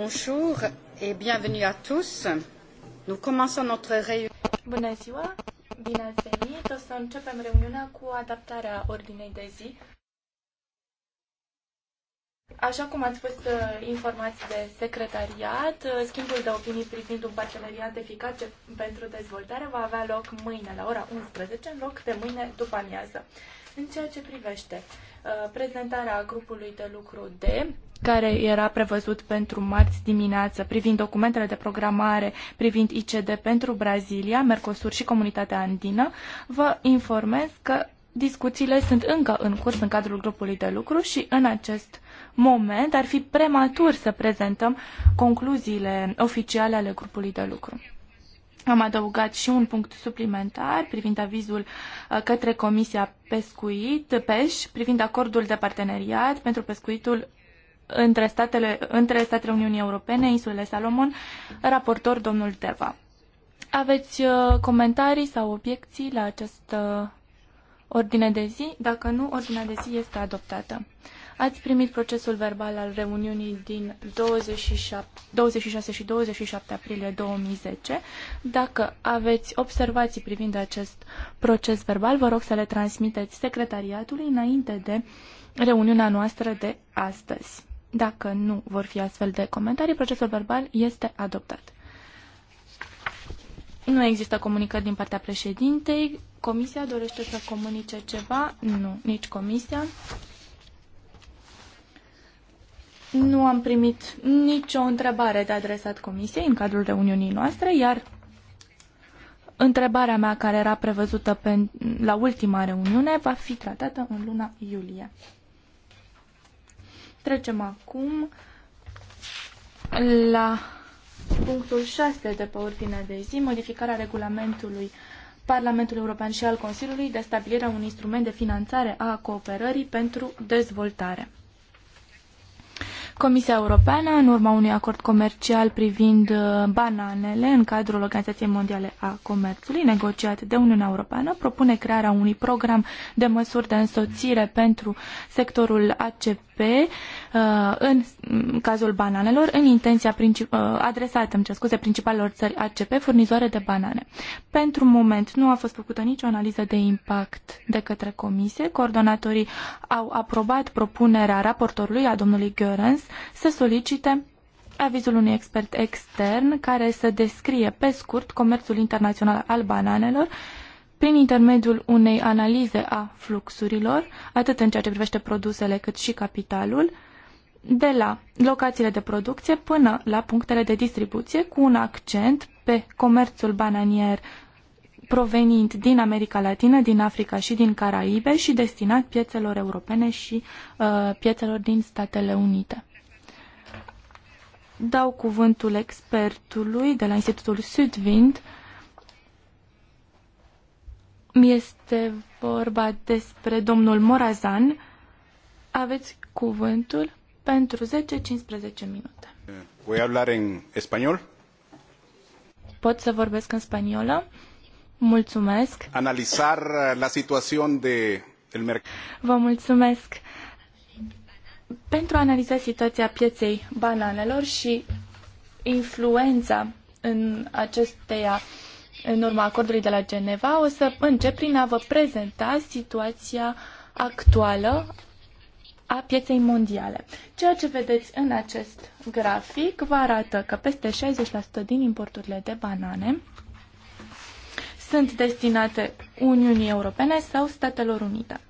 Bonjour et bienvenue à tous. Nous commençons notre réunion. Bună ziua, bine ați venit. O să începem reuniunea cu adaptarea ordinei de zi. Așa cum ați fost uh, informații de secretariat, uh, schimbul de opinii privind un parteneriat eficace pentru dezvoltare va avea loc mâine la ora 11 în loc de mâine după amiază. În ceea ce privește Uh, prezentarea grupului de lucru D, care era prevăzut pentru marți dimineață, privind documentele de programare, privind ICD pentru Brazilia, Mercosur și Comunitatea Andină, vă informez că discuțiile sunt încă în curs în cadrul grupului de lucru și în acest moment ar fi prematur să prezentăm concluziile oficiale ale grupului de lucru. Am adăugat și un punct suplimentar privind avizul uh, către Comisia Pescuit, PESH, privind acordul de parteneriat pentru pescuitul între statele, între statele Uniunii Europene, insulele Salomon, raportor domnul Deva. Aveți uh, comentarii sau obiecții la această ordine de zi? Dacă nu, ordinea de zi este adoptată. Ați primit procesul verbal al reuniunii din 27, 26 și 27 aprilie 2010. Dacă aveți observații privind acest proces verbal, vă rog să le transmiteți secretariatului înainte de reuniunea noastră de astăzi. Dacă nu vor fi astfel de comentarii, procesul verbal este adoptat. Nu există comunicări din partea președintei. Comisia dorește să comunice ceva? Nu, nici comisia. Nu am primit nicio întrebare de adresat comisiei în cadrul reuniunii noastre, iar întrebarea mea care era prevăzută pe, la ultima reuniune va fi tratată în luna iulie. Trecem acum la punctul 6 de pe ordinea de zi, modificarea regulamentului Parlamentului European și al Consiliului de stabilirea unui instrument de finanțare a cooperării pentru dezvoltare. Comisia Europeană, în urma unui acord comercial privind uh, bananele în cadrul Organizației Mondiale a Comerțului, negociat de Uniunea Europeană, propune crearea unui program de măsuri de însoțire pentru sectorul ACP GSP uh, în cazul bananelor, în intenția uh, adresată, îmi cer scuze, principalelor țări ACP, furnizoare de banane. Pentru moment nu a fost făcută nicio analiză de impact de către comisie. Coordonatorii au aprobat propunerea raportorului, a domnului Görens, să solicite avizul unui expert extern care să descrie pe scurt comerțul internațional al bananelor prin intermediul unei analize a fluxurilor, atât în ceea ce privește produsele cât și capitalul, de la locațiile de producție până la punctele de distribuție, cu un accent pe comerțul bananier provenind din America Latină, din Africa și din Caraibe și destinat piețelor europene și uh, piețelor din Statele Unite. Dau cuvântul expertului de la Institutul Sudvind, uh, este vorba despre domnul Morazan. Aveți cuvântul pentru 10-15 minute. Voi hablar în spaniol? Pot să vorbesc în spaniolă? Mulțumesc. Analizar uh, la situación de el mercado. Vă mulțumesc. Pentru a analiza situația pieței bananelor și influența în acesteia uh, în urma acordului de la Geneva, o să încep prin a vă prezenta situația actuală a pieței mondiale. Ceea ce vedeți în acest grafic vă arată că peste 60% din importurile de banane sunt destinate Uniunii Europene sau Statelor Unite.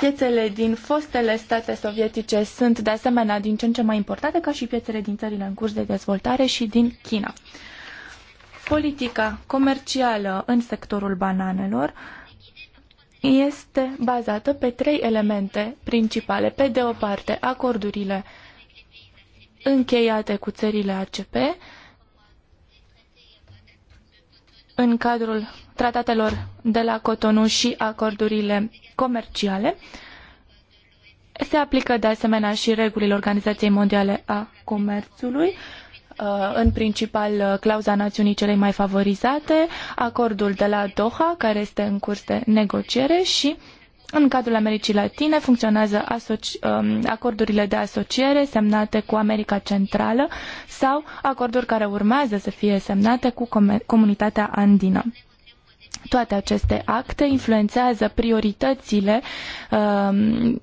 Piețele din fostele state sovietice sunt de asemenea din ce în ce mai importante ca și piețele din țările în curs de dezvoltare și din China. Politica comercială în sectorul bananelor este bazată pe trei elemente principale. Pe de o parte, acordurile încheiate cu țările ACP, în cadrul tratatelor de la Cotonou și acordurile comerciale. Se aplică de asemenea și regulile Organizației Mondiale a Comerțului, uh, în principal uh, clauza națiunii celei mai favorizate, acordul de la Doha, care este în curs de negociere și în cadrul Americii Latine funcționează um, acordurile de asociere semnate cu America Centrală sau acorduri care urmează să fie semnate cu comunitatea andină. Toate aceste acte influențează prioritățile um,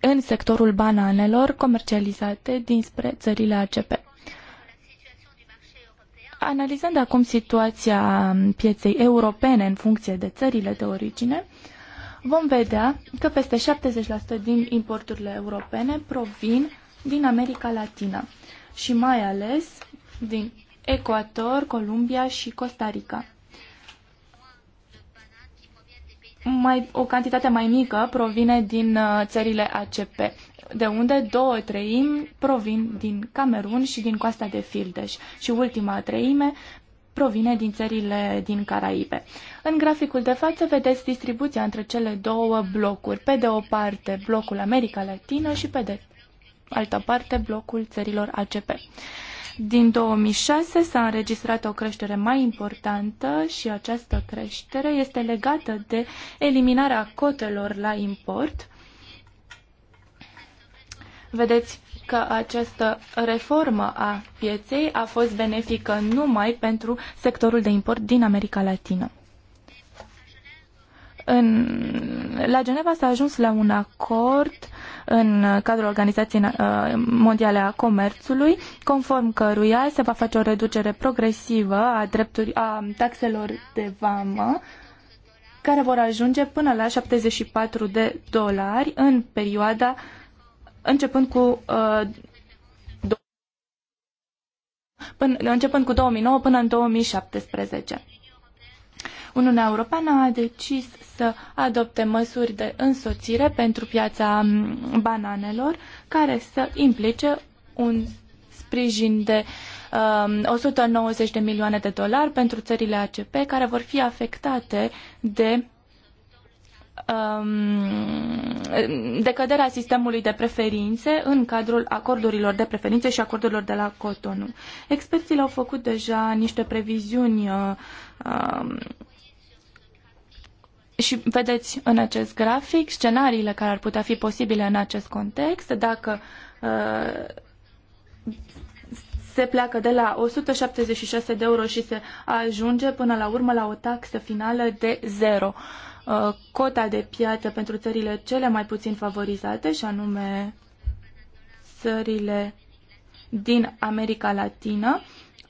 în sectorul bananelor comercializate dinspre țările ACP. Analizând acum situația pieței europene în funcție de țările de origine, uh, vom vedea că peste 70% din importurile europene provin din America Latină și mai ales din Ecuador, Columbia și Costa Rica. Mai, o cantitate mai mică provine din uh, țările ACP, de unde două treimi provin din Camerun și din coasta de Fildeș și ultima treime provine din țările din Caraibe. În graficul de față vedeți distribuția între cele două blocuri. Pe de o parte blocul America Latină și pe de altă parte blocul țărilor ACP. Din 2006 s-a înregistrat o creștere mai importantă și această creștere este legată de eliminarea cotelor la import. Vedeți că această reformă a pieței a fost benefică numai pentru sectorul de import din America Latină. În, la Geneva s-a ajuns la un acord în cadrul Organizației uh, Mondiale a Comerțului, conform căruia se va face o reducere progresivă a, drepturi, a taxelor de vamă, care vor ajunge până la 74 de dolari în perioada 2021 începând cu uh, începând cu 2009 până în 2017. Uniunea Europeană a decis să adopte măsuri de însoțire pentru piața um, bananelor care să implice un sprijin de um, 190 de milioane de dolari pentru țările ACP care vor fi afectate de Um, decăderea sistemului de preferințe în cadrul acordurilor de preferințe și acordurilor de la Cotonou. Experții au făcut deja niște previziuni uh, um, și vedeți în acest grafic scenariile care ar putea fi posibile în acest context dacă uh, se pleacă de la 176 de euro și se ajunge până la urmă la o taxă finală de zero. Uh, Uh, cota de piață pentru țările cele mai puțin favorizate, și anume țările din America Latină,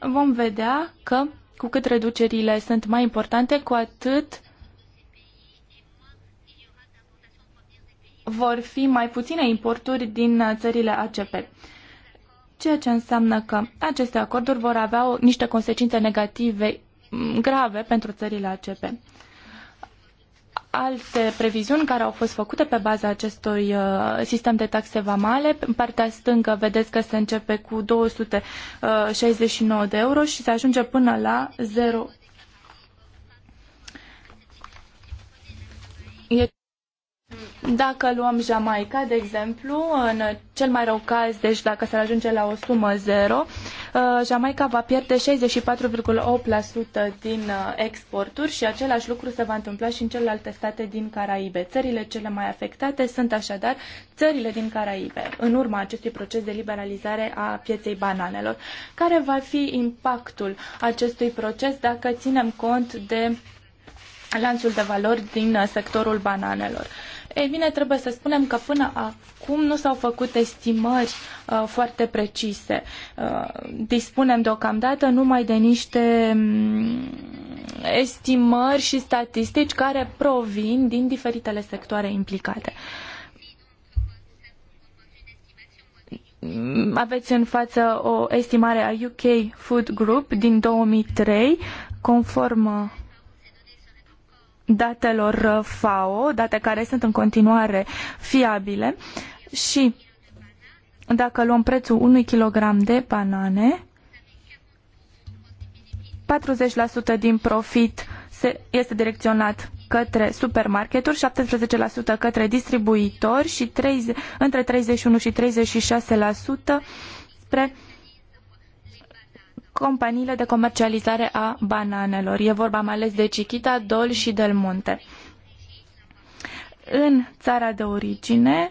vom vedea că cu cât reducerile sunt mai importante, cu atât vor fi mai puține importuri din țările ACP. Ceea ce înseamnă că aceste acorduri vor avea niște consecințe negative mm, grave pentru țările ACP alte previziuni care au fost făcute pe baza acestui uh, sistem de taxe vamale. În partea stângă vedeți că se începe cu 269 uh, de euro și se ajunge până la 0. E dacă luăm Jamaica, de exemplu, în cel mai rău caz, deci dacă s-ar ajunge la o sumă zero, uh, Jamaica va pierde 64,8% din uh, exporturi și același lucru se va întâmpla și în celelalte state din Caraibe. Țările cele mai afectate sunt așadar țările din Caraibe, în urma acestui proces de liberalizare a pieței bananelor. Care va fi impactul acestui proces dacă ținem cont de lanțul de valori din uh, sectorul bananelor? Ei bine, trebuie să spunem că până acum nu s-au făcut estimări uh, foarte precise. Uh, dispunem deocamdată numai de niște mm, estimări și statistici care provin din diferitele sectoare implicate. Mm, aveți în față o estimare a UK Food Group din 2003, conform uh, datelor uh, FAO, date care sunt în continuare fiabile și dacă luăm prețul unui kilogram de banane, 40% din profit se, este direcționat către supermarketuri, 17% către distribuitori și 30, între 31 și 36% spre companiile de comercializare a bananelor. E vorba mai ales de Chiquita, Dol și Del Monte. În țara de origine,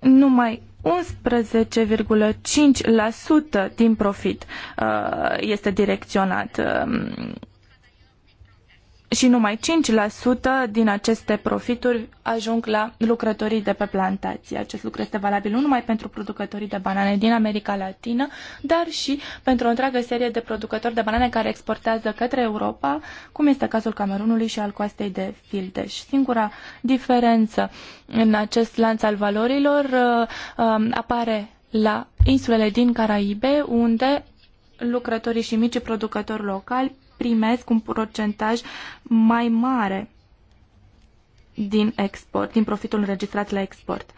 numai 11,5% din profit uh, este direcționat um, și numai 5% din aceste profituri ajung la lucrătorii de pe plantații. Acest lucru este valabil nu numai pentru producătorii de banane din America Latină, dar și pentru o întreagă serie de producători de banane care exportează către Europa, cum este cazul Camerunului și al coastei de Fildeș. Singura diferență în acest lanț al valorilor uh, um, apare la insulele din Caraibe, unde lucrătorii și micii producători locali primesc un procentaj mai mare din export, din profitul înregistrat la export.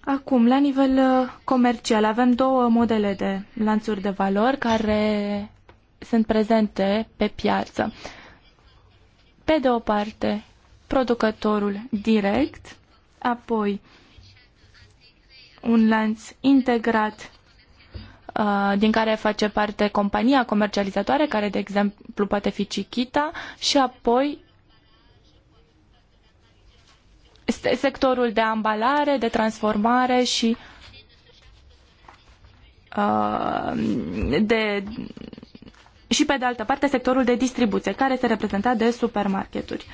Acum, la nivel uh, comercial, avem două modele de lanțuri de valori care sunt prezente pe piață. Pe de o parte, producătorul direct, apoi un lanț integrat Uh, din care face parte compania comercializatoare, care, de exemplu, poate fi Chichita, și apoi sectorul de ambalare, de transformare și uh, de și pe de altă parte sectorul de distribuție, care este reprezentat de supermarketuri.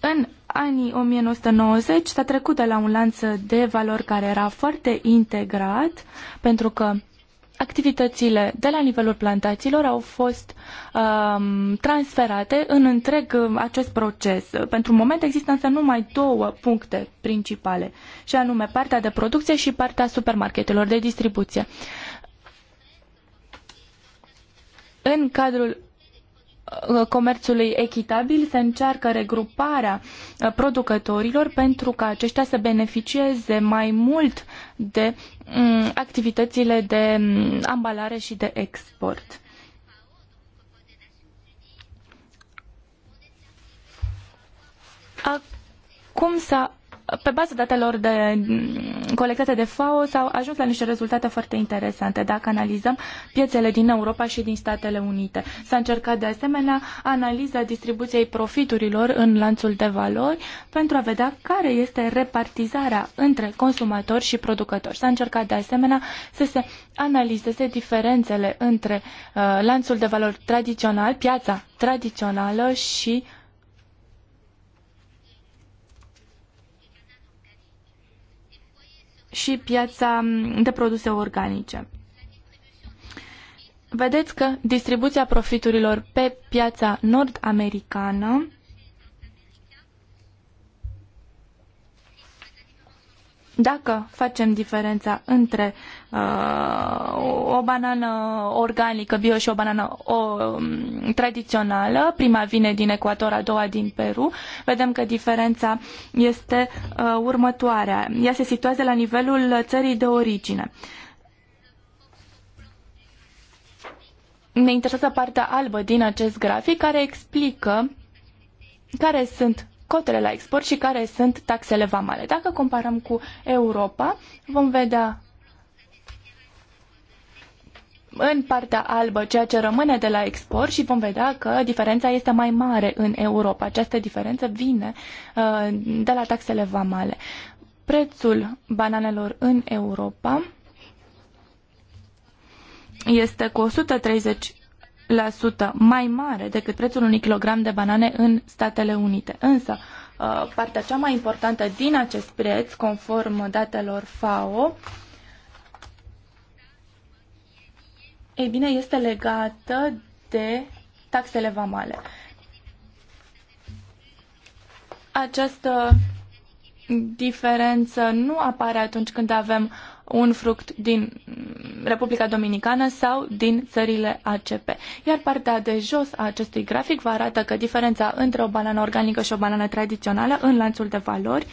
În anii 1990 s-a trecut de la un lanț de valori care era foarte integrat, pentru că activitățile de la nivelul plantațiilor au fost um, transferate în întreg um, acest proces. Pentru moment există însă numai două puncte principale, și anume partea de producție și partea supermarketelor de distribuție. În cadrul Uh, comerțului echitabil se încearcă regruparea uh, producătorilor pentru ca aceștia să beneficieze mai mult de mm, activitățile de mm, ambalare și de export. Acum s-a pe baza datelor de, mm, colectate de FAO s-au ajuns la niște rezultate foarte interesante. Dacă analizăm piețele din Europa și din Statele Unite, s-a încercat de asemenea analiza distribuției profiturilor în lanțul de valori pentru a vedea care este repartizarea între consumatori și producători. S-a încercat de asemenea să se analizeze diferențele între uh, lanțul de valori tradițional, piața tradițională și uh, și piața de produse organice. Vedeți că distribuția profiturilor pe piața nord-americană Dacă facem diferența între uh, o banană organică bio și o banană o, um, tradițională, prima vine din Ecuador, a doua din Peru, vedem că diferența este uh, următoarea. Ea se situează la nivelul țării de origine. Ne interesează partea albă din acest grafic care explică care sunt cotele la export și care sunt taxele vamale. Dacă comparăm cu Europa, vom vedea în partea albă ceea ce rămâne de la export și vom vedea că diferența este mai mare în Europa. Această diferență vine uh, de la taxele vamale. Prețul bananelor în Europa este cu 130 mai mare decât prețul unui kilogram de banane în Statele Unite. Însă, uh, partea cea mai importantă din acest preț, conform datelor FAO, ei bine, este legată de taxele vamale. Această diferență nu apare atunci când avem un fruct din Republica Dominicană sau din țările ACP. Iar partea de jos a acestui grafic vă arată că diferența între o banană organică și o banană tradițională în lanțul de valori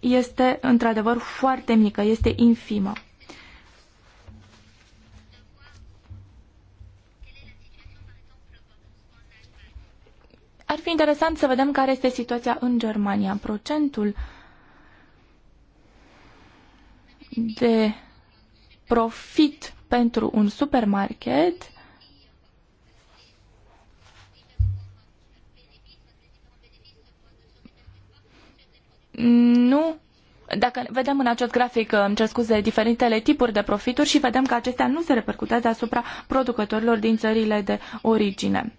este într-adevăr foarte mică, este infimă. Ar fi interesant să vedem care este situația în Germania. Procentul uh, de profit pentru un supermarket nu dacă vedem în acest grafic, îmi cer scuze, diferitele tipuri de profituri și vedem că acestea nu se repercutează asupra producătorilor din țările de origine.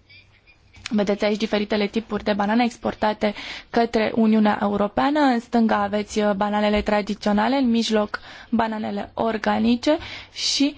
Vedeți aici diferitele tipuri de banane exportate către Uniunea Europeană. În stânga aveți uh, bananele tradiționale, în mijloc bananele organice și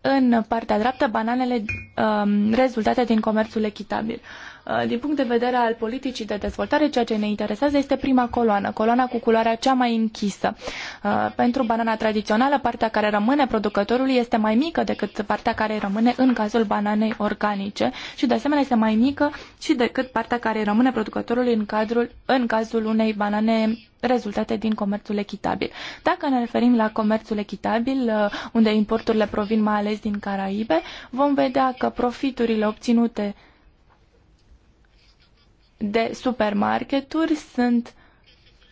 în partea dreaptă bananele um, rezultate din comerțul echitabil. Uh, Uh, din punct de vedere al politicii de dezvoltare, ceea ce ne interesează este prima coloană, coloana cu culoarea cea mai închisă. Uh, pentru banana tradițională, partea care rămâne producătorului este mai mică decât partea care rămâne în cazul bananei organice și, de asemenea, este mai mică și decât partea care rămâne producătorului în, cadrul, în cazul unei banane rezultate din comerțul echitabil. Dacă ne referim la comerțul echitabil, uh, unde importurile provin mai ales din Caraibe, vom vedea că profiturile obținute de supermarketuri sunt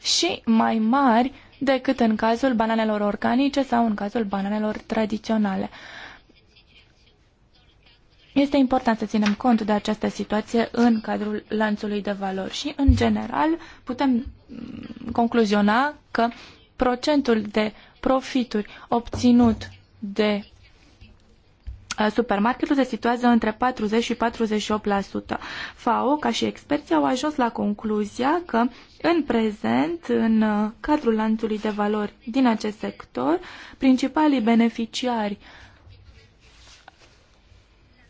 și mai mari decât în cazul bananelor organice sau în cazul bananelor tradiționale. Este important să ținem cont de această situație în cadrul lanțului de valori și, în general, putem mm, concluziona că procentul de profituri obținut de Uh, supermarketul se situează între 40 și 48%. FAO, ca și experții, au ajuns la concluzia că în prezent, în uh, cadrul lanțului de valori din acest sector, principalii beneficiari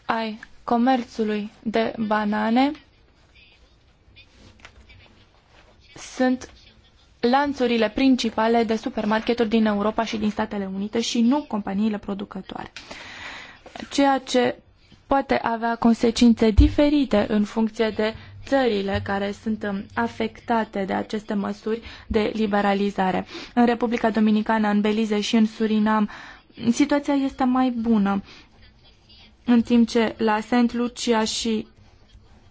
ai comerțului de banane sunt lanțurile principale de supermarketuri din Europa și din Statele Unite și nu companiile producătoare ceea ce poate avea consecințe diferite în funcție de țările care sunt um, afectate de aceste măsuri de liberalizare. În Republica Dominicană, în Belize și în Surinam, situația este mai bună, în timp ce la Saint Lucia și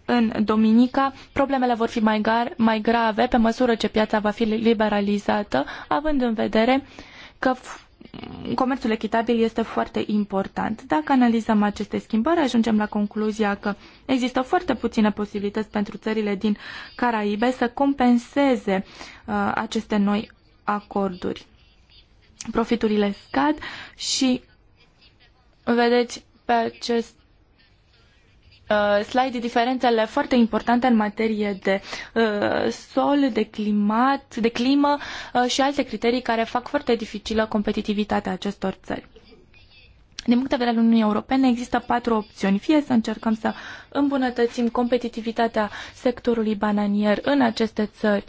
în Dominica, problemele vor fi mai, gar, mai grave pe măsură ce piața va fi liberalizată, având în vedere că comerțul echitabil este foarte important. Dacă analizăm aceste schimbări, ajungem la concluzia că există foarte puține posibilități pentru țările din Caraibe să compenseze uh, aceste noi acorduri. Profiturile scad și, vedeți, pe acest Uh, slide diferențele foarte importante în materie de uh, sol, de climat, de climă uh, și alte criterii care fac foarte dificilă competitivitatea acestor țări. Din punct de vedere al Uniunii Europene există patru opțiuni. Fie să încercăm să îmbunătățim competitivitatea sectorului bananier în aceste țări,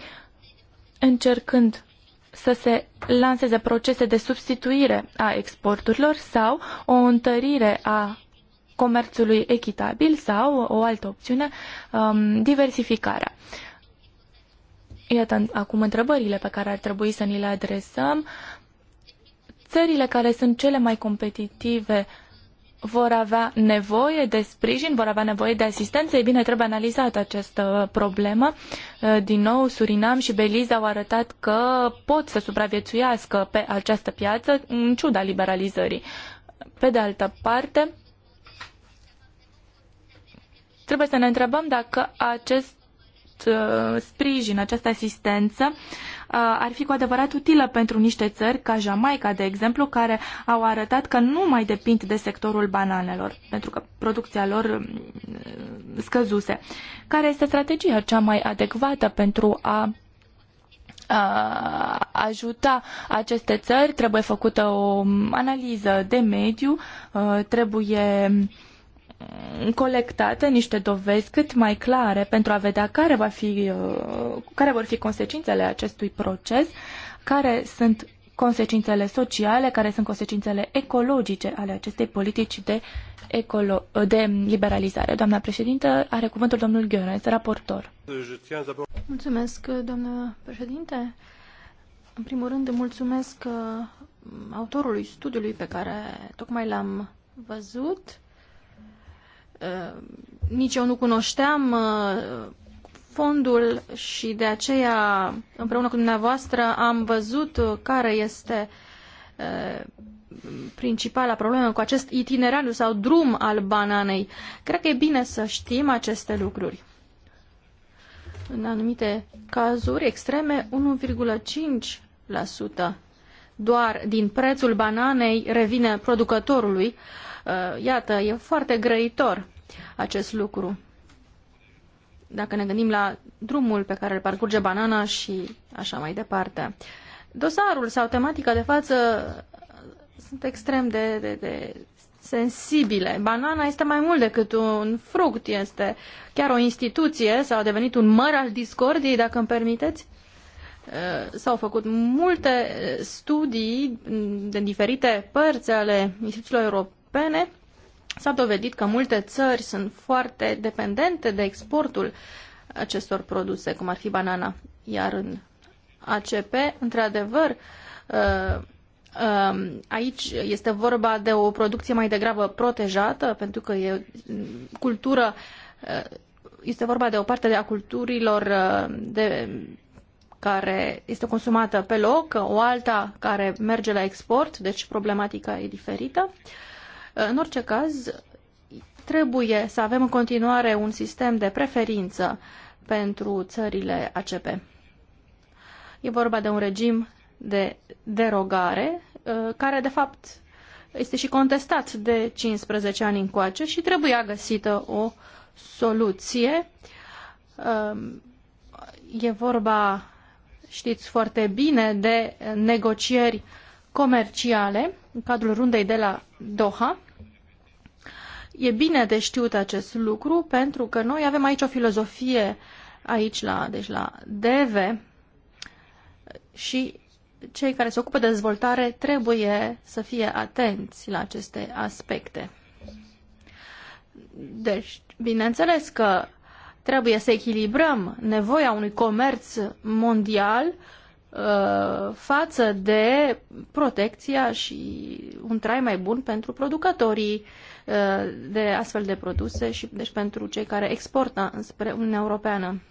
încercând să se lanseze procese de substituire a exporturilor sau o întărire a comerțului echitabil sau o altă opțiune, um, diversificarea. Iată acum întrebările pe care ar trebui să ni le adresăm. Țările care sunt cele mai competitive vor avea nevoie de sprijin, vor avea nevoie de asistență. Ei bine, trebuie analizată această problemă. Uh, din nou, Surinam și Belize au arătat că pot să supraviețuiască pe această piață în ciuda liberalizării. Pe de altă parte, Trebuie să ne întrebăm dacă acest uh, sprijin, această asistență uh, ar fi cu adevărat utilă pentru niște țări ca Jamaica, de exemplu, care au arătat că nu mai depind de sectorul bananelor, pentru că producția lor uh, scăzuse. Care este strategia cea mai adecvată pentru a a ajuta aceste țări, trebuie făcută o analiză de mediu, trebuie colectate niște dovezi cât mai clare pentru a vedea care, va fi, uh, care vor fi consecințele acestui proces, care sunt consecințele sociale, care sunt consecințele ecologice ale acestei politici de, ecolo- de liberalizare. Doamna președintă, are cuvântul domnul Gheorens, raportor. Mulțumesc, doamnă președinte. În primul rând, mulțumesc uh, autorului studiului pe care tocmai l-am văzut Uh, nici eu nu cunoșteam uh, fondul și de aceea, împreună cu dumneavoastră, am văzut care este uh, principala problemă cu acest itinerariu sau drum al bananei. Cred că e bine să știm aceste lucruri. În anumite cazuri extreme, 1,5% doar din prețul bananei revine producătorului. Iată, e foarte grăitor acest lucru. Dacă ne gândim la drumul pe care îl parcurge banana și așa mai departe. Dosarul sau tematica de față sunt extrem de, de, de sensibile. Banana este mai mult decât un fruct, este chiar o instituție sau a devenit un măr al discordiei, dacă îmi permiteți. Uh, s-au făcut multe uh, studii mm, din diferite părți ale instituțiilor europene S-a dovedit că multe țări sunt foarte dependente de exportul acestor produse, cum ar fi banana. Iar în ACP, într-adevăr, uh, um, aici este vorba de o producție mai degrabă protejată, pentru că e mm, cultură, uh, este vorba de o parte de a culturilor uh, de, care este consumată pe loc, o alta care merge la export, deci problematica e diferită. Uh, în orice caz, trebuie să avem în continuare un sistem de preferință pentru țările ACP. E vorba de un regim de derogare uh, care, de fapt, este și contestat de 15 ani încoace și trebuie găsită o soluție. Um, e vorba, știți foarte bine, de negocieri comerciale în cadrul rundei de la Doha. E bine de știut acest lucru pentru că noi avem aici o filozofie aici la, deci la DV și cei care se ocupă de dezvoltare trebuie să fie atenți la aceste aspecte. Deci, bineînțeles că trebuie să echilibrăm nevoia unui comerț mondial Uh, față de protecția și un trai mai bun pentru producătorii uh, de astfel de produse și deci pentru cei care exportă spre Uniunea Europeană.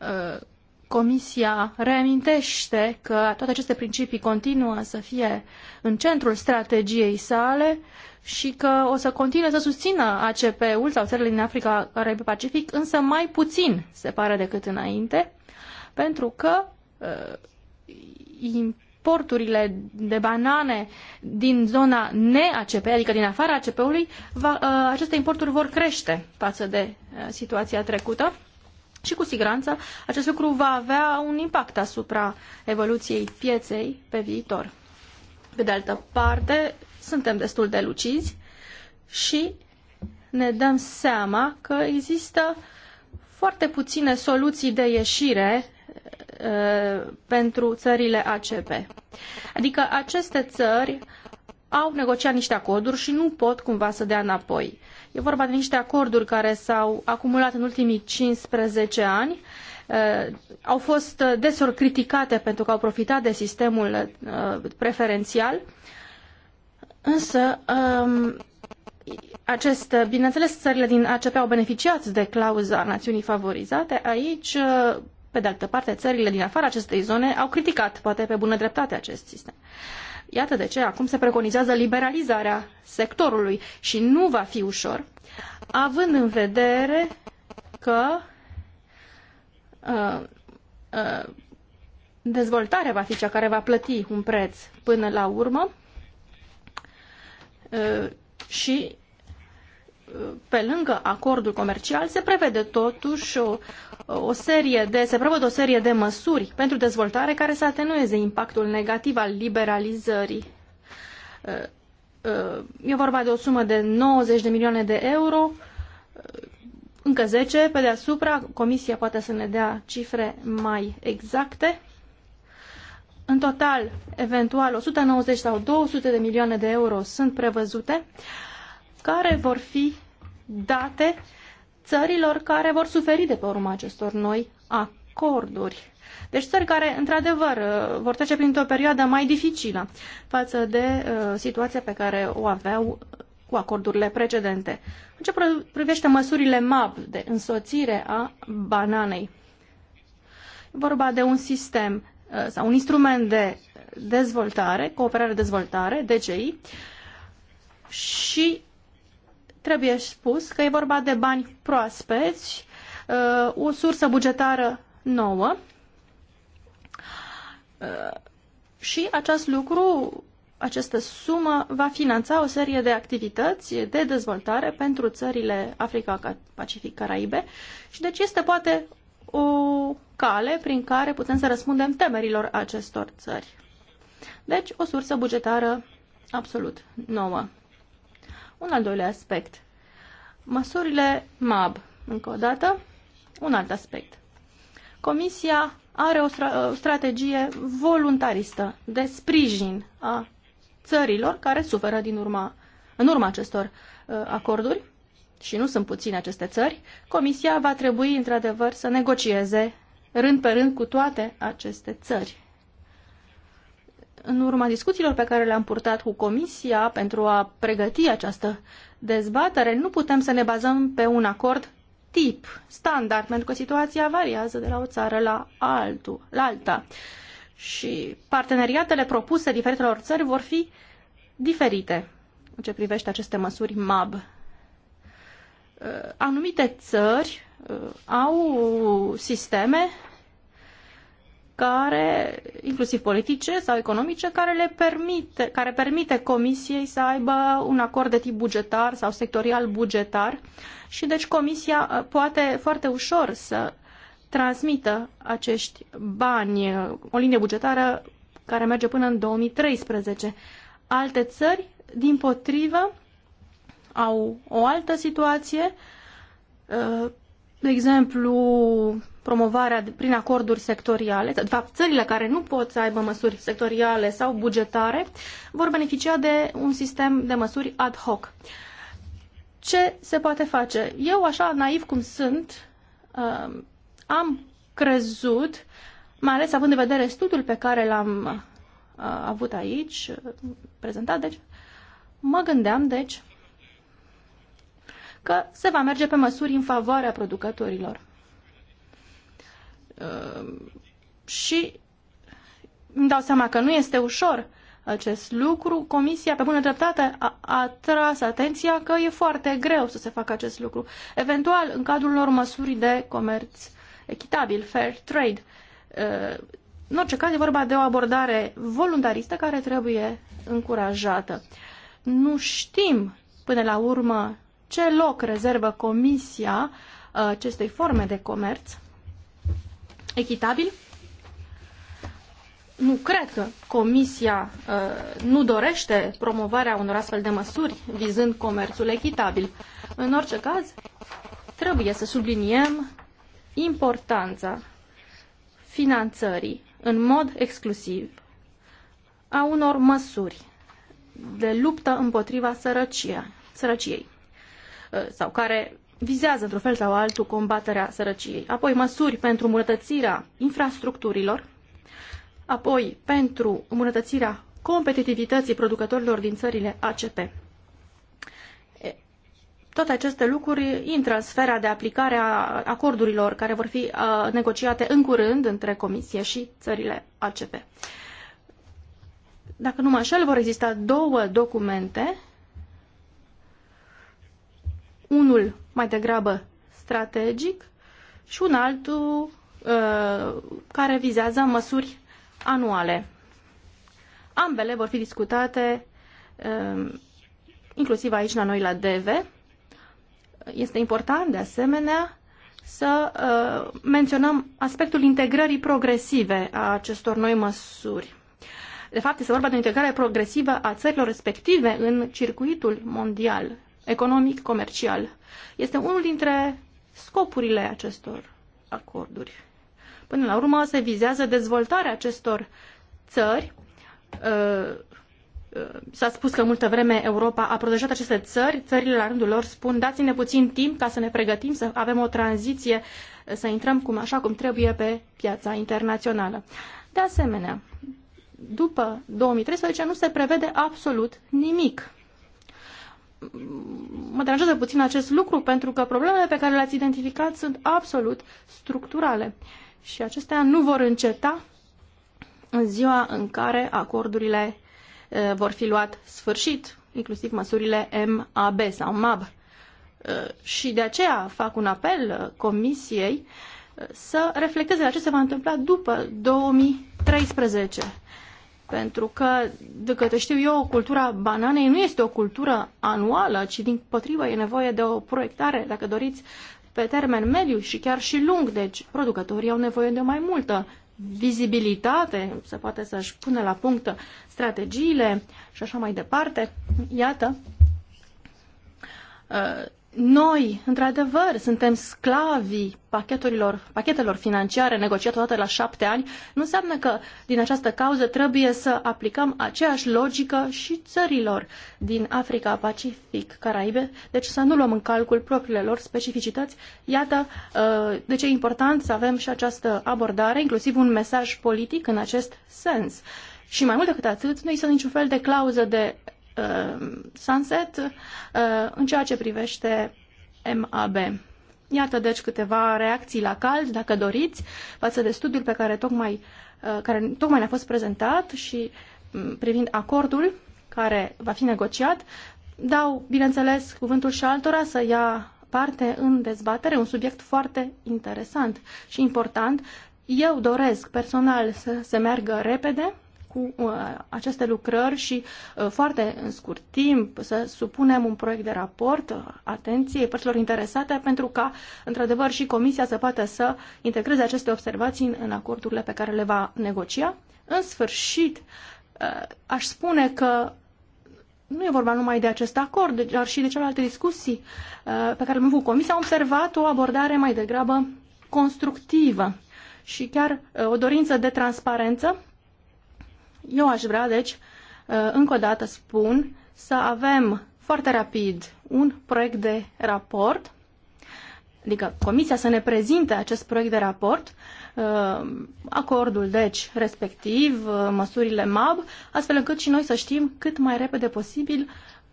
Uh, Comisia reamintește că toate aceste principii continuă să fie în centrul strategiei sale și că o să continue să susțină ACP-ul sau țările din Africa, Caraibe, Pacific, însă mai puțin, se pare, decât înainte, pentru că Uh, importurile de banane din zona ne-ACP, adică din afara ACP-ului, uh, aceste importuri vor crește față de uh, situația trecută și cu siguranță acest lucru va avea un impact asupra evoluției pieței pe viitor. Pe de altă parte, suntem destul de lucizi și ne dăm seama că există foarte puține soluții de ieșire Uh, pentru țările ACP. Adică aceste țări au negociat niște acorduri și nu pot cumva să dea înapoi. E vorba de niște acorduri care s-au acumulat în ultimii 15 ani, uh, au fost desor criticate pentru că au profitat de sistemul uh, preferențial, însă um, acest, bineînțeles, țările din ACP au beneficiat de clauza națiunii favorizate. Aici pe de altă parte, țările din afara acestei zone au criticat, poate pe bună dreptate, acest sistem. Iată de ce acum se preconizează liberalizarea sectorului și nu va fi ușor, având în vedere că uh, uh, dezvoltarea va fi cea care va plăti un preț până la urmă uh, și pe lângă acordul comercial, se prevede totuși o, o serie de, se prevăd o serie de măsuri pentru dezvoltare care să atenueze impactul negativ al liberalizării. Uh, uh, e vorba de o sumă de 90 de milioane de euro, uh, încă 10 pe deasupra. Comisia poate să ne dea cifre mai exacte. În total, eventual, 190 sau 200 de milioane de euro sunt prevăzute. Uh, care vor fi date țărilor care vor suferi de pe urma acestor noi acorduri. Deci țări care, într-adevăr, uh, vor trece printr-o perioadă mai dificilă față de uh, situația pe care o aveau cu acordurile precedente. În ce privește măsurile MAP de însoțire a bananei, e vorba de un sistem uh, sau un instrument de dezvoltare, cooperare-dezvoltare, DCI, și trebuie spus că e vorba de bani proaspeți, uh, o sursă bugetară nouă uh, și acest lucru, această sumă va finanța o serie de activități de dezvoltare pentru țările Africa, Pacific, Caraibe și deci este poate o cale prin care putem să răspundem temerilor acestor țări. Deci o sursă bugetară absolut nouă. Un al doilea aspect. Măsurile MAB. Încă o dată, un alt aspect. Comisia are o, stra o strategie voluntaristă de sprijin a țărilor care suferă din urma, în urma acestor uh, acorduri, și nu sunt puține aceste țări, Comisia va trebui, într-adevăr, să negocieze rând pe rând cu toate aceste țări în urma discuțiilor pe care le-am purtat cu Comisia pentru a pregăti această dezbatere, nu putem să ne bazăm pe un acord tip, standard, pentru că situația variază de la o țară la, altul, la alta. Și parteneriatele propuse diferitelor țări vor fi diferite în ce privește aceste măsuri MAB. Uh, anumite țări uh, au sisteme care, inclusiv politice sau economice, care, le permite, care permite Comisiei să aibă un acord de tip bugetar sau sectorial bugetar și deci Comisia uh, poate foarte ușor să transmită acești bani, uh, o linie bugetară care merge până în 2013. Alte țări, din potrivă, au o altă situație, uh, de exemplu, promovarea prin acorduri sectoriale, de fapt, țările care nu pot să aibă măsuri sectoriale sau bugetare, vor beneficia de un sistem de măsuri ad hoc. Ce se poate face? Eu, așa naiv cum sunt, um, am crezut, mai ales având în vedere studiul pe care l-am uh, avut aici, uh, prezentat, deci, mă gândeam, deci, că se va merge pe măsuri în favoarea producătorilor. Um, și îmi dau seama că nu este ușor acest lucru. Comisia, pe bună dreptate, a, a tras atenția că e foarte greu să se facă acest lucru. Eventual, în cadrul unor măsuri de comerț echitabil, fair trade. Uh, în orice caz, e vorba de o abordare voluntaristă care trebuie încurajată. Nu știm, până la urmă, ce loc rezervă Comisia uh, acestei forme de comerț echitabil. Nu cred că Comisia uh, nu dorește promovarea unor astfel de măsuri vizând comerțul echitabil. În orice caz, trebuie să subliniem importanța finanțării în mod exclusiv a unor măsuri de luptă împotriva sărăcia, sărăciei uh, sau care vizează într-un fel sau altul combaterea sărăciei, apoi măsuri pentru îmbunătățirea infrastructurilor, apoi pentru îmbunătățirea competitivității producătorilor din țările ACP. Toate aceste lucruri intră în sfera de aplicare a acordurilor care vor fi uh, negociate în curând între Comisie și țările ACP. Dacă nu mă înșel, vor exista două documente unul mai degrabă strategic și un altul uh, care vizează măsuri anuale. Ambele vor fi discutate uh, inclusiv aici la noi la DV. Este important de asemenea să uh, menționăm aspectul integrării progresive a acestor noi măsuri. De fapt, este vorba de o integrare progresivă a țărilor respective în circuitul mondial economic, comercial. Este unul dintre scopurile acestor acorduri. Până la urmă se vizează dezvoltarea acestor țări. Uh, uh, s-a spus că multă vreme Europa a protejat aceste țări. Țările la rândul lor spun dați-ne puțin timp ca să ne pregătim, să avem o tranziție, să intrăm cum, așa cum trebuie pe piața internațională. De asemenea, după 2013 nu se prevede absolut nimic mă deranjează puțin acest lucru pentru că problemele pe care le-ați identificat sunt absolut structurale și acestea nu vor înceta în ziua în care acordurile vor fi luat sfârșit, inclusiv măsurile MAB sau MAB. Și de aceea fac un apel Comisiei să reflecteze la ce se va întâmpla după 2013 pentru că, de câte știu eu, cultura bananei nu este o cultură anuală, ci din potrivă e nevoie de o proiectare, dacă doriți, pe termen mediu și chiar și lung. Deci, producătorii au nevoie de mai multă vizibilitate, se poate să-și pune la punct strategiile și așa mai departe. Iată, uh, noi, într-adevăr, suntem sclavii pachetelor, pachetelor financiare negociate odată la șapte ani, nu înseamnă că din această cauză trebuie să aplicăm aceeași logică și țărilor din Africa, Pacific, Caraibe, deci să nu luăm în calcul propriile lor specificități. Iată uh, de ce e important să avem și această abordare, inclusiv un mesaj politic în acest sens. Și mai mult decât atât, nu există niciun fel de clauză de uh, Sunset uh, în ceea ce privește MAB. Iată deci câteva reacții la cald, dacă doriți, față de studiul pe care tocmai, uh, care tocmai ne-a fost prezentat și um, privind acordul care va fi negociat. Dau, bineînțeles, cuvântul și altora să ia parte în dezbatere, un subiect foarte interesant și important. Eu doresc personal să se meargă repede cu uh, aceste lucrări și uh, foarte în scurt timp să supunem un proiect de raport uh, atenției părților interesate pentru ca, într-adevăr, și Comisia să poată să integreze aceste observații în, acordurile pe care le va negocia. În sfârșit, aș spune că nu e vorba numai de acest acord, dar și de celelalte discuții pe care le-am avut Comisia, am observat o abordare mai degrabă constructivă și chiar o dorință de transparență eu aș vrea, deci, uh, încă o dată spun, să avem foarte rapid un proiect de raport, adică Comisia să ne prezinte acest proiect de raport, uh, acordul, deci, respectiv, uh, măsurile MAB, astfel încât și noi să știm cât mai repede posibil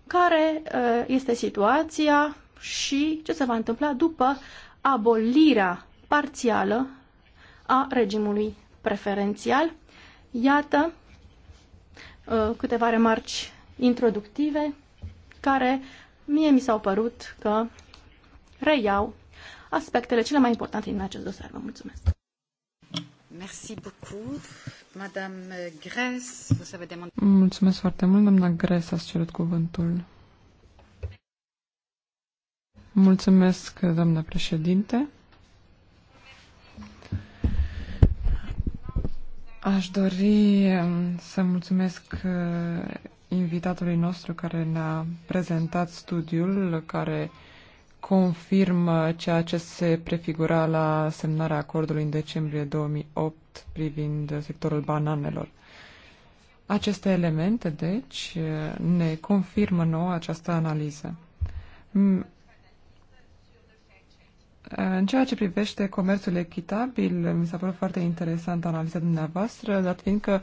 care este situația și ce se va întâmpla după abolirea parțială a regimului preferențial. Iată Uh, câteva remarci introductive care mie mi s-au părut că reiau aspectele cele mai importante din acest dosar. Vă mulțumesc! Merci beaucoup. Madame Gres, vous avez demandé... Mulțumesc foarte mult, doamna Gres, ați cerut cuvântul. Mulțumesc, doamna președinte. Aș dori um, să mulțumesc uh, invitatului nostru care ne-a prezentat studiul care confirmă ceea ce se prefigura la semnarea acordului în decembrie 2008 privind sectorul bananelor. Aceste elemente, deci, uh, ne confirmă nouă această analiză. Mm, în ceea ce privește comerțul echitabil, mi s-a părut foarte interesant analiza dumneavoastră, dat fiindcă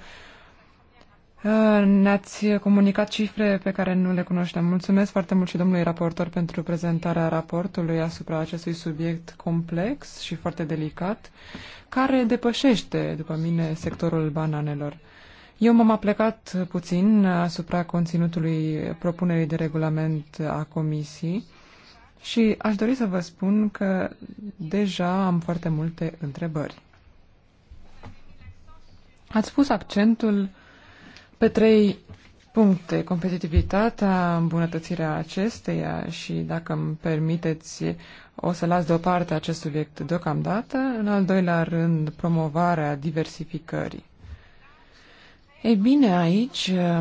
uh, ne-ați comunicat cifre pe care nu le cunoșteam. Mulțumesc foarte mult și domnului raportor pentru prezentarea raportului asupra acestui subiect complex și foarte delicat, care depășește, după mine, sectorul bananelor. Eu m-am aplecat puțin asupra conținutului propunerii de regulament a Comisiei și aș dori să vă spun că deja am foarte multe întrebări. Ați pus accentul pe trei puncte, competitivitatea, îmbunătățirea acesteia și, dacă îmi permiteți, o să las deoparte acest subiect deocamdată. În al doilea rând, promovarea diversificării. Ei bine, aici eh,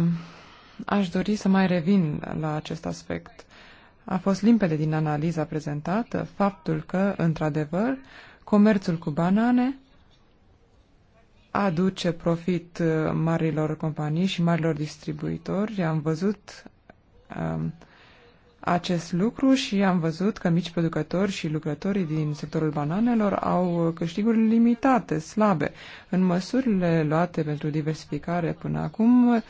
aș dori să mai revin la acest aspect. A fost limpede din analiza prezentată faptul că, într-adevăr, comerțul cu banane aduce profit uh, marilor companii și marilor distribuitori. Am văzut um, acest lucru și am văzut că mici producători și lucrătorii din sectorul bananelor au câștiguri limitate, slabe. În măsurile luate pentru diversificare până acum,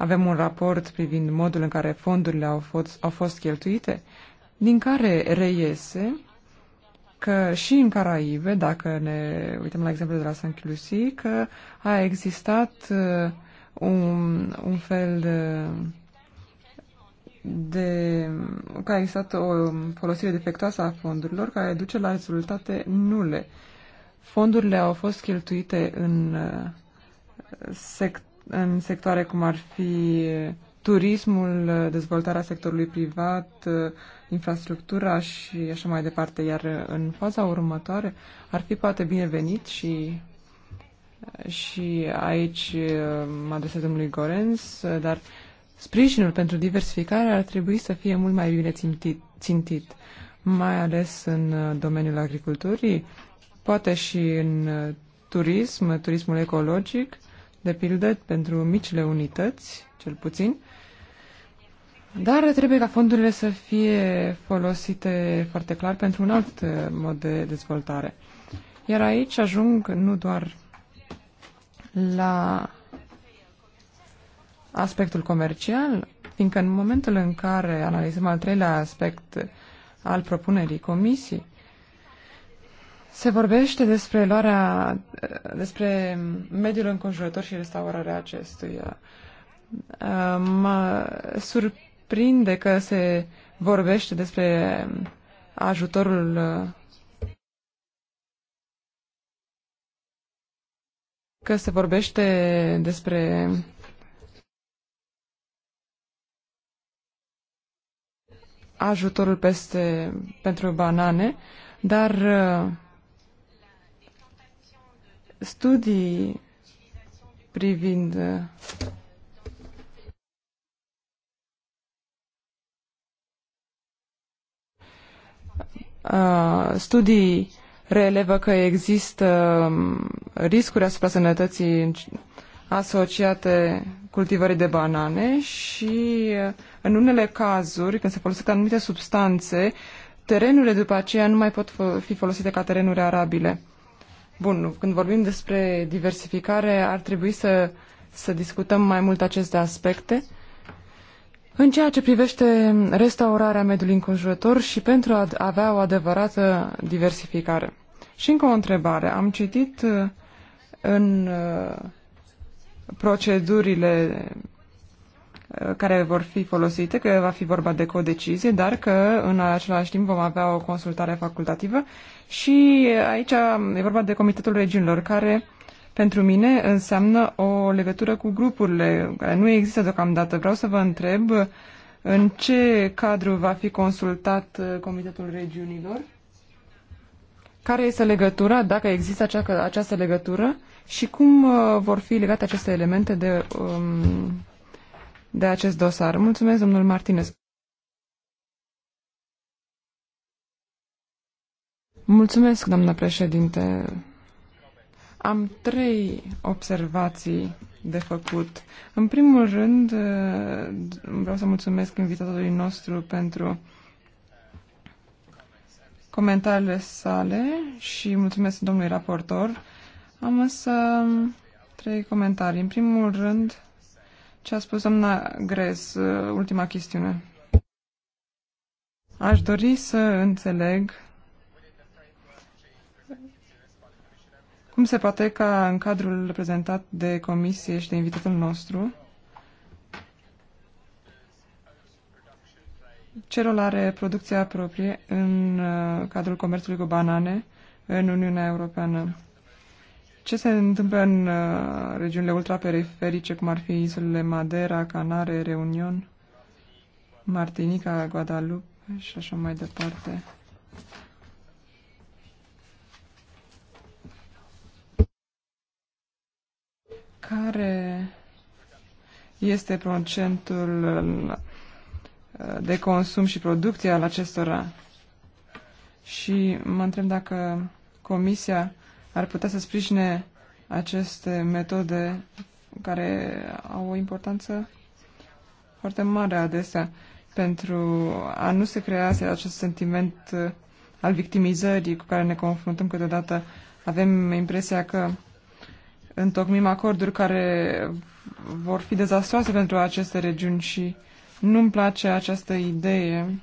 avem un raport privind modul în care fondurile au fost, au fost cheltuite, din care reiese că și în Caraibe, dacă ne uităm la exemplu de la St. Lucie, că a existat uh, un, un fel de, de că a existat o folosire defectoasă a fondurilor care duce la rezultate nule. Fondurile au fost cheltuite în uh, sect în sectoare cum ar fi turismul, dezvoltarea sectorului privat, infrastructura și așa mai departe. Iar în faza următoare ar fi poate binevenit și și aici uh, mă adresez domnului Gorenz, uh, dar sprijinul pentru diversificare ar trebui să fie mult mai bine țintit, țintit mai ales în uh, domeniul agriculturii, poate și în turism, turismul ecologic, de pildă pentru micile unități, cel puțin, dar trebuie ca fondurile să fie folosite foarte clar pentru un alt uh, mod de dezvoltare. Iar aici ajung nu doar la aspectul comercial, fiindcă în momentul în care analizăm al treilea aspect al propunerii comisiei, se vorbește despre luarea, despre mediul înconjurător și restaurarea acestuia. Uh, mă surprinde că se vorbește despre ajutorul uh, că se vorbește despre ajutorul peste pentru banane, dar uh, studii privind uh, studii relevă că există um, riscuri asupra sănătății asociate cultivării de banane și uh, în unele cazuri, când se folosesc anumite substanțe, terenurile după aceea nu mai pot fi folosite ca terenuri arabile. Bun, când vorbim despre diversificare, ar trebui să, să discutăm mai mult aceste aspecte. În ceea ce privește restaurarea mediului înconjurător și pentru a avea o adevărată diversificare. Și încă o întrebare. Am citit uh, în uh, procedurile Uh, care vor fi folosite, că va fi vorba de codecizie, dar că în același timp vom avea o consultare facultativă și aici e vorba de Comitetul Regiunilor, care pentru mine înseamnă o legătură cu grupurile, care nu există deocamdată. Vreau să vă întreb în ce cadru va fi consultat uh, Comitetul Regiunilor? Care este legătura, dacă există acea, această legătură și cum uh, vor fi legate aceste elemente de um, de acest dosar. Mulțumesc, domnul Martinez. Mulțumesc, doamnă președinte. Am trei observații de făcut. În primul rând, eh, vreau să mulțumesc invitatului nostru pentru comentariile sale și mulțumesc domnului raportor. Am însă trei comentarii. În primul rând, ce a spus doamna Grez, uh, ultima chestiune. Aș dori să înțeleg cum se poate ca în cadrul reprezentat de comisie și de invitatul nostru Cerul are producția proprie în uh, cadrul comerțului cu banane în Uniunea Europeană. Ce se întâmplă în uh, regiunile ultraperiferice, cum ar fi insulele Madeira, Canare, Reunion, Martinica, Guadalupe și așa mai departe? Care este procentul uh, de consum și producție al acestora? Și mă întreb dacă Comisia ar putea să sprijine aceste metode care au o importanță foarte mare adesea pentru a nu se crea acest sentiment uh, al victimizării cu care ne confruntăm câteodată. Avem impresia că întocmim acorduri care vor fi dezastroase pentru aceste regiuni și nu-mi place această idee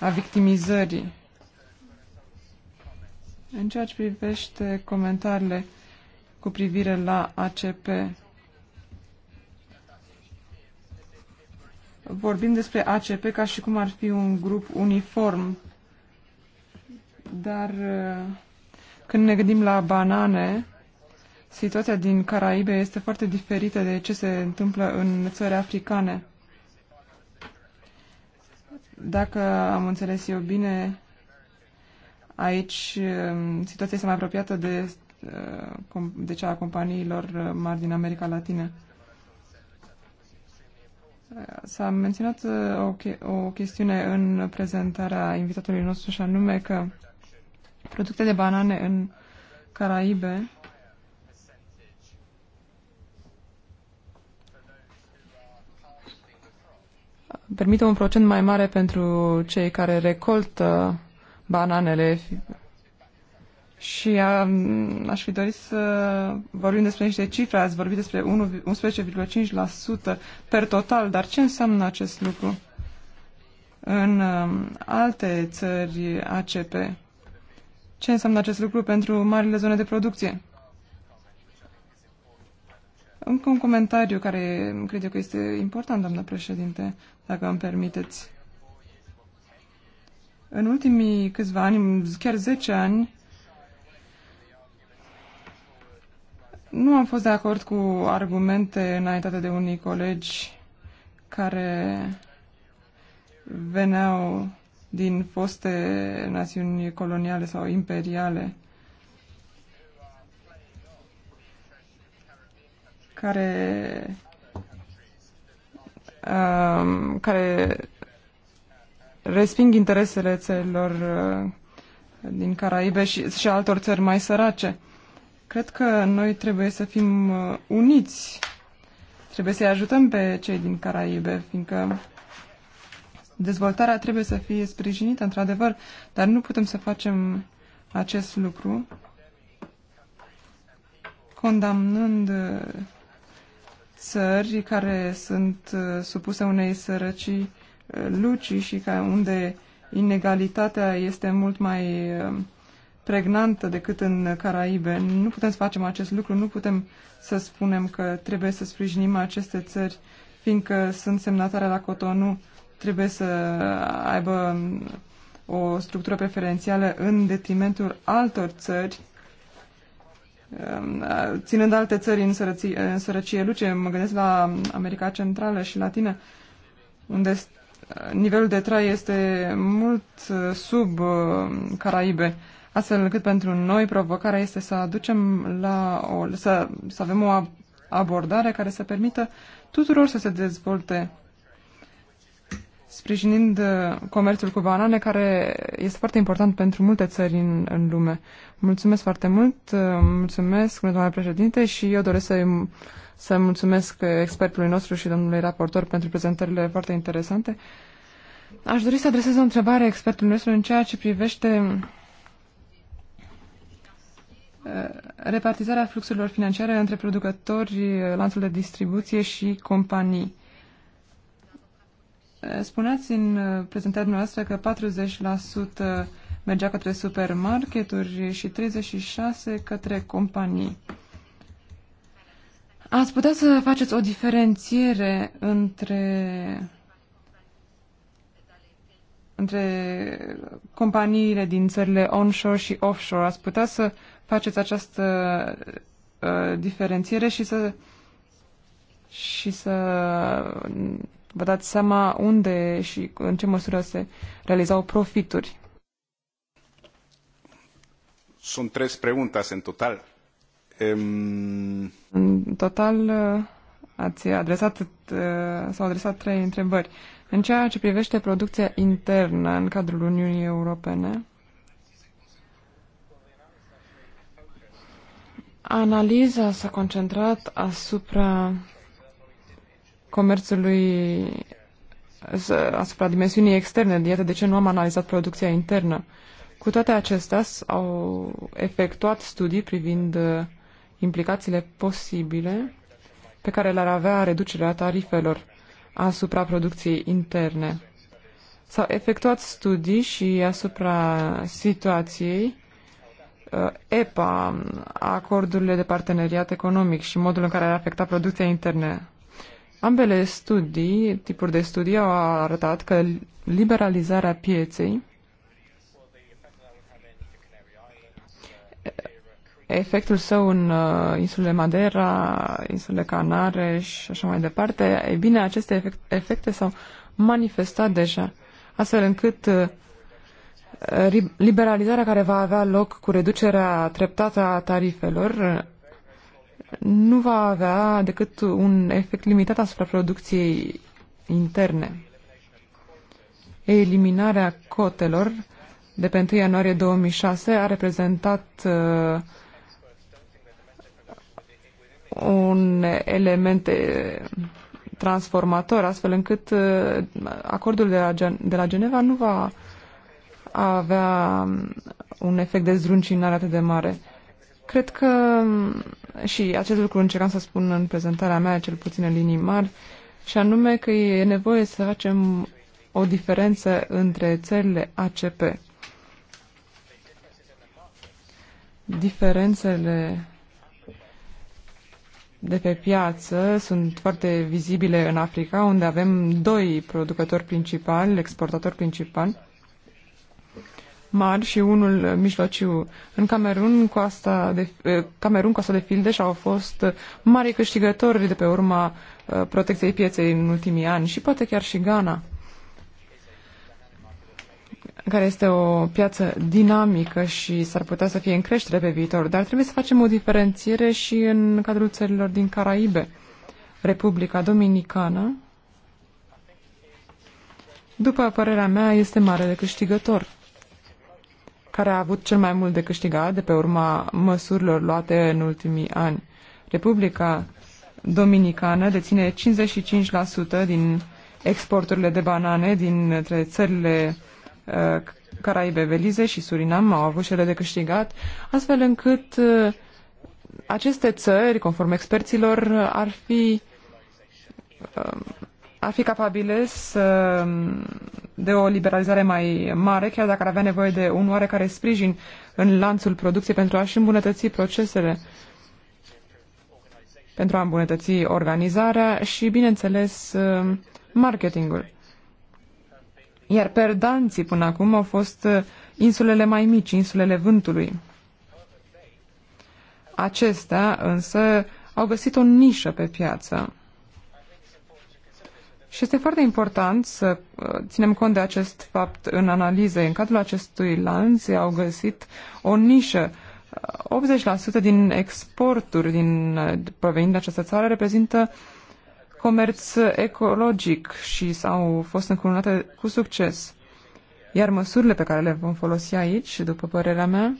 a victimizării în ceea ce privește comentariile cu privire la ACP, vorbim despre ACP ca și cum ar fi un grup uniform, dar uh, când ne gândim la banane, situația din Caraibe este foarte diferită de ce se întâmplă în țări africane. Dacă am înțeles eu bine, Aici um, situația este mai apropiată de, uh, de cea a companiilor uh, mari din America Latină. Uh, s-a menționat o, che- o chestiune în prezentarea invitatului nostru și anume că producte de banane în Caraibe permite un procent mai mare pentru cei care recoltă bananele. Și um, aș fi dorit să vorbim despre niște cifre. Ați vorbit despre 11,5% per total, dar ce înseamnă acest lucru în um, alte țări ACP? Ce înseamnă acest lucru pentru marile zone de producție? Încă un comentariu care cred eu că este important, doamnă președinte, dacă îmi permiteți. În ultimii câțiva ani, chiar 10 ani, nu am fost de acord cu argumente înaintate de unii colegi care veneau din foste națiuni coloniale sau imperiale, care, um, care resping interesele țărilor uh, din Caraibe și, și altor țări mai sărace. Cred că noi trebuie să fim uh, uniți. Trebuie să-i ajutăm pe cei din Caraibe, fiindcă dezvoltarea trebuie să fie sprijinită, într-adevăr, dar nu putem să facem acest lucru condamnând uh, țări care sunt supuse unei sărăcii lucii și ca unde inegalitatea este mult mai uh, pregnantă decât în Caraibe. Nu putem să facem acest lucru, nu putem să spunem că trebuie să sprijinim aceste țări, fiindcă sunt semnatare la Cotonou, trebuie să aibă um, o structură preferențială în detrimentul altor țări, um, ținând alte țări în, sărăție, în sărăcie luce. Mă gândesc la America Centrală și Latină, unde nivelul de trai este mult uh, sub uh, Caraibe, astfel încât pentru noi provocarea este să aducem la o, să, să avem o abordare care să permită tuturor să se dezvolte sprijinind uh, comerțul cu banane, care este foarte important pentru multe țări în, în lume. Mulțumesc foarte mult, mulțumesc, domnule președinte, și eu doresc să-i să mulțumesc expertului nostru și domnului raportor pentru prezentările foarte interesante. Aș dori să adresez o întrebare expertului nostru în ceea ce privește uh, repartizarea fluxurilor financiare între producători, uh, lanțul de distribuție și companii. Uh, spuneați în prezentarea noastră că 40% mergea către supermarketuri și 36% către companii. Ați putea să faceți o diferențiere între între companiile din țările onshore și offshore. Ați putea să faceți această uh, diferențiere și să și să vă dați seama unde și în ce măsură se realizau profituri. Sunt trei preguntas în total. În total uh, ați adresat, uh, s-au adresat trei întrebări. În ceea ce privește producția internă în cadrul Uniunii Europene, analiza s-a concentrat asupra comerțului, asupra dimensiunii externe. Iată de ce nu am analizat producția internă. Cu toate acestea, au efectuat studii privind uh, implicațiile posibile pe care le-ar avea reducerea tarifelor asupra producției interne. S-au efectuat studii și asupra situației uh, EPA, acordurile de parteneriat economic și modul în care ar afecta producția interne. Ambele studii, tipuri de studii, au arătat că liberalizarea pieței efectul său în uh, insulele Madeira, insulele Canare și așa mai departe, e bine, aceste efect, efecte s-au manifestat deja, astfel încât uh, liberalizarea care va avea loc cu reducerea treptată a tarifelor uh, nu va avea decât un efect limitat asupra producției interne. Eliminarea cotelor de pe 1 ianuarie 2006 a reprezentat uh, un element transformator, astfel încât acordul de la, Gen- de la Geneva nu va avea um, un efect de zdruncinare atât de mare. Cred că um, și acest lucru încercam să spun în prezentarea mea, cel puțin în linii mari, și anume că e nevoie să facem o diferență între țările ACP. Diferențele de pe piață sunt foarte vizibile în Africa, unde avem doi producători principali, exportator principal, mari și unul mijlociu. În Camerun, coasta de, eh, Camerun, coasta de Fildeș au fost mari câștigători de pe urma eh, protecției pieței în ultimii ani și poate chiar și Ghana care este o piață dinamică și s-ar putea să fie în creștere pe viitor, dar trebuie să facem o diferențiere și în cadrul țărilor din Caraibe. Republica Dominicană, după părerea mea, este mare de câștigător, care a avut cel mai mult de câștigat de pe urma măsurilor luate în ultimii ani. Republica Dominicană deține 55% din exporturile de banane dintre țările Uh, Caraibe, Belize și Surinam au avut cele de câștigat, astfel încât uh, aceste țări, conform experților, ar fi um, ar fi capabile să, um, de o liberalizare mai mare, chiar dacă ar avea nevoie de un oarecare sprijin în lanțul producției pentru a-și îmbunătăți procesele, pentru a îmbunătăți organizarea și, bineînțeles, uh, marketingul. Iar perdanții până acum au fost uh, insulele mai mici, insulele vântului. Acestea însă au găsit o nișă pe piață. Și este foarte important să uh, ținem cont de acest fapt în analize. În cadrul acestui lanț au găsit o nișă. 80% uh, din exporturi din, provenind de această țară reprezintă uh, comerț ecologic și s-au fost încununate cu succes. Iar măsurile pe care le vom folosi aici, după părerea mea,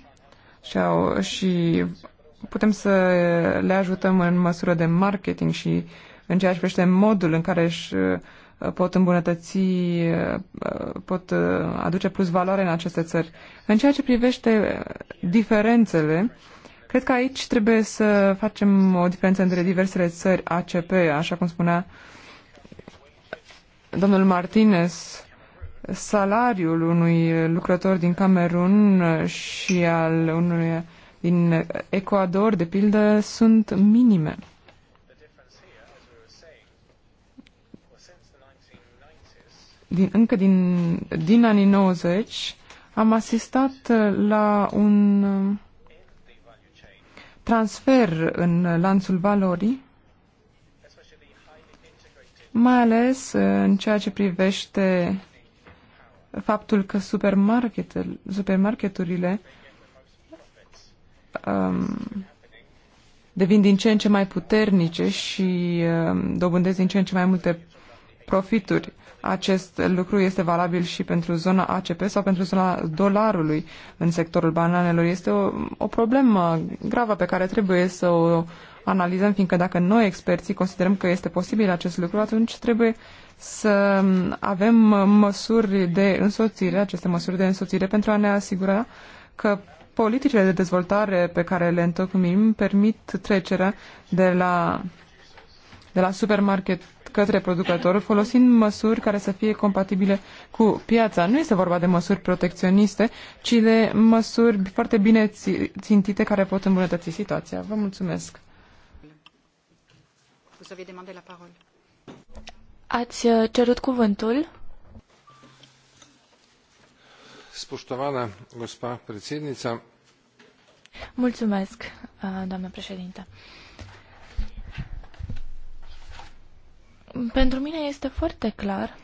și, au, și putem să le ajutăm în măsură de marketing și în ceea ce privește modul în care își uh, pot îmbunătăți, uh, pot uh, aduce plus valoare în aceste țări. În ceea ce privește diferențele, Cred că aici trebuie să facem o diferență între diversele țări ACP, așa cum spunea domnul Martinez. Salariul unui lucrător din Camerun și al unui din Ecuador, de pildă, sunt minime. Din, încă din, din anii 90 am asistat la un transfer în lanțul valorii, mai ales uh, în ceea ce privește faptul că supermarketurile um, devin din ce în ce mai puternice și um, dobândesc din ce în ce mai multe profituri. Acest lucru este valabil și pentru zona ACP sau pentru zona dolarului în sectorul bananelor. Este o, o problemă gravă pe care trebuie să o analizăm, fiindcă dacă noi, experții, considerăm că este posibil acest lucru, atunci trebuie să avem măsuri de însoțire, aceste măsuri de însoțire, pentru a ne asigura că politicile de dezvoltare pe care le întocmim permit trecerea de la, de la supermarket către producător folosind măsuri care să fie compatibile cu piața. Nu este vorba de măsuri protecționiste, ci de măsuri foarte bine țintite care pot îmbunătăți situația. Vă mulțumesc. Ați uh, cerut cuvântul? Spuștovana, gospa președința. Mulțumesc, uh, doamnă președinte. Pentru mine este foarte clar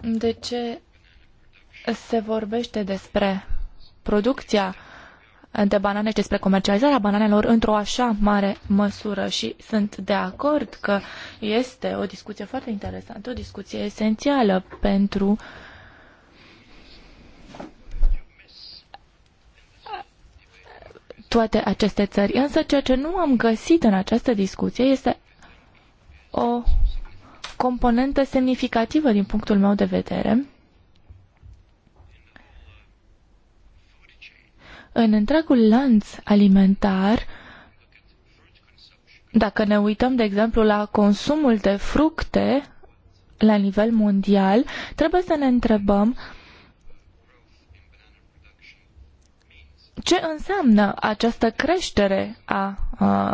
de ce se vorbește despre producția de banane și despre comercializarea bananelor într-o așa mare măsură și sunt de acord că este o discuție foarte interesantă, o discuție esențială pentru toate aceste țări. Însă ceea ce nu am găsit în această discuție este o componentă semnificativă din punctul meu de vedere în întregul lanț alimentar dacă ne uităm, de exemplu, la consumul de fructe la nivel mondial, trebuie să ne întrebăm ce înseamnă această creștere a, a,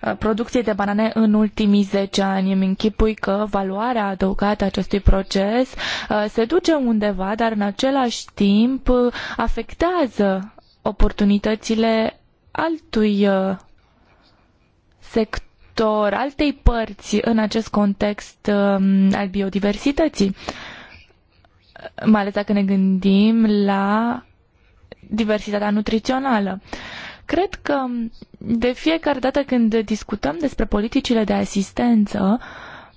a producției de banane în ultimii 10 ani. Îmi închipui că valoarea adăugată acestui proces a, se duce undeva, dar în același timp afectează oportunitățile altui sector, altei părți în acest context al biodiversității. Mai ales dacă ne gândim la diversitatea nutrițională. Cred că de fiecare dată când discutăm despre politicile de asistență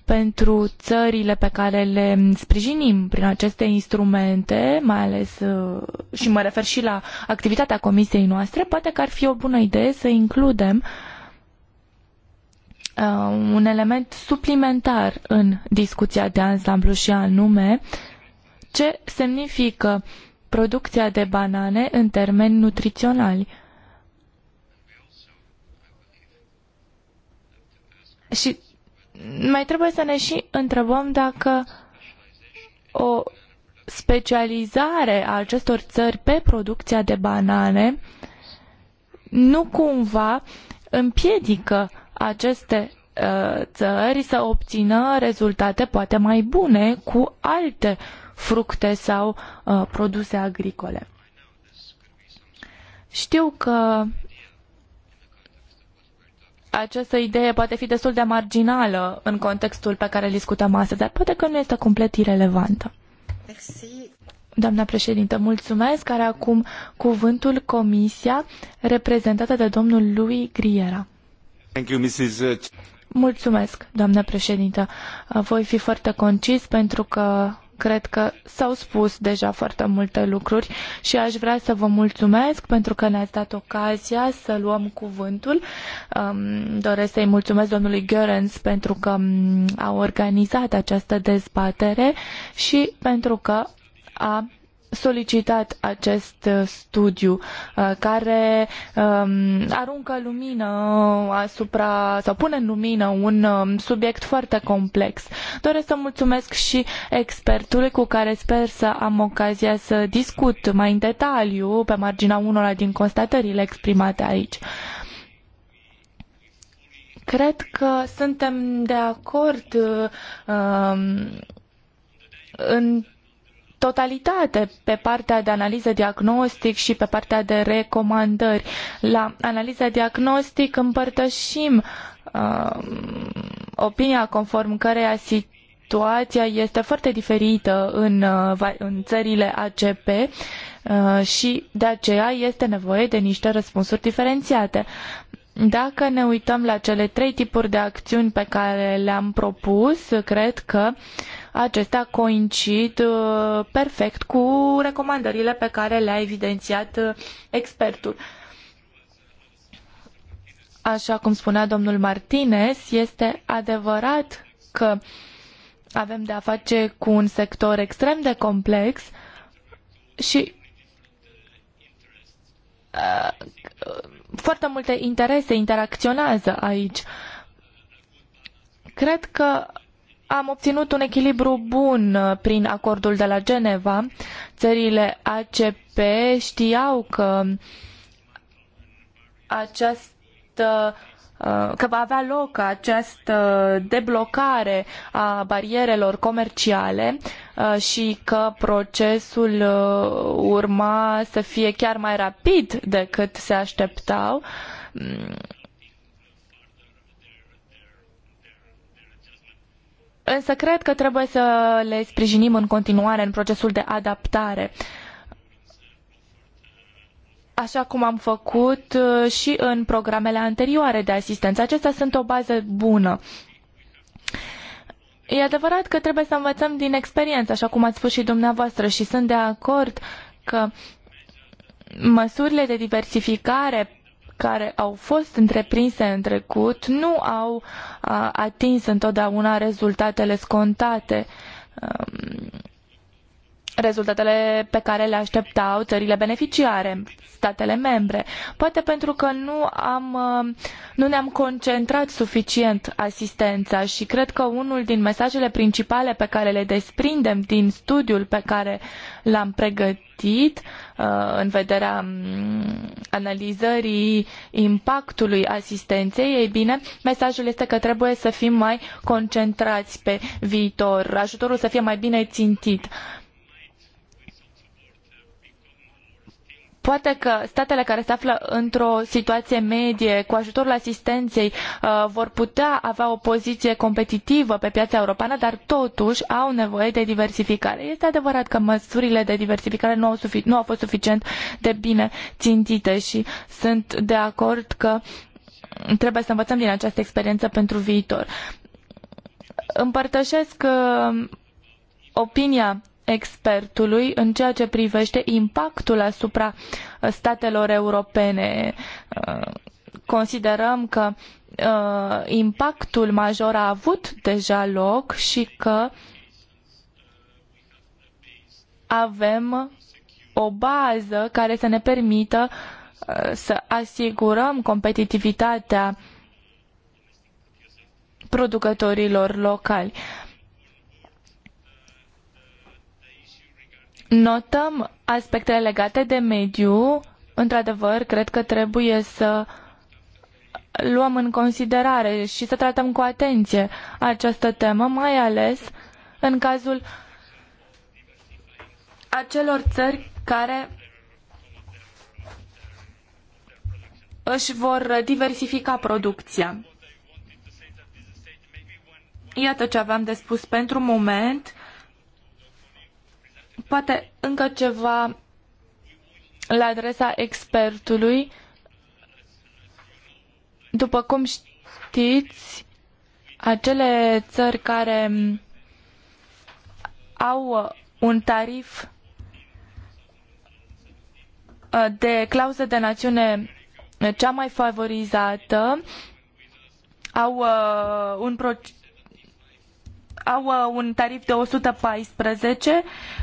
pentru țările pe care le sprijinim prin aceste instrumente, mai ales uh, și mă refer și la activitatea comisiei noastre, poate că ar fi o bună idee să includem uh, un element suplimentar în discuția de ansamblu și anume ce semnifică uh, producția de banane în termeni nutriționali. Și mai trebuie să ne și întrebăm dacă o specializare a acestor țări pe producția de banane nu cumva împiedică aceste uh, țări să obțină rezultate poate mai bune cu alte uh, fructe sau uh, produse agricole. Știu că această idee poate fi destul de marginală în contextul pe care îl discutăm astăzi, dar poate că nu este complet irelevantă. Merci. Doamna președintă, mulțumesc. Are acum cuvântul comisia reprezentată de domnul lui Griera. Thank you, Mrs. Mulțumesc, doamnă președintă. Voi fi foarte concis pentru că cred că s-au spus deja foarte multe lucruri și aș vrea să vă mulțumesc pentru că ne-ați dat ocazia să luăm cuvântul. doresc să-i mulțumesc domnului Görens pentru că a organizat această dezbatere și pentru că a solicitat acest uh, studiu uh, care um, aruncă lumină asupra sau pune în lumină un um, subiect foarte complex. Doresc să mulțumesc și expertului cu care sper să am ocazia să discut mai în detaliu pe marginea unora din constatările exprimate aici. Cred că suntem de acord uh, um, în totalitate pe partea de analiză diagnostic și pe partea de recomandări. La analiza diagnostic împărtășim uh, opinia conform căreia situația este foarte diferită în, uh, în țările ACP uh, și de aceea este nevoie de niște răspunsuri diferențiate. Dacă ne uităm la cele trei tipuri de acțiuni pe care le-am propus, cred că uh, acestea coincid uh, perfect cu recomandările pe care le-a evidențiat uh, expertul. Așa cum spunea domnul Martinez, este adevărat că avem de a face cu un sector extrem de complex și uh, foarte multe interese interacționează aici. Cred că am obținut un echilibru bun uh, prin acordul de la Geneva. Țările ACP știau că această uh, că va avea loc această deblocare a barierelor comerciale uh, și că procesul urma să fie chiar mai rapid decât se așteptau mm, Însă cred că trebuie să le sprijinim în continuare în procesul de adaptare așa cum am făcut uh, și în programele anterioare de asistență. Acestea sunt o bază bună. E adevărat că trebuie să învățăm din experiență, așa cum ați spus și dumneavoastră, și sunt de acord că măsurile de diversificare care au fost întreprinse în trecut nu au uh, atins întotdeauna rezultatele scontate. Um, rezultatele pe care le așteptau țările beneficiare, statele membre. Poate pentru că nu, am, uh, nu ne-am concentrat suficient asistența și cred că unul din mesajele principale pe care le desprindem din studiul pe care l-am pregătit uh, în vederea um, analizării impactului asistenței, ei bine, mesajul este că trebuie să fim mai concentrați pe viitor, ajutorul să fie mai bine țintit Poate că statele care se află într-o situație medie, cu ajutorul asistenței, uh, vor putea avea o poziție competitivă pe piața europeană, dar totuși au nevoie de diversificare. Este adevărat că măsurile de diversificare nu au, nu au fost suficient de bine țintite și sunt de acord că trebuie să învățăm din această experiență pentru viitor. Împărtășesc uh, opinia expertului în ceea ce privește impactul asupra uh, statelor europene. Uh, considerăm că uh, impactul major a avut deja loc și că avem o bază care să ne permită să asigurăm competitivitatea producătorilor locali. notăm aspectele legate de mediu. Într-adevăr, cred că trebuie să luăm în considerare și să tratăm cu atenție această temă, mai ales în cazul acelor țări care își vor diversifica producția. Iată ce aveam de spus pentru moment. Poate încă ceva la adresa expertului. După cum știți, acele țări care au un tarif uh, de clauză de națiune cea mai favorizată, au uh, un proces au uh, un tarif de 114,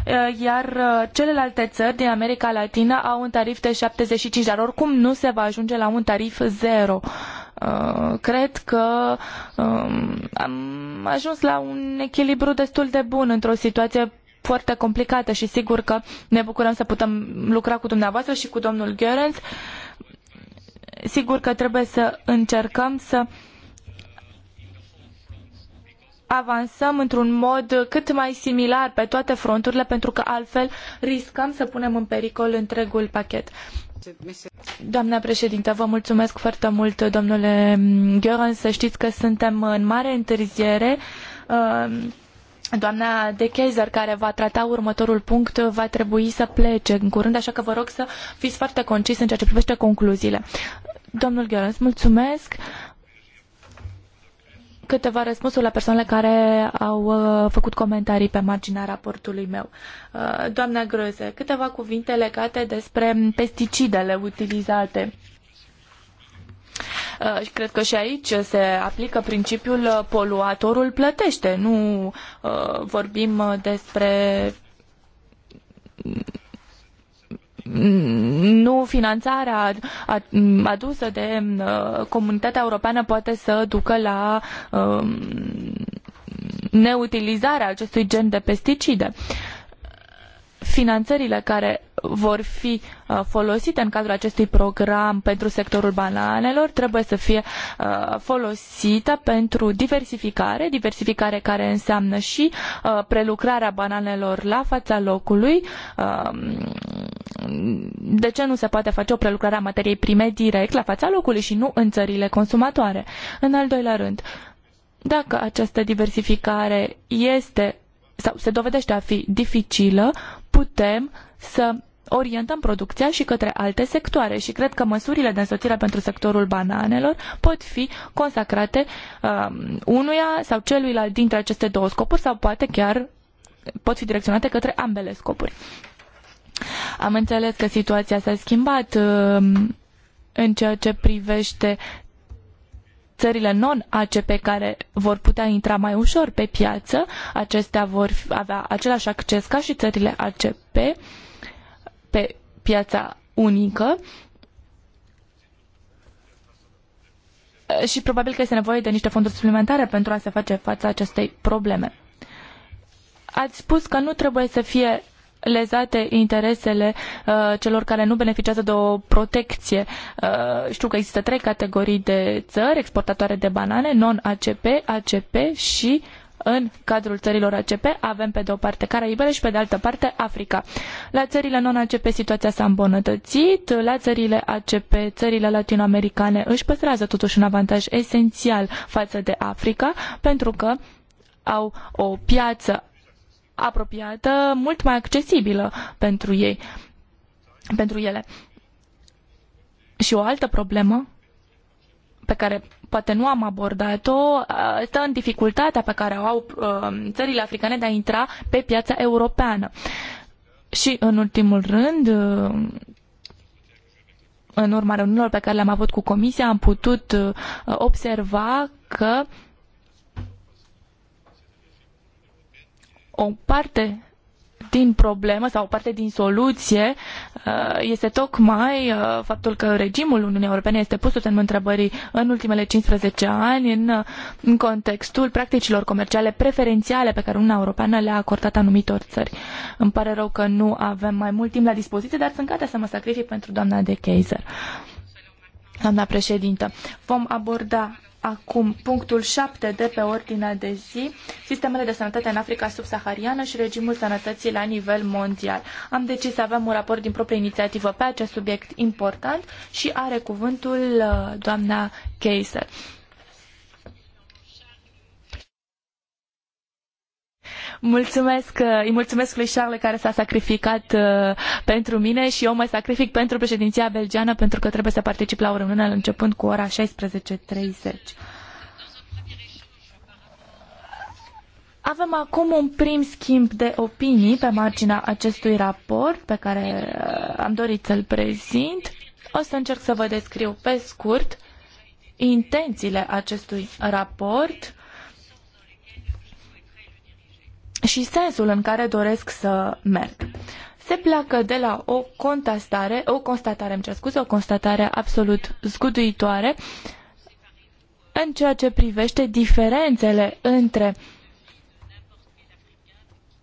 uh, iar uh, celelalte țări din America Latină au un tarif de 75, dar oricum nu se va ajunge la un tarif zero. Cred că um, am ajuns la un echilibru destul de bun într-o situație foarte complicată și sigur că ne bucurăm să putem lucra cu dumneavoastră și cu domnul Görens. Sigur că trebuie să încercăm să uh, avansăm într-un mod cât mai similar pe toate fronturile, pentru că altfel riscăm să punem în pericol întregul pachet. Doamna președintă, vă mulțumesc foarte mult, domnule Gheorghe, să știți că suntem în mare întârziere. Uh, doamna de Kaiser, care va trata următorul punct, va trebui să plece în curând, așa că vă rog să fiți foarte concis în ceea ce privește concluziile. Domnul Gheorghe, mulțumesc câteva răspunsuri la persoanele care au uh, făcut comentarii pe marginea raportului meu. Uh, doamna groze, câteva cuvinte legate despre pesticidele utilizate. Uh, și cred că și aici se aplică principiul poluatorul plătește. Nu vorbim despre nu finanțarea adusă de uh, comunitatea europeană poate să ducă la um, neutilizarea acestui gen de pesticide. Uh, finanările care vor fi uh, folosite în cadrul acestui program pentru sectorul bananelor trebuie să fie uh, folosite pentru diversificare, diversificare care înseamnă și uh, prelucrarea bananelor la fața locului. Um, de ce nu se poate face o prelucrare a materiei prime direct la fața locului și nu în țările consumatoare? În al doilea rând, dacă această diversificare este sau se dovedește a fi dificilă, putem să orientăm producția și către alte sectoare și cred că măsurile de însoțire pentru sectorul bananelor pot fi consacrate um, unuia sau celuilalt dintre aceste două scopuri sau poate chiar pot fi direcționate către ambele scopuri. Am înțeles că situația s-a schimbat um, în ceea ce privește țările non-ACP care vor putea intra mai ușor pe piață, acestea vor avea același acces ca și țările ACP pe piața unică. Și probabil că este nevoie de niște fonduri suplimentare pentru a se face față acestei probleme. Ați spus că nu trebuie să fie lezate interesele uh, celor care nu beneficiază de o protecție. Uh, știu că există trei categorii de țări exportatoare de banane, non-ACP, ACP și în cadrul țărilor ACP avem pe de o parte Caraibele și pe de altă parte Africa. La țările non-ACP situația s-a îmbunătățit, la țările ACP, țările latinoamericane își păstrează totuși un avantaj esențial față de Africa pentru că au o piață apropiată, mult mai accesibilă pentru ei, pentru ele. Și o altă problemă pe care poate nu am abordat-o, stă în dificultatea pe care o au um, țările africane de a intra pe piața europeană. Și, în ultimul rând, um, în urma reuniunilor pe care le-am avut cu Comisia, am putut uh, observa că o parte din problemă sau o parte din soluție uh, este tocmai uh, faptul că regimul Uniunii Europene este pus sub în întrebării în ultimele 15 ani uh, în, contextul practicilor comerciale preferențiale pe care Uniunea Europeană le-a acordat anumitor țări. Îmi pare rău că nu avem mai mult timp la dispoziție, dar sunt gata să mă sacrific pentru doamna de Kaiser. Doamna președintă, vom aborda Acum, punctul 7 de pe ordinea de zi, sistemele de sănătate în Africa subsahariană și regimul sănătății la nivel mondial. Am decis să avem un raport din proprie inițiativă pe acest subiect important și are cuvântul uh, doamna Keiser. Mulțumesc, uh, îi mulțumesc lui Charles care s-a sacrificat uh, pentru mine și eu mă sacrific pentru președinția belgiană pentru că trebuie să particip la o reuniune începând cu ora 16.30. Avem acum un prim schimb de opinii pe marginea acestui raport pe care uh, am dorit să-l prezint. O să încerc să vă descriu pe scurt intențiile acestui raport și sensul în care doresc să merg. Se pleacă de la o contestare, o constatare, îmi cer scuze, o constatare absolut zguduitoare în ceea ce privește diferențele între uh,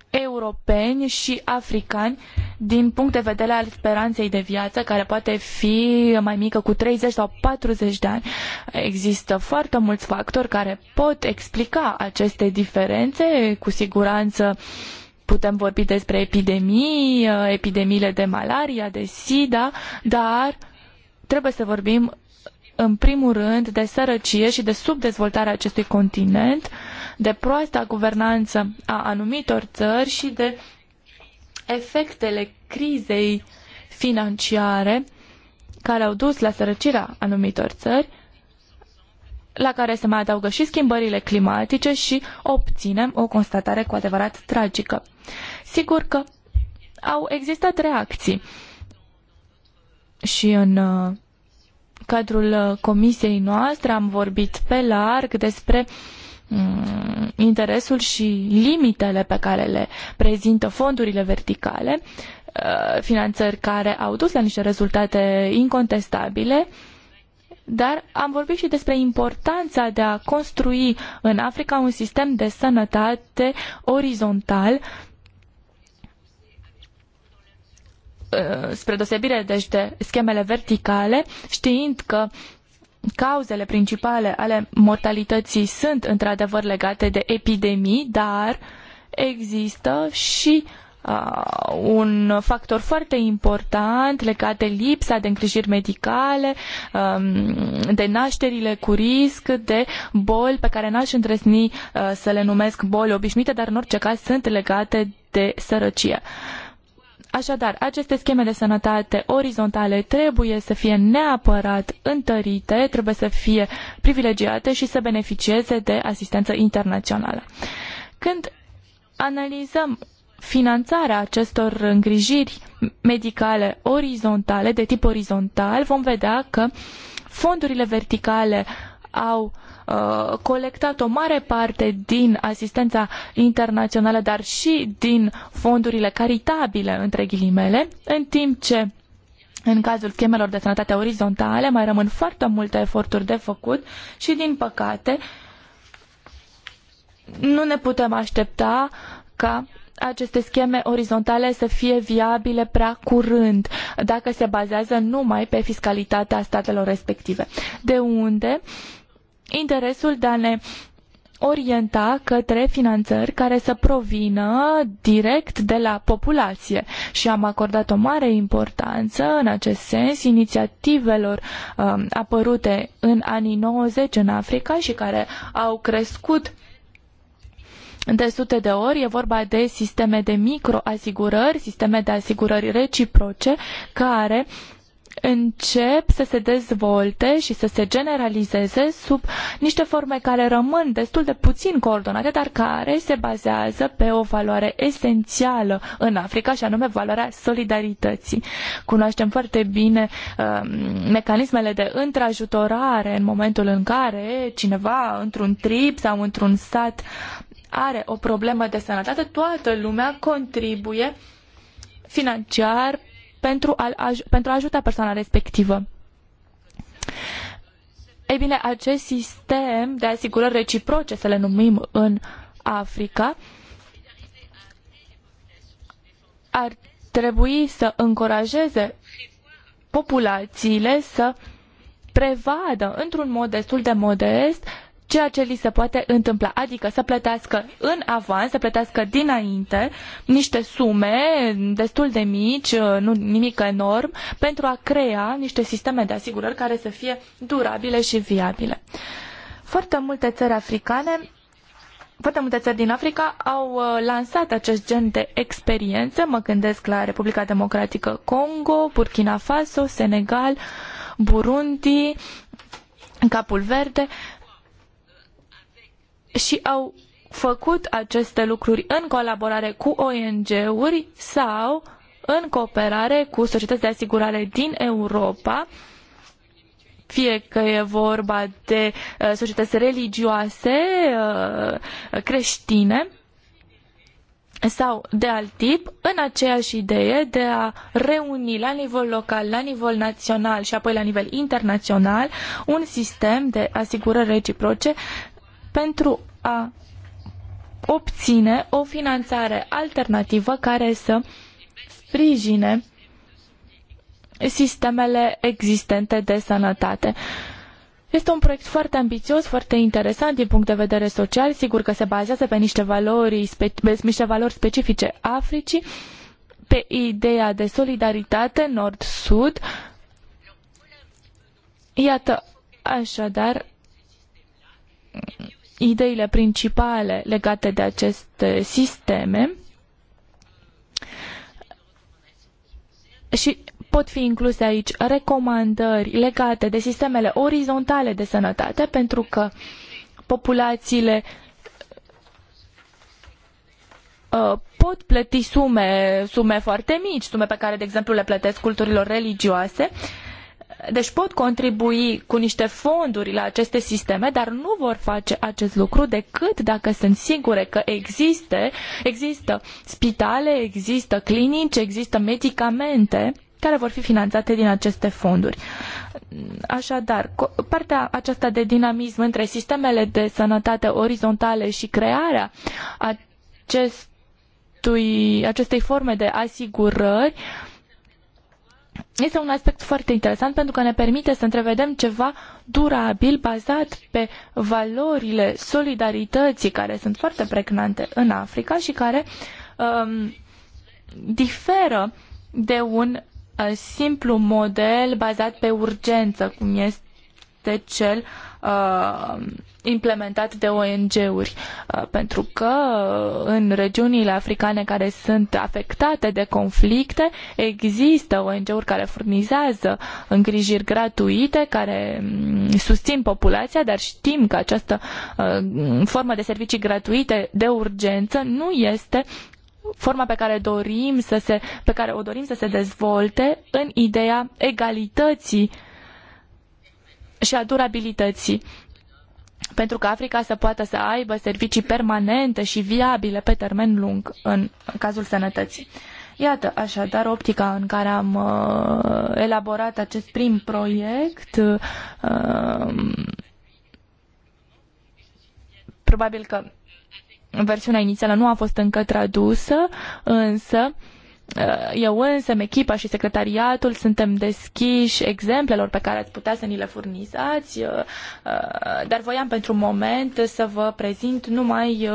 europeni și africani din punct de vedere al speranței de viață, care poate fi mai mică cu 30 sau 40 de ani. Există foarte mulți factori care pot explica aceste diferențe. Cu siguranță putem vorbi despre epidemii, epidemiile de malaria, de sida, dar trebuie să vorbim în primul rând de sărăcie și de subdezvoltarea acestui continent uh, de proasta guvernanță a anumitor țări și de efectele crizei financiare care au dus la sărăcirea anumitor țări, la care se mai adaugă și schimbările climatice și obținem o constatare cu adevărat tragică. Sigur că au existat reacții și în uh, cadrul uh, comisiei noastre am vorbit pe larg despre uh, Mm, interesul și limitele pe care le prezintă fondurile verticale, uh, finanțări care au dus la niște rezultate incontestabile, dar am vorbit și despre importanța de a construi în Africa un sistem de sănătate orizontal uh, spre deosebire deci de schemele verticale, știind că cauzele principale ale mortalității sunt într-adevăr legate de epidemii, dar există și uh, un factor foarte important legat de lipsa de îngrijiri medicale, um, de nașterile cu risc, de boli pe care n-aș îndrăzni uh, să le numesc boli obișnuite, dar în orice caz sunt legate de sărăcie. Uh, Așadar, aceste scheme de sănătate orizontale trebuie să fie neapărat întărite, trebuie să fie privilegiate și să beneficieze de asistență internațională. Când analizăm finanțarea acestor îngrijiri medicale orizontale, de tip orizontal, vom vedea că fondurile verticale au Uh, colectat o mare parte din asistența internațională, dar și din fondurile caritabile, între ghilimele, în timp ce în cazul schemelor de sănătate orizontale mai rămân foarte multe eforturi de făcut și, din păcate, nu ne putem aștepta ca aceste scheme orizontale să fie viabile prea curând, dacă se bazează numai pe fiscalitatea statelor respective. De unde uh, interesul de a ne orienta către finanțări care să provină direct de la populație și am acordat o mare importanță în acest sens inițiativelor um, apărute în anii 90 în Africa și care au crescut de sute de ori. E vorba de sisteme de microasigurări, sisteme de asigurări reciproce care uh, încep să se dezvolte și să se generalizeze sub niște forme care rămân destul de puțin coordonate, dar care se bazează pe o valoare esențială în Africa și anume valoarea solidarității. Cunoaștem foarte bine uh, mecanismele de întrajutorare în momentul în care cineva într-un trip sau într-un sat are o problemă de sănătate, toată lumea contribuie financiar pentru a, pentru a ajuta persoana respectivă. Ei bine, acest sistem de asigurări reciproce, să le numim în Africa, ar trebui să încurajeze populațiile să prevadă într-un mod destul de modest ceea ce li se poate întâmpla, adică să plătească în avans, să plătească dinainte niște sume destul de mici, uh, nu nimic enorm, pentru a crea niște sisteme de asigurări care să fie durabile și viabile. Foarte multe țări africane foarte multe țări din Africa au uh, lansat acest gen de experiențe. Mă gândesc la Republica Democratică Congo, Burkina Faso, Senegal, Burundi, Capul Verde și au făcut aceste lucruri în colaborare cu ONG-uri sau în cooperare cu societăți de asigurare din Europa, fie că e vorba de uh, societăți religioase uh, creștine sau de alt tip, în aceeași idee de a reuni la nivel local, la nivel național și apoi la nivel internațional un sistem de asigurări reciproce pentru a obține o finanțare alternativă care să sprijine sistemele existente de sănătate. Este un proiect foarte ambițios, foarte interesant din punct de vedere social, sigur că se bazează pe niște valori, pe niște valori specifice Africii, pe ideea de solidaritate nord-sud. Iată, așadar, ideile principale legate de aceste sisteme și pot fi incluse aici recomandări legate de sistemele orizontale de sănătate pentru că populațiile uh, pot plăti sume, sume foarte mici, sume pe care, de exemplu, le plătesc culturilor religioase uh, deci pot contribui cu niște fonduri la aceste sisteme, dar nu vor face acest lucru decât dacă sunt sigure că existe, există spitale, există clinici, există medicamente care vor fi finanțate din aceste fonduri. Așadar, partea aceasta de dinamism între sistemele de sănătate orizontale și crearea acestui, acestei forme de asigurări uh, este un aspect foarte interesant pentru că ne permite să întrevedem ceva durabil bazat pe valorile solidarității care sunt foarte pregnante în Africa și care um, diferă de un uh, simplu model bazat pe urgență, cum este cel uh, implementat de ONG-uri, uh, pentru că uh, în regiunile africane care sunt afectate de conflicte există ONG-uri care furnizează îngrijiri gratuite, care mm, susțin populația, dar știm că această uh, formă de servicii gratuite de urgență nu este forma pe care, dorim să se, pe care o dorim să se dezvolte în ideea egalității și a durabilității pentru ca Africa să poată să aibă servicii permanente și viabile pe termen lung în cazul sănătății. Iată, așadar, optica în care am uh, elaborat acest prim proiect. Uh, probabil că versiunea inițială nu a fost încă tradusă, însă uh, Uh, eu însem, echipa și secretariatul suntem deschiși exemplelor pe care ați putea să ni le furnizați, uh, uh, dar voiam pentru moment să vă prezint numai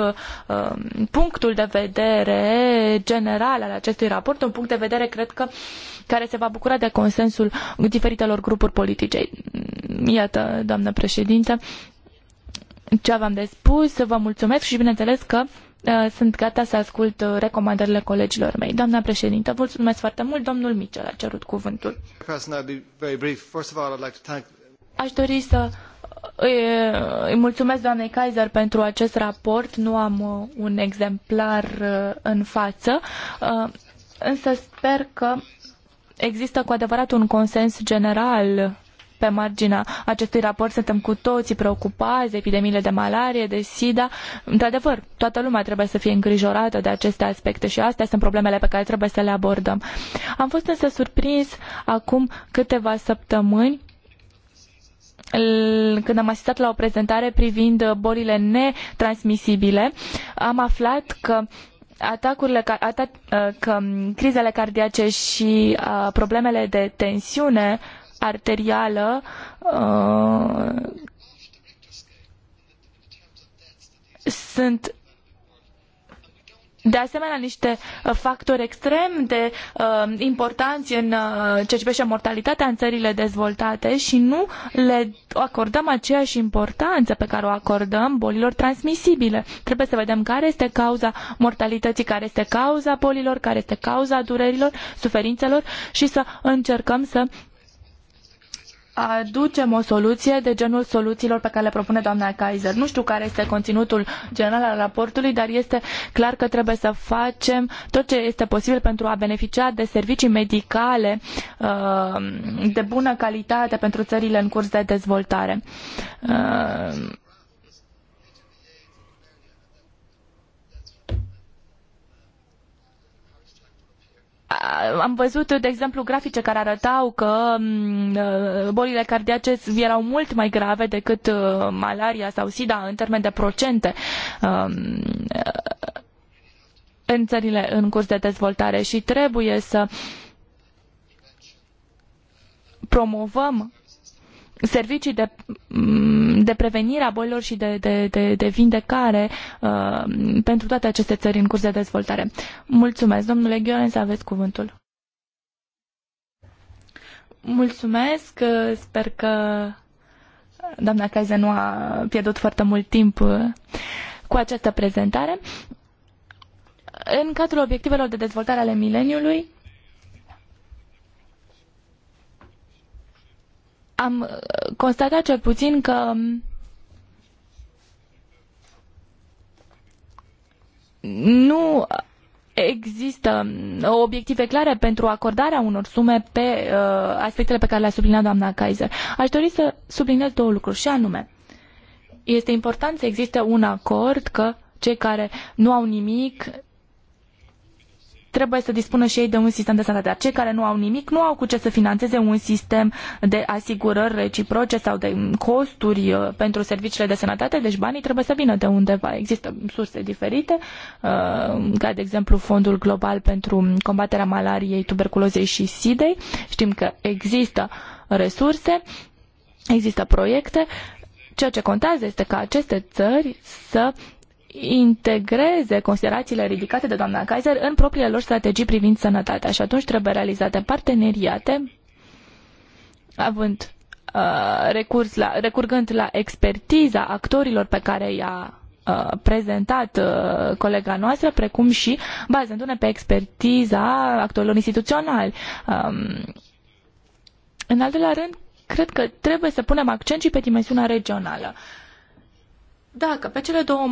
um, punctul de vedere general al acestui raport, un punct de vedere cred că care se va bucura de consensul diferitelor grupuri politice. Iată, doamnă președinte, ce aveam de spus, vă mulțumesc și bineînțeles că Uh, sunt gata să ascult uh, recomandările colegilor mei. Doamna președintă, mulțumesc foarte mult. Domnul Mitchell a cerut cuvântul. Aș dori să uh, îi mulțumesc doamnei Kaiser pentru acest raport. Nu am un exemplar în față, însă sper că există cu adevărat un consens general pe marginea acestui raport suntem cu toții preocupați de epidemiile de malarie, de SIDA. Într-adevăr, toată lumea trebuie să fie îngrijorată de aceste aspecte și astea sunt problemele pe care trebuie să le abordăm. Am fost însă surprins acum câteva săptămâni când am asistat la o prezentare privind bolile netransmisibile, am aflat că atacurile, atac, că uh, mm, crizele cardiace și uh, problemele de tensiune arterială uh, sunt de asemenea niște factori extrem de uh, importanți în uh, ce privește mortalitatea în țările dezvoltate și nu le acordăm aceeași importanță pe care o acordăm bolilor transmisibile. Trebuie să vedem care este cauza mortalității, care este cauza bolilor, care este cauza durerilor, suferințelor și să încercăm să aducem o soluție de genul soluțiilor pe care le propune doamna Kaiser. Nu știu care este conținutul general al raportului, dar este clar că trebuie să facem tot ce este posibil pentru a beneficia de servicii medicale uh, de bună calitate pentru țările în curs de dezvoltare. Uh, am văzut, de exemplu, grafice care arătau că mm, uh, bolile cardiace erau mult mai grave decât uh, malaria sau SIDA în termen de procente um, în țările în curs de dezvoltare și trebuie să promovăm servicii de, mm, de prevenire a bolilor și de, de, de, de vindecare uh, pentru toate aceste țări în curs de dezvoltare. Mulțumesc. Domnule Gheorghe, să aveți cuvântul. Mulțumesc. Sper că doamna Caize nu a pierdut foarte mult timp uh, cu această prezentare. În cadrul obiectivelor de dezvoltare ale mileniului, am uh, constatat cel puțin că nu există obiective clare pentru acordarea unor sume pe uh, aspectele pe care le-a subliniat doamna Kaiser. Aș dori să subliniez două lucruri și anume, este important să existe un acord că cei care nu au nimic trebuie să dispună și ei de un sistem de sănătate. Dar cei care nu au nimic nu au cu ce să financeze un sistem de asigurări reciproce sau de costuri uh, pentru serviciile de sănătate, deci banii trebuie să vină de undeva. Există surse diferite, uh, ca de exemplu Fondul Global pentru combaterea malariei, tuberculozei și SIDEI. Știm că există resurse, există proiecte. Ceea ce contează este ca aceste țări să integreze considerațiile ridicate de doamna Kaiser în propriile lor strategii privind sănătatea și atunci trebuie realizate parteneriate având uh, recurs la, recurgând la expertiza actorilor pe care i-a uh, prezentat uh, colega noastră, precum și bazându-ne pe expertiza actorilor instituționali. Um, în al doilea rând, cred că trebuie să punem accent și pe dimensiunea regională. Dacă pe cele două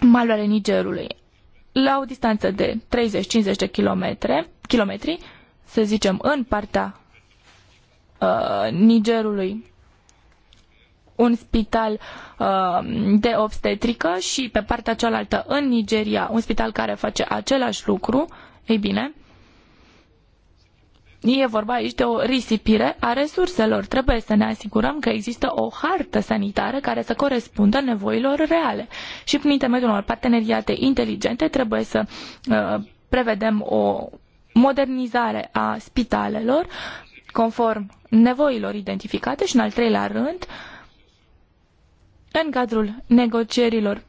malurile Nigerului, la o distanță de 30-50 de kilometre, kilometri, să zicem, în partea uh, Nigerului, un spital uh, de obstetrică și pe partea cealaltă în Nigeria, un spital care face același lucru, ei bine, E vorba aici de o risipire a resurselor. Trebuie să ne asigurăm că există o hartă sanitară care să corespundă nevoilor reale. Și prin intermediul unor parteneriate inteligente trebuie să uh, prevedem o modernizare a spitalelor conform nevoilor identificate și, în al treilea rând, în cadrul negocierilor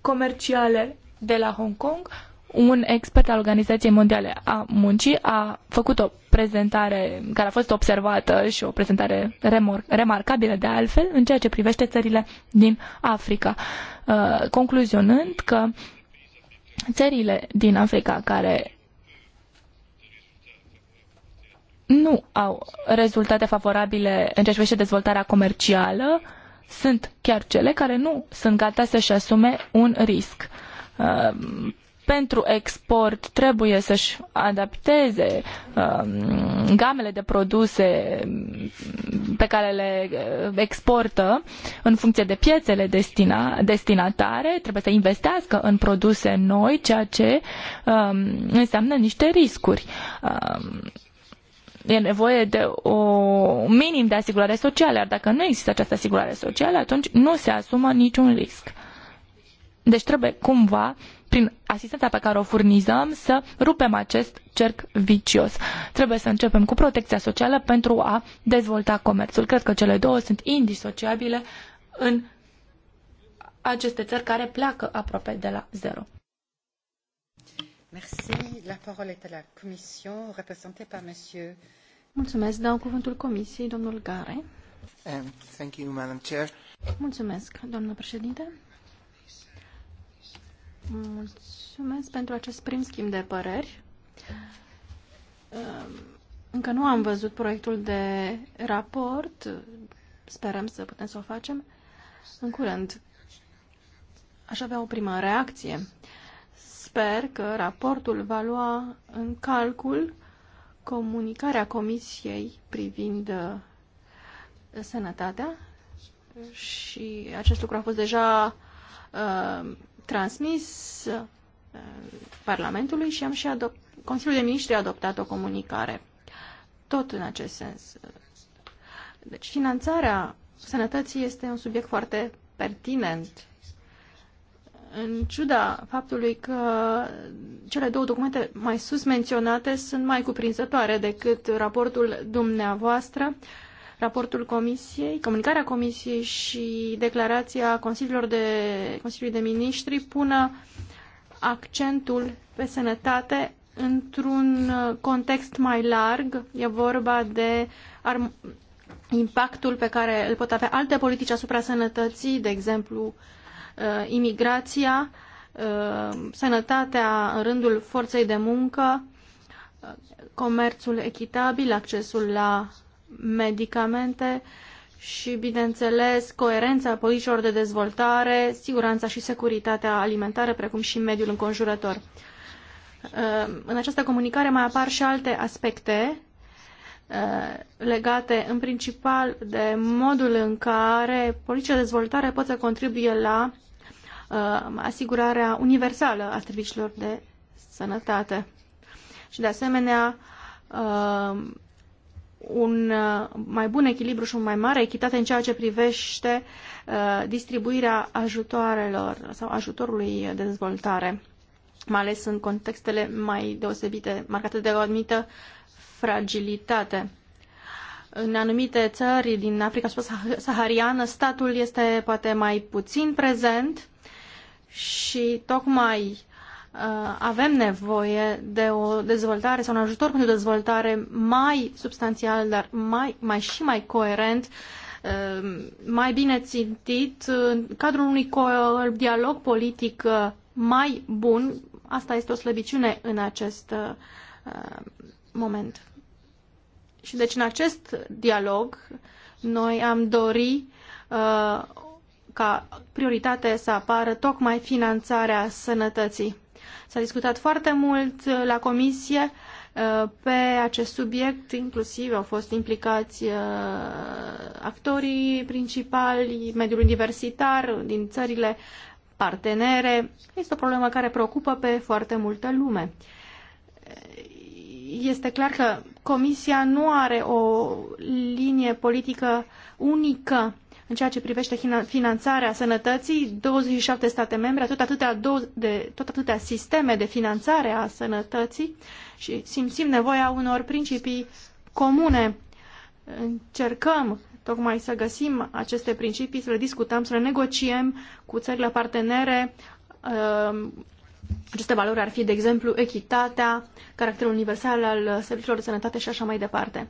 comerciale de la Hong Kong, un expert al Organizației Mondiale a Muncii a făcut o prezentare care a fost observată și o prezentare remarcabilă de altfel în ceea ce privește țările din Africa, uh, concluzionând că țările din Africa care nu au rezultate favorabile în ceea ce privește dezvoltarea comercială sunt chiar cele care nu sunt gata să-și asume un risc uh, pentru export trebuie să-și adapteze um, gamele de produse pe care le uh, exportă în funcție de piețele destina, destinatare, trebuie să investească în produse noi, ceea ce um, înseamnă niște riscuri. Um, e nevoie de o minim de asigurare socială, iar dacă nu există această asigurare socială, atunci nu se asumă niciun risc. Deci trebuie cumva prin asistența pe care o furnizăm, să rupem acest cerc vicios. Trebuie să începem cu protecția socială pentru a dezvolta comerțul. Cred că cele două sunt indisociabile în aceste țări care pleacă aproape de la zero. Mulțumesc. Dau cuvântul Comisiei, domnul Gare. Um, Mulțumesc, doamnă președinte. Mulțumesc pentru acest prim schimb de păreri. Ehm, încă nu am văzut proiectul de raport. Sperăm să putem să o facem în curând. Aș avea o primă reacție. Sper că raportul va lua în calcul comunicarea Comisiei privind uh, sănătatea și acest lucru a fost deja uh, transmis uh, Parlamentului și am și adop- Consiliul de Ministri a adoptat o comunicare tot în acest sens. Deci finanțarea sănătății este un subiect foarte pertinent în ciuda faptului că cele două documente mai sus menționate sunt mai cuprinzătoare decât raportul dumneavoastră, uh, raportul Comisiei, comunicarea Comisiei și declarația Consiliilor de, Consiliului de Ministri pună accentul pe sănătate într-un context mai larg. E vorba de impactul pe care îl pot avea alte politici asupra sănătății, de exemplu uh, imigrația, uh, sănătatea în rândul forței de muncă, uh, comerțul echitabil, accesul la medicamente și, bineînțeles, coerența politicilor de dezvoltare, siguranța și securitatea alimentară, precum și mediul înconjurător. Uh, în această comunicare mai apar și alte aspecte uh, legate în principal de modul în care politica de dezvoltare pot să contribuie la uh, asigurarea universală a serviciilor de sănătate. Și de asemenea un uh, mai bun echilibru și o mai mare echitate în ceea ce privește uh, distribuirea ajutoarelor sau ajutorului de dezvoltare, mai ales în contextele mai deosebite, marcate de o anumită fragilitate. În anumite țări din Africa subsahariană, statul este poate mai puțin prezent și tocmai uh, Uh, avem nevoie de o dezvoltare sau un ajutor pentru dezvoltare mai substanțial, dar mai, mai și mai coerent, uh, mai bine țintit, în cadrul unui dialog politic uh, mai bun. Asta este o slăbiciune în acest moment. Și deci în acest dialog noi am dori ca prioritate să apară tocmai finanțarea sănătății S-a discutat foarte mult uh, la comisie uh, pe acest subiect, inclusiv au fost implicați uh, actorii principali, mediul universitar din țările partenere. Este o problemă care preocupă pe foarte multă lume. Este clar că Comisia nu are o linie politică unică în ceea ce privește finanțarea sănătății, 27 state membre, tot atâtea, de, tot atâtea sisteme de finanțare a sănătății și simțim nevoia unor principii comune. Încercăm tocmai să găsim aceste principii, să le discutăm, să le negociem cu țările partenere uh, aceste valori ar fi, de exemplu, echitatea, caracterul universal al serviciilor de sănătate și așa mai departe.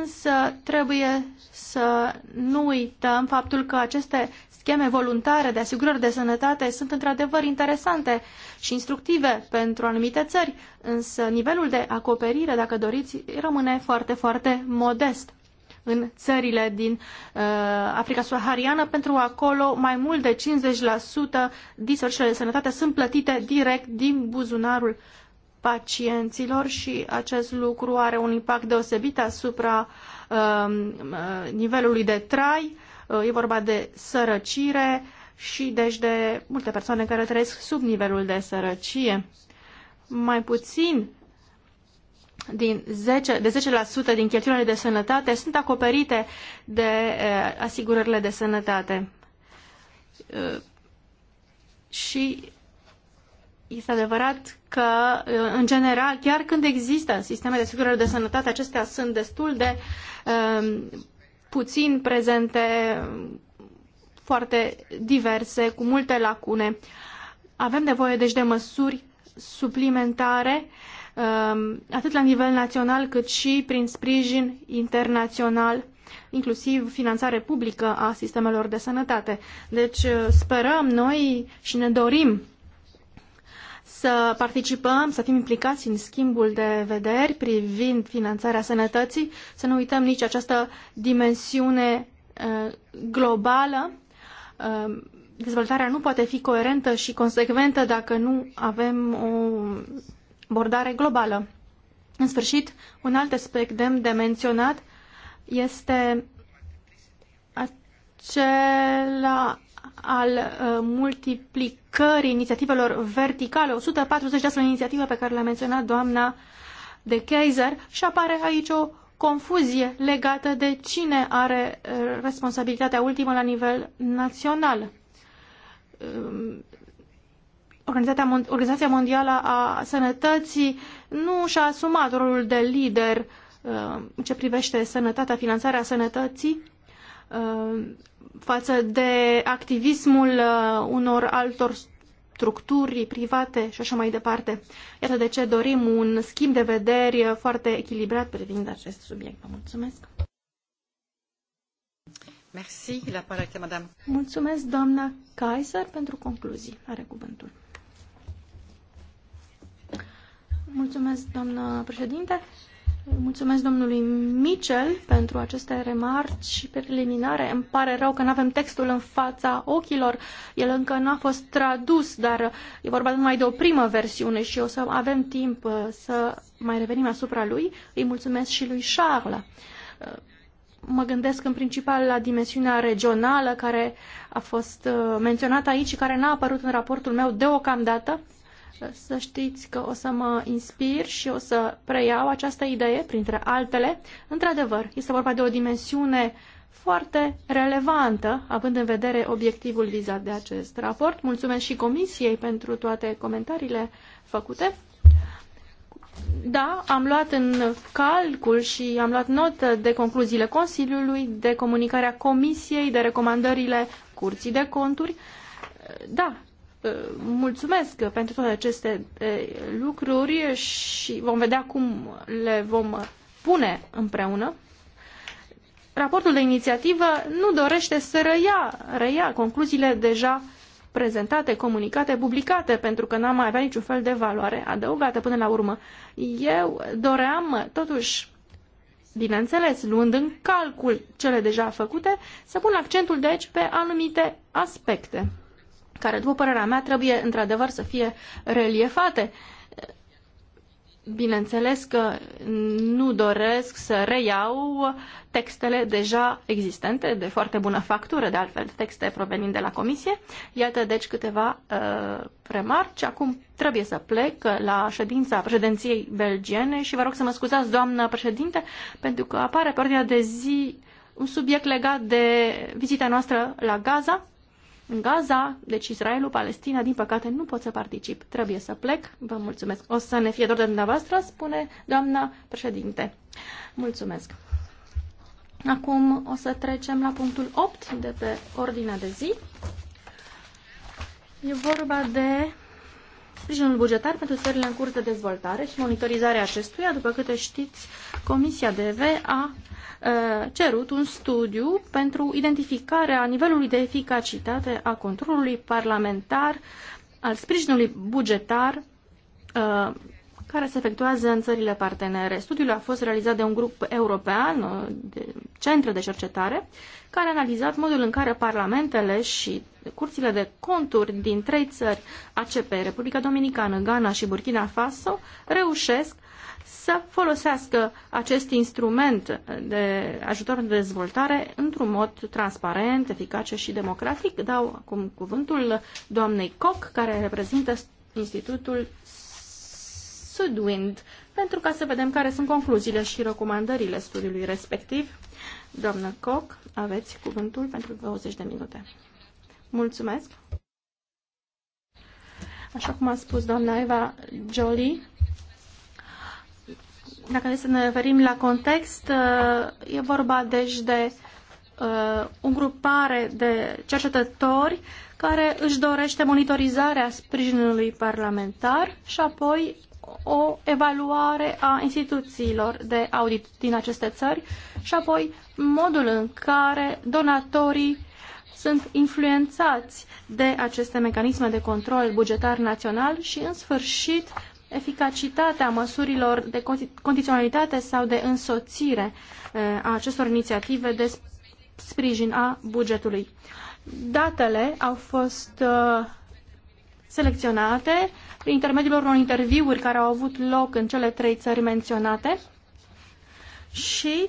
Însă trebuie să nu uităm faptul că aceste scheme voluntare de asigurări de sănătate sunt într-adevăr interesante și instructive pentru anumite țări, însă nivelul de acoperire, dacă doriți, rămâne foarte, foarte modest în țările din uh, Africa subsahariană, pentru că acolo mai mult de 50% din serviciile de sănătate sunt plătite direct din buzunarul pacienților și acest lucru are un impact deosebit asupra um, uh, nivelului de trai, uh, e vorba de sărăcire și deci de multe persoane care trăiesc sub nivelul de sărăcie. Mai puțin din 10, de 10% din cheltuielile de sănătate sunt acoperite de eh, asigurările de sănătate. Eh, și este adevărat că, eh, în general, chiar când există sisteme de asigurări de sănătate, acestea sunt destul de puțin prezente, foarte diverse, cu multe lacune. Avem nevoie, deci, de măsuri suplimentare uh, Um, atât la nivel național cât și prin sprijin internațional, inclusiv finanțare publică a sistemelor de sănătate. Deci uh, sperăm noi și ne dorim să participăm, să fim implicați în schimbul de vederi privind finanțarea sănătății, să nu uităm nici această dimensiune uh, globală. Um, dezvoltarea nu poate fi coerentă și consecventă dacă nu avem o abordare globală. În sfârșit, un alt aspect demn de menționat este acela al uh, multiplicării inițiativelor verticale, 140 de astfel de inițiative pe care le-a menționat doamna de Kaiser și apare aici o confuzie legată de cine are uh, responsabilitatea ultimă la nivel național. Um, Organizația Mondială a Sănătății nu și-a asumat rolul de lider uh, în ce privește sănătatea, finanțarea sănătății uh, față de activismul uh, unor altor structuri private și așa mai departe. Iată de ce dorim un schimb de vederi foarte echilibrat privind acest subiect. Vă mulțumesc! Merci. La parole Mulțumesc, doamna Kaiser, pentru concluzii. Are cuvântul. Mulțumesc, doamnă președinte. Mulțumesc domnului Mitchell pentru aceste remarci preliminare. Îmi pare rău că nu avem textul în fața ochilor. El încă nu a fost tradus, dar e vorba numai de o primă versiune și o să avem timp uh, să mai revenim asupra lui. Îi mulțumesc și lui Charles. Uh, mă gândesc în principal la dimensiunea regională care a fost uh, menționată aici și care n-a apărut în raportul meu deocamdată să știți că o să mă inspir și o să preiau această idee, printre altele. Într-adevăr, este vorba de o dimensiune foarte relevantă, având în vedere obiectivul vizat de acest raport. Mulțumesc și Comisiei pentru toate comentariile făcute. Da, am luat în calcul și am luat notă de concluziile Consiliului, de comunicarea Comisiei, de recomandările Curții de Conturi. Da, Eh, mulțumesc pentru toate aceste eh, lucruri și vom vedea cum le vom pune împreună. Raportul de inițiativă nu dorește să răia, răia concluziile deja prezentate, comunicate, publicate, pentru că n-am mai avea niciun fel de valoare adăugată până la urmă. Eu doream, totuși, bineînțeles, luând în calcul cele deja făcute, să pun accentul, deci, pe anumite aspecte care, după părerea mea, trebuie într-adevăr să fie reliefate. Bineînțeles că nu doresc să reiau textele deja existente, de foarte bună factură, de altfel, texte provenind de la comisie. Iată, deci, câteva uh, remarci. Acum trebuie să plec la ședința președinției belgiene și vă rog să mă scuzați, doamnă președinte, pentru că apare pe ordinea de zi un subiect legat de vizita noastră la Gaza în Gaza, deci Israelul, Palestina, din păcate nu pot să particip. Trebuie să plec. Vă mulțumesc. O să ne fie dor de dumneavoastră, spune doamna președinte. Mulțumesc. Acum o să trecem la punctul 8 de pe ordinea de zi. E vorba de sprijinul bugetar pentru țările în curs de dezvoltare și monitorizarea acestuia. După câte știți, Comisia DV a cerut un studiu pentru identificarea nivelului de eficacitate a controlului parlamentar al sprijinului bugetar care se efectuează în țările partenere. Studiul a fost realizat de un grup european, uh, de centre de cercetare, care a analizat modul în care parlamentele și curțile de conturi din trei țări ACP, Republica Dominicană, Ghana și Burkina Faso, reușesc să folosească acest instrument de ajutor de dezvoltare într-un mod transparent, eficace și democratic. Dau acum cuvântul doamnei Koch, care reprezintă Institutul Sudwind, pentru ca să vedem care sunt concluziile și recomandările studiului respectiv. Doamnă Koch, aveți cuvântul pentru 20 de minute. Mulțumesc! Așa cum a spus doamna Eva Jolie, dacă ne să ne referim la context, e vorba deci de uh, un grupare de cercetători care își dorește monitorizarea sprijinului parlamentar și apoi o evaluare a instituțiilor de audit din aceste țări și apoi modul în care donatorii sunt influențați de aceste mecanisme de control bugetar național și, în sfârșit, eficacitatea măsurilor de condiționalitate sau de însoțire eh, a acestor inițiative de sprijin a bugetului. Datele au fost eh, selecționate prin intermediul unor interviuri care au avut loc în cele trei țări menționate și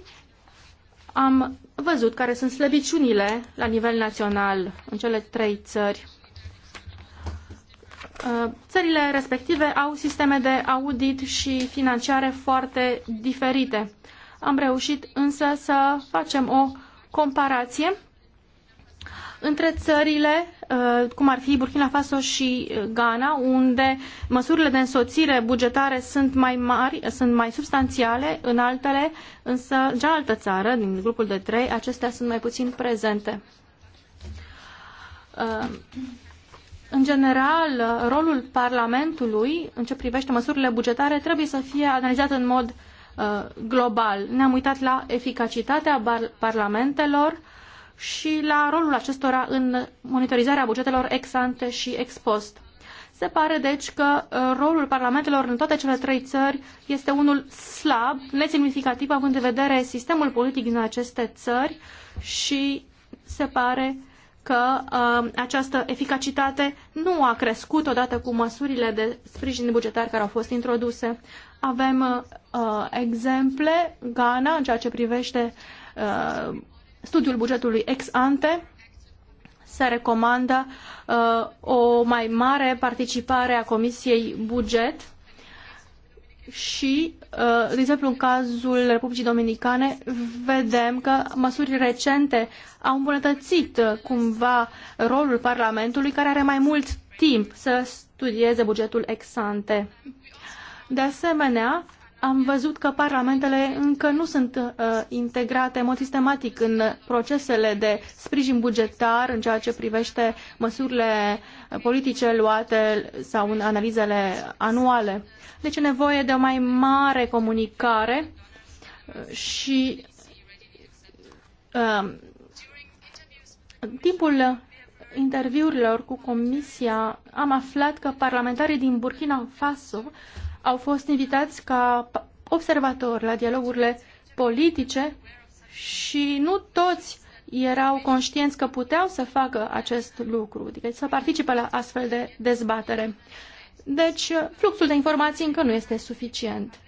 am văzut care sunt slăbiciunile la nivel național în cele trei țări. Uh, țările respective au sisteme de audit și financiare foarte diferite. Am reușit însă să facem o comparație între țările, uh, cum ar fi Burkina Faso și uh, Ghana, unde măsurile de însoțire bugetare sunt mai mari, sunt mai substanțiale, în altele, însă în cealaltă țară, din grupul de trei, acestea sunt mai puțin prezente. Uh, în general, rolul Parlamentului în ce privește măsurile bugetare trebuie să fie analizat în mod global. Ne-am uitat la eficacitatea parlamentelor, și la rolul acestora în monitorizarea bugetelor ex ante și ex post. Se pare, deci, că uh, rolul parlamentelor în toate cele trei țări este unul slab, nesemnificativ, având în vedere sistemul politic din aceste țări și se pare că uh, această eficacitate nu a crescut odată cu măsurile de sprijin bugetar care au fost introduse. Avem uh, exemple, Ghana, în ceea ce privește uh, studiul bugetului ex ante se recomandă uh, o mai mare participare a Comisiei Buget și, uh, de exemplu, în cazul Republicii Dominicane, vedem că măsuri recente au îmbunătățit uh, cumva rolul Parlamentului, care are mai mult timp să studieze bugetul ex ante. De asemenea, am văzut că parlamentele încă nu sunt uh, integrate în mod sistematic în procesele de sprijin bugetar în ceea ce privește măsurile politice luate sau în analizele anuale. Deci e nevoie de o mai mare comunicare uh, și uh, timpul interviurilor cu Comisia am aflat că parlamentarii din Burkina Faso au fost invitați ca observatori la dialogurile politice și nu toți erau conștienți că puteau să facă acest lucru, adică să participe la astfel de dezbatere. Deci, fluxul de informații încă nu este suficient.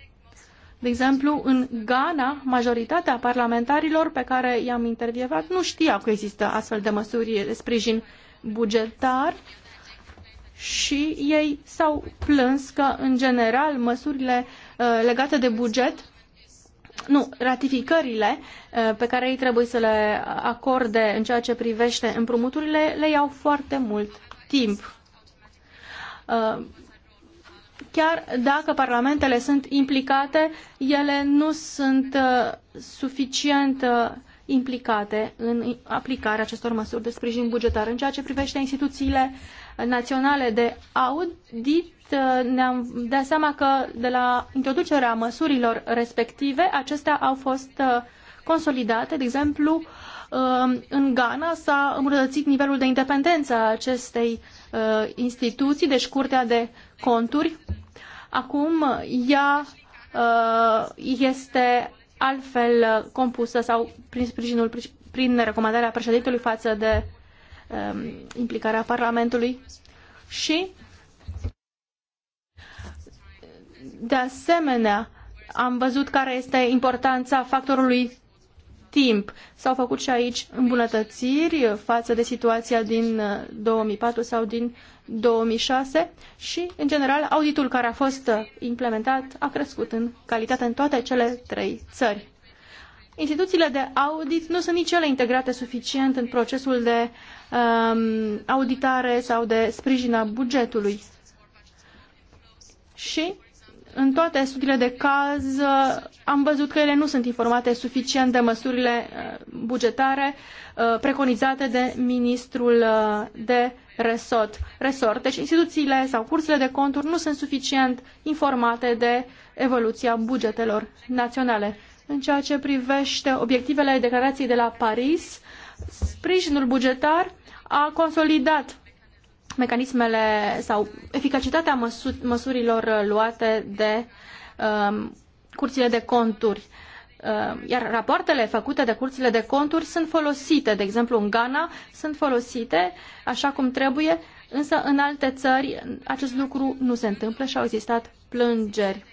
De exemplu, în Ghana, majoritatea parlamentarilor pe care i-am intervievat nu știau că există astfel de măsuri de sprijin bugetar și ei s-au plâns că, în general, măsurile uh, legate de buget nu, ratificările uh, pe care ei trebuie să le acorde în ceea ce privește împrumuturile le iau foarte mult timp. Uh, chiar dacă parlamentele sunt implicate, ele nu sunt suficient implicate în aplicarea acestor măsuri de sprijin bugetar. În ceea ce privește instituțiile naționale de audit, uh, ne-am dat seama că de la introducerea măsurilor respective, acestea au fost uh, consolidate, de exemplu, um, în Ghana s-a îmbunătățit nivelul de independență a acestei uh, instituții, deci Curtea de Conturi. Acum ea este altfel compusă sau prin sprijinul, prin recomandarea președintelui față de Um, implicarea Parlamentului și de asemenea am văzut care este importanța factorului timp. S-au făcut și aici îmbunătățiri față de situația din 2004 uh, sau din 2006 și, în general, auditul care a fost uh, implementat a crescut în calitate în toate cele trei țări. Instituțiile de audit nu sunt nici ele integrate suficient în procesul de um, auditare sau de sprijin al bugetului. Și în toate studiile de caz am văzut că ele nu sunt informate suficient de măsurile uh, bugetare uh, preconizate de ministrul uh, de resort. resort. Deci instituțiile sau cursurile de conturi nu sunt suficient informate de evoluția bugetelor naționale. În ceea ce privește obiectivele declarației de la Paris, sprijinul bugetar a consolidat mecanismele sau eficacitatea măsurilor luate de um, curțile de conturi. Um, iar rapoartele făcute de curțile de conturi sunt folosite, de exemplu în Ghana, sunt folosite așa cum trebuie, însă în alte țări acest lucru nu se întâmplă și au existat plângeri.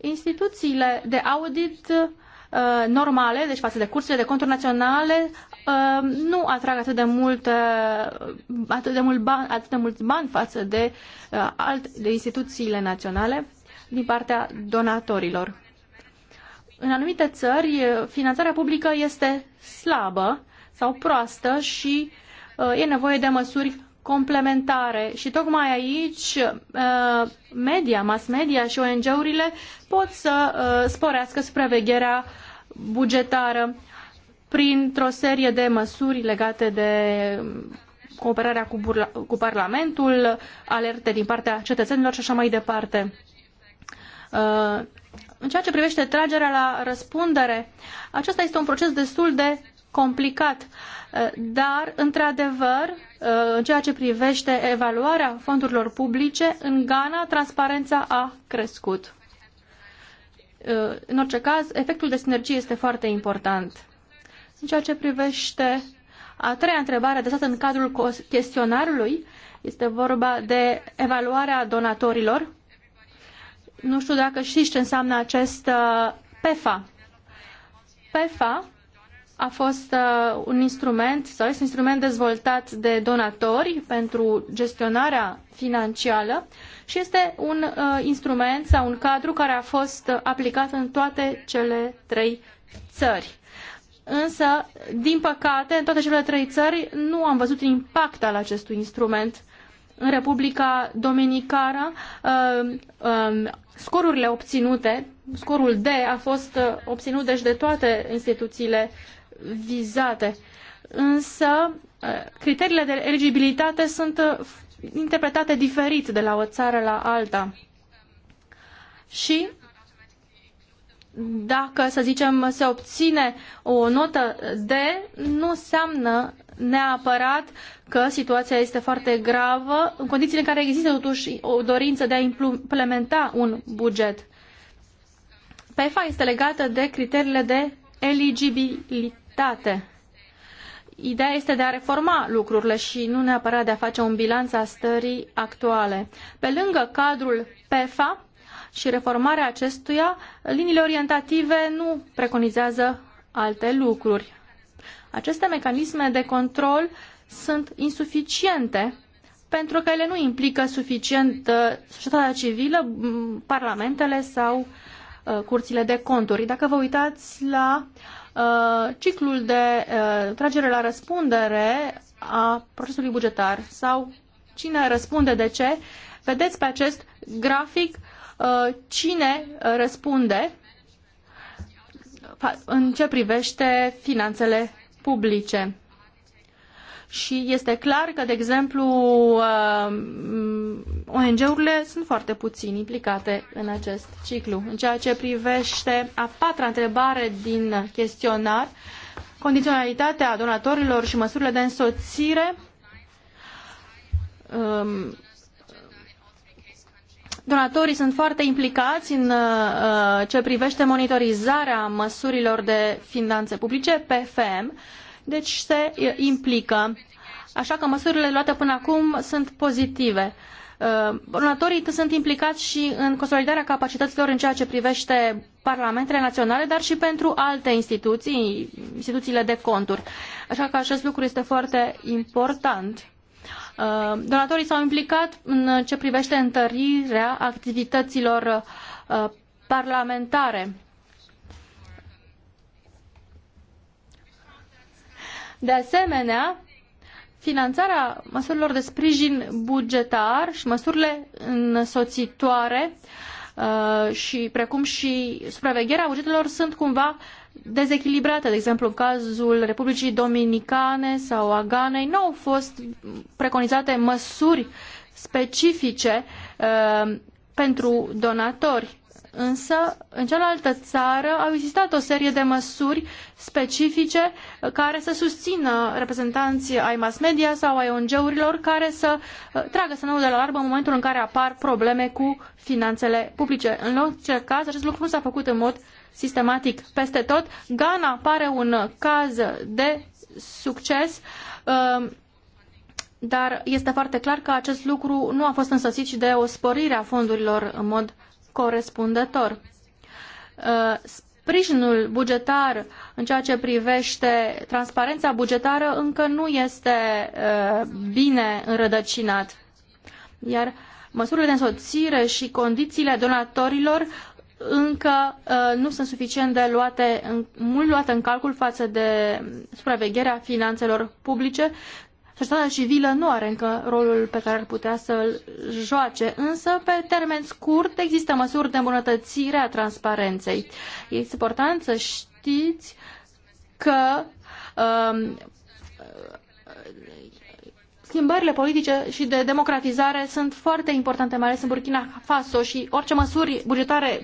Instituțiile de audit uh, Uh, normale, deci față de cursurile de conturi naționale, uh, nu atrag atât de mult, uh, atât de mult bani, atât de mulți bani față de, alt, de instituțiile naționale din partea donatorilor. În anumite țări, finanțarea publică este slabă sau proastă și e nevoie de măsuri complementare și tocmai aici uh, media, mass media și ONG-urile pot să uh, sporească supravegherea bugetară printr-o serie de măsuri legate de cooperarea cu, cu Parlamentul, alerte din partea cetățenilor și așa mai departe. Uh, în ceea ce privește tragerea la răspundere, acesta este un proces destul de complicat dar, într-adevăr, în ceea ce privește evaluarea fondurilor publice, în Ghana transparența a crescut. În orice caz, efectul de sinergie este foarte important. În ceea ce privește a treia întrebare adresată în cadrul chestionarului, este vorba de evaluarea donatorilor. Nu știu dacă știți ce înseamnă acest uh, PEFA. PEFA a fost uh, un instrument sau este un instrument dezvoltat de donatori pentru gestionarea financiară și este un uh, instrument sau un cadru care a fost aplicat în toate cele trei țări. Însă, din păcate, în toate cele trei țări nu am văzut impact al acestui instrument. În Republica Dominicană, uh, uh, scorurile obținute, scorul D a fost uh, obținut deci de toate instituțiile vizate. Însă, eh, criteriile de eligibilitate sunt eh, interpretate diferit de la o țară la alta. Și dacă, să zicem, se obține o notă D, nu înseamnă neapărat că situația este foarte gravă, în condițiile în care există totuși o dorință de a implementa un buget. PEFA este legată de criteriile de eligibilitate dreptate. Ideea este de a reforma lucrurile și nu neapărat de a face un bilanț a stării actuale. Pe lângă cadrul PEFA și reformarea acestuia, liniile orientative nu preconizează alte lucruri. Aceste mecanisme de control sunt insuficiente pentru că ele nu implică suficient uh, societatea civilă, parlamentele sau uh, curțile de conturi. Dacă vă uitați la uh, Uh, ciclul de uh, tragere la răspundere a procesului bugetar sau cine răspunde de ce. Vedeți pe acest grafic uh, cine răspunde în ce privește finanțele publice și este clar că, de exemplu, uh, mm, ONG-urile sunt foarte puțin implicate în acest ciclu. În ceea ce privește a patra întrebare din chestionar, condiționalitatea donatorilor și măsurile de însoțire, um, donatorii sunt foarte implicați în uh, ce privește monitorizarea măsurilor de finanțe publice, PFM, deci se implică. Așa că măsurile luate până acum sunt pozitive. Următorii uh, sunt implicați și în consolidarea capacităților în ceea ce privește parlamentele naționale, dar și pentru alte instituții, instituțiile de conturi. Așa că acest lucru este foarte important. Uh, donatorii s-au implicat în ce privește întărirea activităților uh, parlamentare. De asemenea, finanțarea măsurilor de sprijin bugetar și măsurile însoțitoare uh, și precum și supravegherea bugetelor sunt cumva dezechilibrate. De exemplu, în cazul Republicii Dominicane sau a Ganei nu au fost preconizate măsuri specifice uh, pentru donatori. Însă, în cealaltă țară au existat o serie de măsuri specifice care să susțină reprezentanții ai mass media sau ai ONG-urilor care să uh, tragă sănăul de la larbă în momentul în care apar probleme cu finanțele publice. În orice caz, acest lucru nu s-a făcut în mod sistematic peste tot. Ghana pare un caz de succes, uh, dar este foarte clar că acest lucru nu a fost însăsit și de o sporire a fondurilor în mod corespundător. Uh, sprijinul bugetar în ceea ce privește transparența bugetară încă nu este uh, bine înrădăcinat. Iar măsurile de însoțire și condițiile donatorilor încă uh, nu sunt suficient de luate, mult luate în calcul față de supravegherea finanțelor publice societatea civilă nu are încă rolul pe care ar putea să-l joace, însă pe termen scurt există măsuri de îmbunătățire a transparenței. Este important să știți că um, schimbările politice și de democratizare sunt foarte importante, mai ales în Burkina Faso și orice măsuri bugetare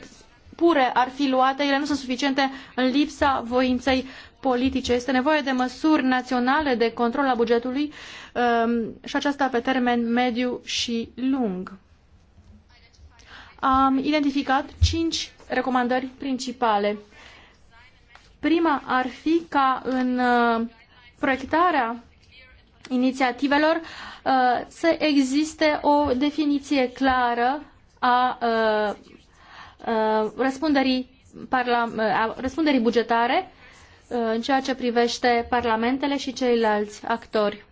pure ar fi luate, ele nu sunt suficiente în lipsa voinței politice. Este nevoie de măsuri naționale de control a bugetului um, și aceasta pe termen mediu și lung. Am identificat cinci recomandări principale. Prima ar fi ca în uh, proiectarea inițiativelor uh, să existe o definiție clară a uh, răspunderii, a răspunderii bugetare în ceea ce privește parlamentele și ceilalți actori.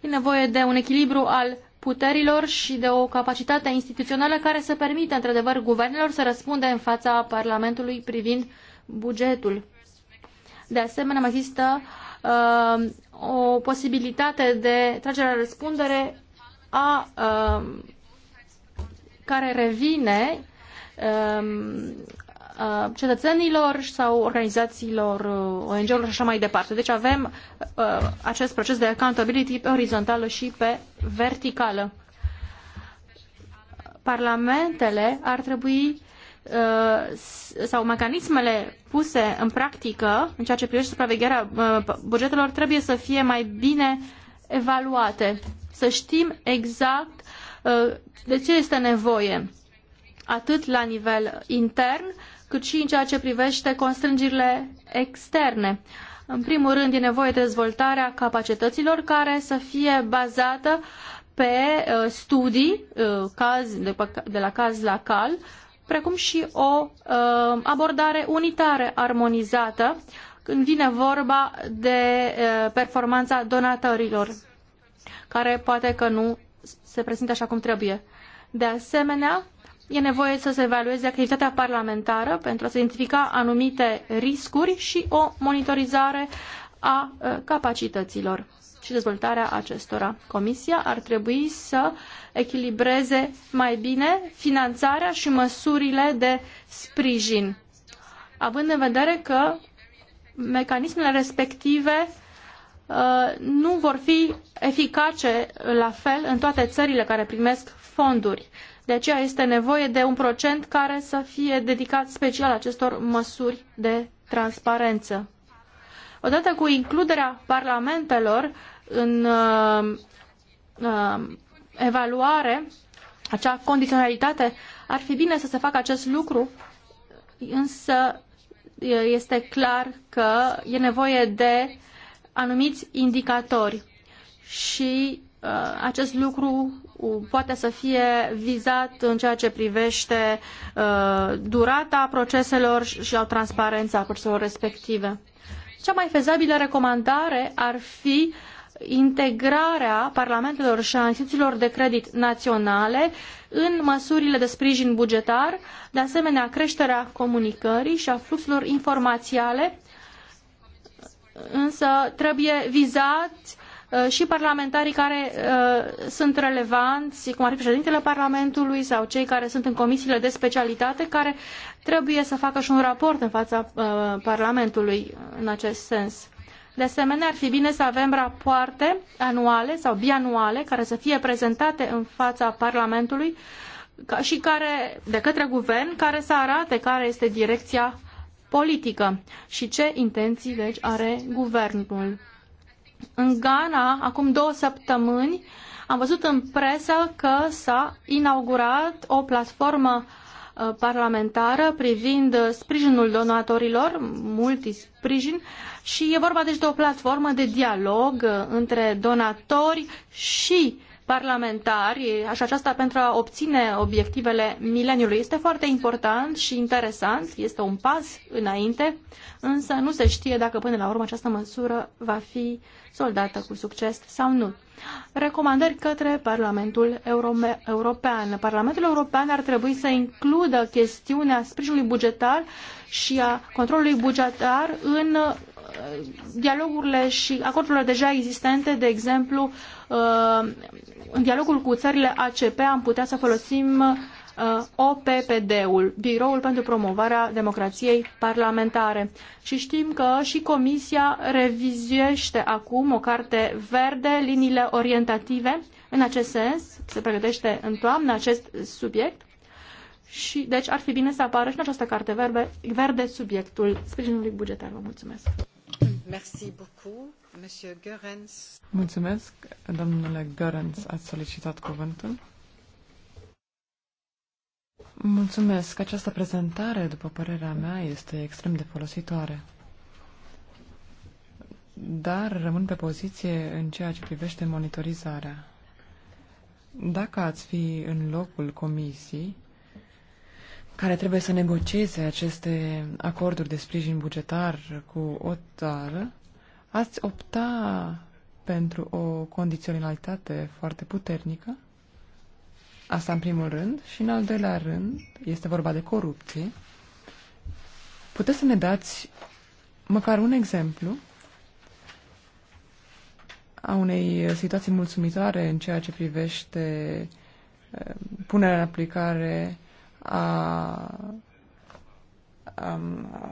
E nevoie de un echilibru al puterilor și de o capacitate instituțională care să permită, într-adevăr, guvernelor să răspundă în fața Parlamentului privind bugetul. De asemenea, mai există uh, o posibilitate de tragere la răspundere a, uh, care revine uh, cetățenilor sau organizațiilor, ONG-urilor și așa mai departe. Deci avem acest proces de accountability pe orizontală și pe verticală. Parlamentele ar trebui sau mecanismele puse în practică în ceea ce privește supravegherea bugetelor trebuie să fie mai bine evaluate, să știm exact de ce este nevoie, atât la nivel intern, cât și în ceea ce privește constrângerile externe. În primul rând, e nevoie de dezvoltarea capacităților care să fie bazată pe uh, studii, uh, caz, de, la caz la cal, precum și o uh, abordare unitară, armonizată, când vine vorba de performanța donatorilor, care poate că nu se prezintă așa cum trebuie. De asemenea, e nevoie să se evalueze activitatea parlamentară pentru a se identifica anumite riscuri și o monitorizare a capacităților și dezvoltarea acestora. Comisia ar trebui să echilibreze mai bine finanțarea și măsurile de sprijin, având în vedere că mecanismele respective nu vor fi eficace la fel în toate țările care primesc fonduri. De aceea este nevoie de un procent care să fie dedicat special acestor măsuri de transparență. Odată cu includerea parlamentelor în uh, uh, evaluare, acea condiționalitate, ar fi bine să se facă acest lucru, însă uh, este clar că e nevoie de anumiți indicatori și uh, acest lucru poate să fie vizat în ceea ce privește uh, durata proceselor și o transparența proceselor respective. Cea mai fezabilă recomandare ar fi integrarea parlamentelor și a instituțiilor de credit naționale în măsurile de sprijin bugetar, de asemenea creșterea comunicării și a fluxurilor informațiale, însă trebuie vizați Uh, și parlamentarii care uh, sunt relevanți, cum ar fi președintele Parlamentului sau cei care sunt în comisiile de specialitate, care trebuie să facă și un raport în fața uh, Parlamentului în acest sens. De asemenea, ar fi bine să avem rapoarte anuale sau bianuale care să fie prezentate în fața Parlamentului și care, de către guvern, care să arate care este direcția politică și ce intenții deci are guvernul. În Ghana, acum două săptămâni, am văzut în presă că s-a inaugurat o platformă uh, parlamentară privind uh, sprijinul donatorilor, sprijin, și e vorba deci de o platformă de dialog uh, între donatori și uh, parlamentari și aceasta pentru a obține obiectivele mileniului. Este foarte important și interesant, este un pas înainte, însă nu se știe dacă până la urmă această măsură va fi soldată cu succes sau nu. Recomandări către Parlamentul European. Parlamentul European ar trebui să includă chestiunea sprijinului bugetar și a controlului bugetar în dialogurile și acordurile deja existente, de exemplu, uh, în dialogul cu țările ACP am putea să folosim uh, OPPD-ul, Biroul pentru Promovarea Democrației Parlamentare. Și știm că și Comisia revizuiește acum o carte verde, liniile orientative, în acest sens, se pregătește în toamnă acest subiect. Și, deci, ar fi bine să apară și în această carte verde, verde subiectul sprijinului bugetar. Vă mulțumesc! Mulțumesc, domnule solicitat Mulțumesc. Această prezentare, după părerea mea, este extrem de folositoare. Dar rămân pe poziție în ceea ce privește monitorizarea. Dacă ați fi în locul comisiei care trebuie să negocieze aceste acorduri de sprijin bugetar cu o țară, ați opta pentru o condiționalitate foarte puternică? Asta în primul rând. Și în al doilea rând, este vorba de corupție. Puteți să ne dați măcar un exemplu a unei situații mulțumitoare în ceea ce privește eh, punerea în aplicare a,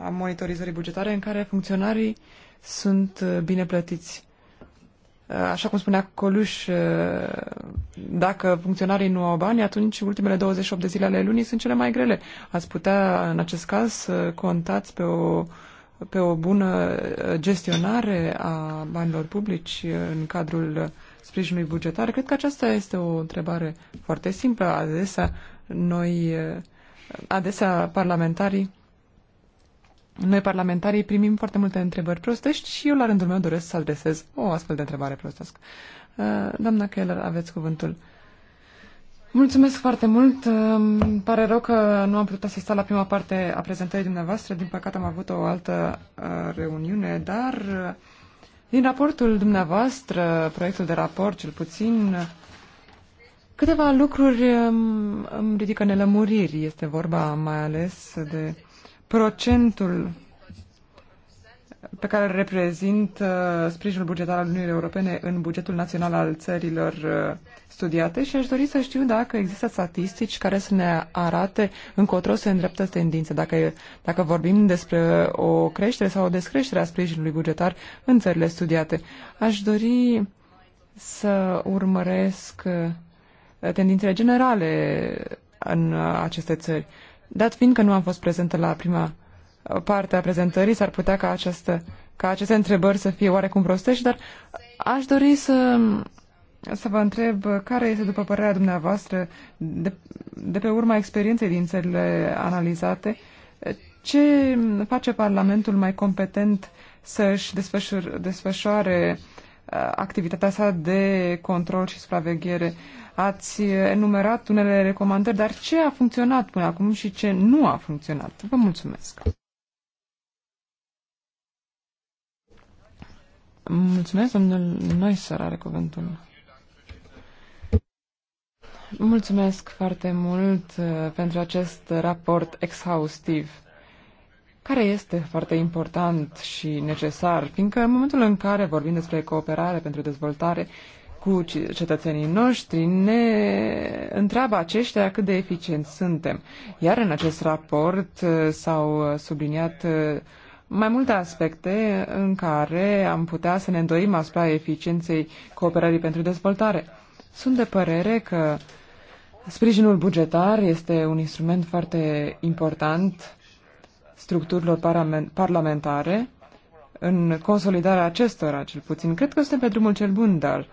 a monitorizării bugetare în care funcționarii sunt uh, bine plătiți. Uh, așa cum spunea Coluș, uh, dacă funcționarii nu au bani, atunci ultimele 28 de zile ale lunii sunt cele mai grele. Ați putea, în acest caz, să contați pe o, pe o bună gestionare a banilor publici în cadrul sprijinului bugetar? Cred că aceasta este o întrebare foarte simplă. Adesea noi, eh, adesea parlamentarii, noi parlamentarii primim foarte multe întrebări prostești și eu la rândul meu doresc să adresez o astfel de întrebare prostească. Eh, doamna Keller, aveți cuvântul. Mulțumesc foarte mult. Eh, îmi pare rău că nu am putut asista la prima parte a prezentării dumneavoastră. Din păcate am avut o altă reuniune, dar din raportul dumneavoastră, proiectul de raport cel puțin, Câteva lucruri um, îmi ridică nelămuriri. Este vorba mai ales de procentul pe care îl reprezintă uh, sprijinul bugetar al Uniunii Europene în bugetul național al țărilor uh, studiate și aș dori să știu dacă există statistici care să ne arate încotro se îndreptă tendințe, dacă, dacă vorbim despre o creștere sau o descreștere a sprijinului bugetar în țările studiate. Aș dori să urmăresc uh, tendințele generale în aceste țări. Dat fiind că nu am fost prezentă la prima parte a prezentării, s-ar putea ca, această, ca aceste întrebări să fie oarecum prostești, dar aș dori să, să vă întreb care este, după părerea dumneavoastră, de, de pe urma experienței din țările analizate, ce face Parlamentul mai competent să-și desfășoare uh, activitatea sa de control și supraveghere? Ați enumerat unele recomandări, dar ce a funcționat până acum și ce nu a funcționat? Vă mulțumesc! Mulțumesc, domnul Neusser are cuvântul. Mulțumesc foarte mult uh, pentru acest raport exhaustiv, care este foarte important și necesar, fiindcă în momentul în care vorbim despre cooperare pentru dezvoltare, cu cetățenii noștri, ne întreabă aceștia cât de eficienți suntem. Iar în acest raport uh, s-au uh, subliniat uh, mai multe aspecte în care am putea să ne îndoim asupra eficienței cooperării pentru dezvoltare. Sunt de părere că sprijinul bugetar este un instrument foarte important structurilor parlamentare în consolidarea acestora, cel puțin. Cred că suntem pe drumul cel bun, dar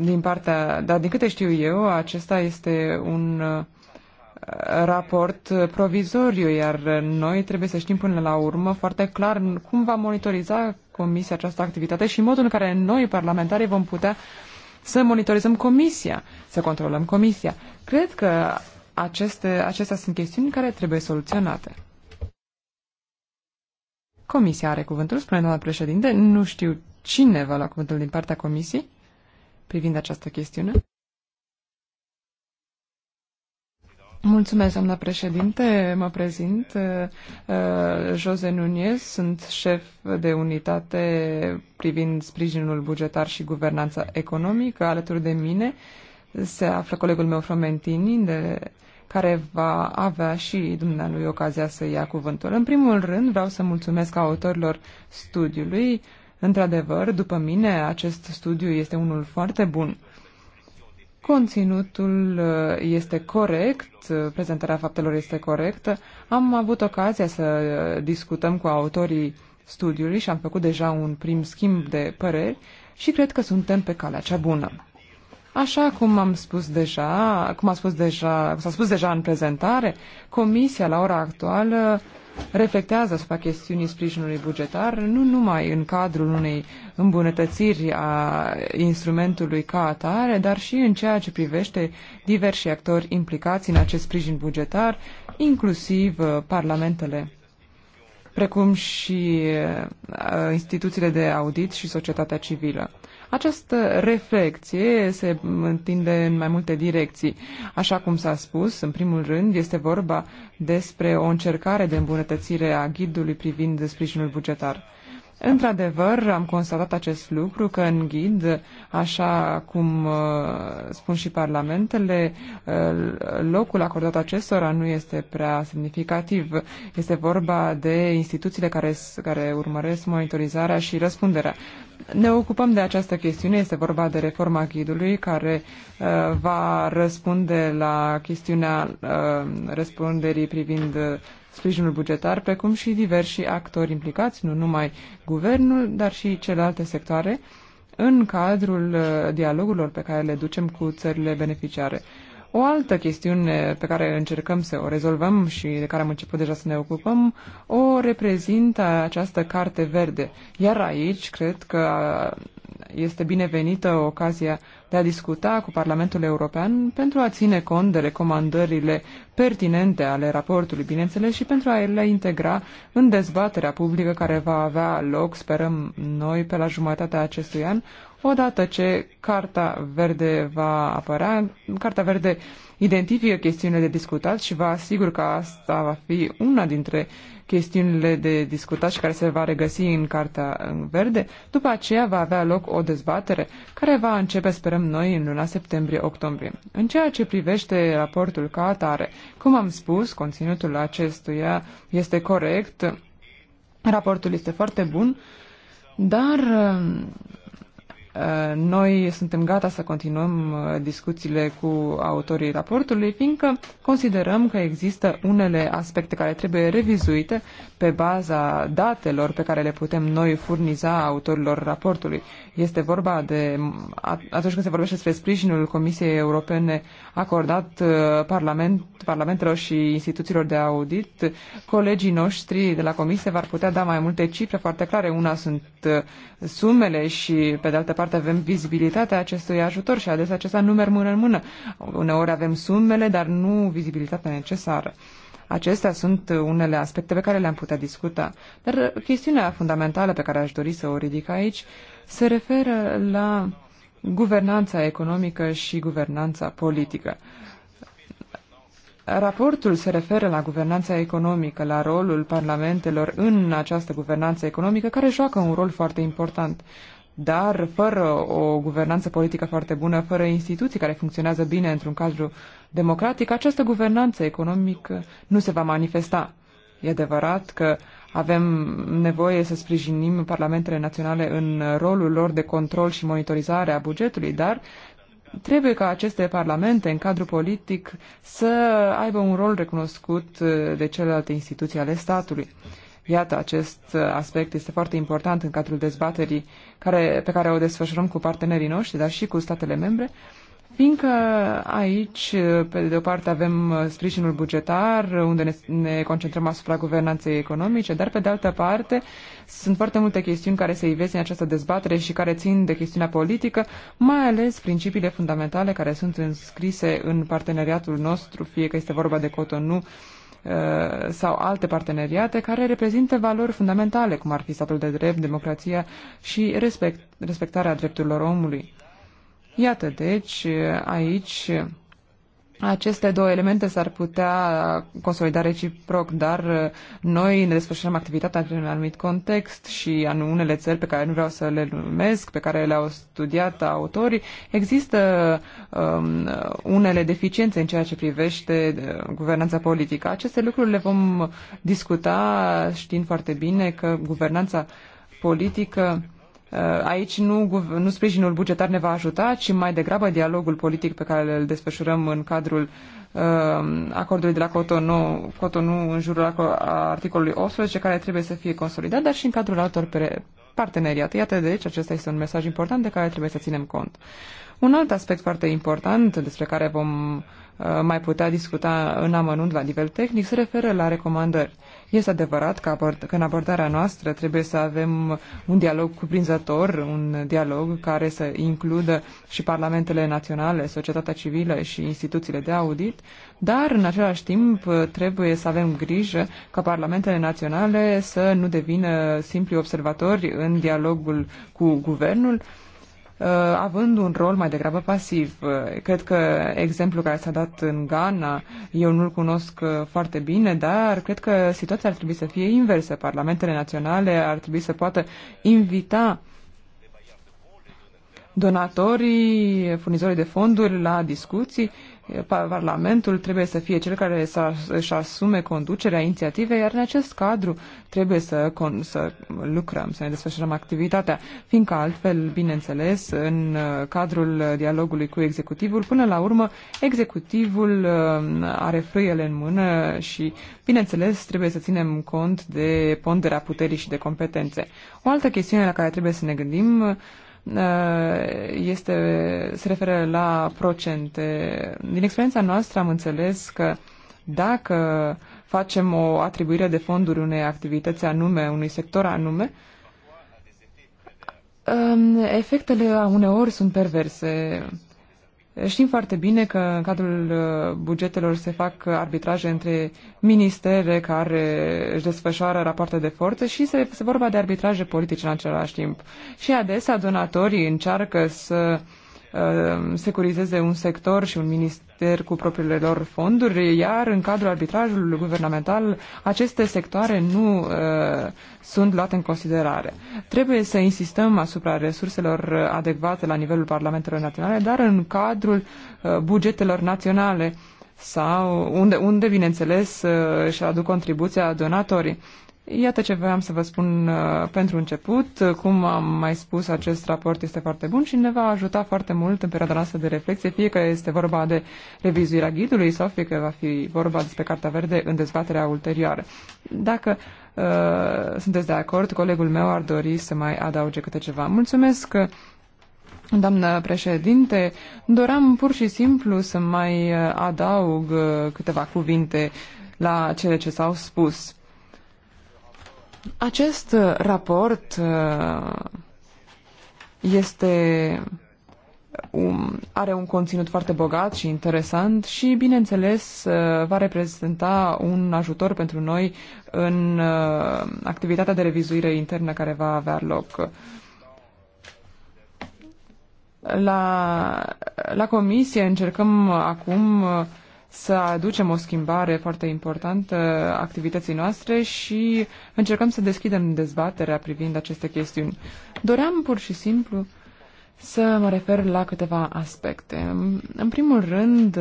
din partea, dar din câte știu eu, acesta este un uh, raport provizoriu, iar noi trebuie să știm până la urmă foarte clar cum va monitoriza Comisia această activitate și modul în care noi, parlamentarii, vom putea să monitorizăm Comisia, să controlăm Comisia. Cred că aceste, acestea sunt chestiuni care trebuie soluționate. Comisia are cuvântul, spune doamna președinte. Nu știu cine va lua cuvântul din partea comisiei privind această chestiune? Mulțumesc, doamna președinte. Mă prezint. Uh, uh, Jose Nunez, sunt șef de unitate privind sprijinul bugetar și guvernanța economică. Alături de mine se află colegul meu Fromentini, de, care va avea și dumnealui ocazia să ia cuvântul. În primul rând, vreau să mulțumesc autorilor studiului, Într-adevăr, după mine, acest studiu este unul foarte bun. Conținutul uh, este corect, uh, prezentarea faptelor este corectă. Am avut ocazia să uh, discutăm cu autorii studiului și am făcut deja un prim schimb de păreri și cred că suntem pe calea cea bună. Așa cum am spus deja, cum a spus deja, s-a spus deja în prezentare, comisia la ora actuală reflectează asupra chestiunii sprijinului bugetar, nu numai în cadrul unei îmbunătățiri a instrumentului ca atare, dar și în ceea ce privește diversi actori implicați în acest sprijin bugetar, inclusiv uh, parlamentele precum și uh, instituțiile de audit și societatea civilă. Această reflexie se întinde în mai multe direcții. Așa cum s-a spus, în primul rând este vorba despre o încercare de îmbunătățire a ghidului privind sprijinul bugetar. Într-adevăr, am constatat acest lucru că în ghid, așa cum uh, spun și parlamentele, uh, locul acordat acestora nu este prea semnificativ. Este vorba de instituțiile care, care urmăresc monitorizarea și răspunderea. Ne ocupăm de această chestiune, este vorba de reforma ghidului care uh, va răspunde la chestiunea uh, răspunderii privind uh, sprijinul bugetar, precum și diversi actori implicați, nu numai guvernul, dar și celelalte sectoare, în cadrul uh, dialogurilor pe care le ducem cu țările beneficiare. O altă chestiune pe care încercăm să o rezolvăm și de care am început deja să ne ocupăm, o reprezintă această carte verde. Iar aici cred că este binevenită ocazia de a discuta cu Parlamentul European pentru a ține cont de recomandările pertinente ale raportului, bineînțeles, și pentru a le integra în dezbaterea publică care va avea loc, sperăm noi, pe la jumătatea acestui an, Odată ce Carta Verde va apărea, Carta Verde identifică chestiunile de discutat și vă asigur că asta va fi una dintre chestiunile de discutat și care se va regăsi în Cartea Verde. După aceea va avea loc o dezbatere care va începe, sperăm noi, în luna septembrie-octombrie. În ceea ce privește raportul ca atare, cum am spus, conținutul acestuia este corect, raportul este foarte bun, dar Uh, noi suntem gata să continuăm uh, discuțiile cu autorii raportului, fiindcă considerăm că există unele aspecte care trebuie revizuite pe baza datelor pe care le putem noi furniza autorilor raportului. Este vorba de, atunci când se vorbește despre sprijinul Comisiei Europene acordat uh, parlament, parlamentelor și instituțiilor de audit. Colegii noștri de la comisie v-ar putea da mai multe cifre foarte clare. Una sunt uh, sumele și, pe de altă parte, avem vizibilitatea acestui ajutor și adesea acesta nu merg mână în mână. Uneori avem sumele, dar nu vizibilitatea necesară. Acestea sunt unele aspecte pe care le-am putea discuta. Dar chestiunea fundamentală pe care aș dori să o ridic aici se referă la uh, guvernanța economică și guvernanța politică. Raportul se referă la guvernanța economică, la rolul parlamentelor în această guvernanță economică, care joacă un rol foarte important. Dar fără o guvernanță politică foarte bună, fără instituții care funcționează bine într-un cadru democratic, această guvernanță economică nu se va manifesta. E adevărat că uh, avem nevoie să sprijinim parlamentele naționale în rolul lor de control și monitorizare a bugetului, dar trebuie ca aceste parlamente în cadrul politic să aibă un rol recunoscut de celelalte instituții ale statului. Iată, acest aspect este foarte important în cadrul dezbaterii care, pe care o desfășurăm cu partenerii noștri, dar și cu statele membre, Fiindcă aici, pe de o parte, avem uh, sprijinul bugetar, uh, unde ne, ne concentrăm asupra guvernanței economice, dar, pe de altă parte, sunt foarte multe chestiuni care se ivesc în această dezbatere și care țin de chestiunea politică, mai ales principiile fundamentale care sunt înscrise în parteneriatul nostru, fie că este vorba de Cotonou uh, sau alte parteneriate care reprezintă valori fundamentale, cum ar fi statul de drept, democrația și respect, respectarea drepturilor omului. Iată, deci, aici aceste două elemente s-ar putea consolida reciproc, dar noi ne desfășurăm activitatea într-un anumit context și în unele țări pe care nu vreau să le numesc, pe care le-au studiat autorii, există um, unele deficiențe în ceea ce privește uh, guvernanța politică. Aceste lucruri le vom discuta știind foarte bine că guvernanța politică Uh, aici nu, nu sprijinul bugetar ne va ajuta, ci mai degrabă dialogul politic pe care îl desfășurăm în cadrul uh, acordului de la Cotonou, Cotonou în jurul articolului 18, care trebuie să fie consolidat, dar și în cadrul altor parteneriate. Iată, deci, acesta este un mesaj important de care trebuie să ținem cont. Un alt aspect foarte important despre care vom uh, mai putea discuta în amănunt la nivel tehnic se referă la recomandări. Este adevărat că, abord, că în abordarea noastră trebuie să avem un dialog cuprinzător, un dialog care să includă și parlamentele naționale, societatea civilă și instituțiile de audit, dar în același timp trebuie să avem grijă ca parlamentele naționale să nu devină simpli observatori în dialogul cu guvernul, Uh, având un rol mai degrabă pasiv. Uh, cred că exemplul care s-a dat în Ghana, eu nu-l cunosc uh, foarte bine, dar cred că situația ar trebui să fie inversă. Parlamentele naționale ar trebui să poată invita donatorii, furnizorii de fonduri la discuții Parlamentul trebuie să fie cel care să își asume conducerea inițiativei, iar în acest cadru trebuie să, con, să lucrăm, să ne desfășurăm activitatea, fiindcă altfel, bineînțeles, în uh, cadrul dialogului cu executivul, până la urmă, executivul uh, are frâiele în mână și, bineînțeles, trebuie să ținem cont de ponderea puterii și de competențe. O altă chestiune la care trebuie să ne gândim Uh, este, se referă la procente. Din experiența noastră am înțeles că dacă facem o atribuire de fonduri unei activități anume, unui sector anume, um, efectele uneori sunt perverse. Știm foarte bine că în cadrul uh, bugetelor se fac arbitraje între ministere care își desfășoară rapoarte de forță și se, se vorba de arbitraje politice în același timp. Și adesea donatorii încearcă să uh, Uh, securizeze un sector și un minister cu propriile lor fonduri, iar în cadrul arbitrajului guvernamental aceste sectoare nu uh, sunt luate în considerare. Trebuie să insistăm asupra resurselor adecvate la nivelul parlamentelor naționale, dar în cadrul uh, bugetelor naționale sau unde, unde bineînțeles, uh, și aduc contribuția donatorii. Iată ce vreau să vă spun uh, pentru început. Cum am mai spus, acest raport este foarte bun și ne va ajuta foarte mult în perioada noastră de reflexie, fie că este vorba de revizuirea ghidului sau fie că va fi vorba despre Cartea Verde în dezbaterea ulterioară. Dacă uh, sunteți de acord, colegul meu ar dori să mai adauge câte ceva. Mulțumesc! Că Doamnă președinte, doream pur și simplu să mai uh, adaug uh, câteva cuvinte la cele ce s-au spus. Acest uh, raport uh, este un, are un conținut foarte bogat și interesant și, bineînțeles, uh, va reprezenta un ajutor pentru noi în activitatea de revizuire internă care va avea loc. La, la comisie încercăm acum să aducem o schimbare foarte importantă activității noastre și încercăm să deschidem dezbaterea privind aceste chestiuni. Doream pur și simplu să mă refer la câteva aspecte. În primul rând,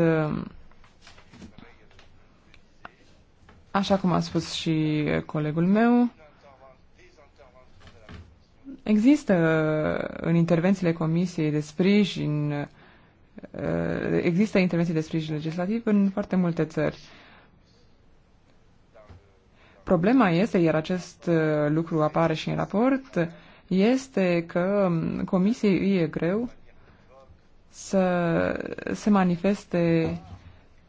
așa cum a spus și colegul meu, există în intervențiile Comisiei de sprijin Uh, există intervenții de sprijin legislativ în foarte multe țări. Problema este, iar acest uh, lucru apare și în raport, este că comisiei îi e greu să se manifeste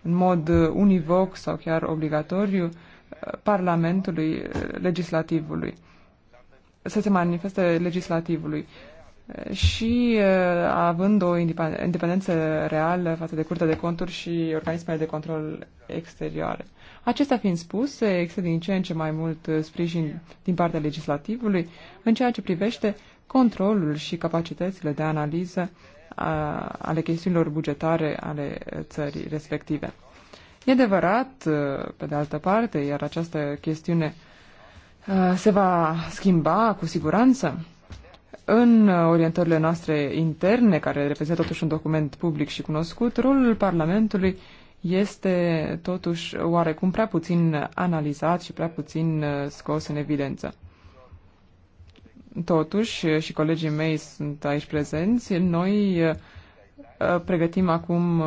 în mod univoc sau chiar obligatoriu uh, Parlamentului, legislativului, să se manifeste legislativului și uh, având o independență reală față de Curtea de Conturi și organismele de control exterioare. Acesta fiind spus, se există din ce în ce mai mult uh, sprijin din partea legislativului în ceea ce privește controlul și capacitățile de analiză a, ale chestiunilor bugetare ale țării respective. E adevărat, uh, pe de altă parte, iar această chestiune se va schimba cu siguranță, în orientările noastre interne, care reprezintă totuși un document public și cunoscut, rolul Parlamentului este totuși oarecum prea puțin analizat și prea puțin uh, scos în evidență. Totuși, uh, și colegii mei sunt aici prezenți, noi uh, pregătim acum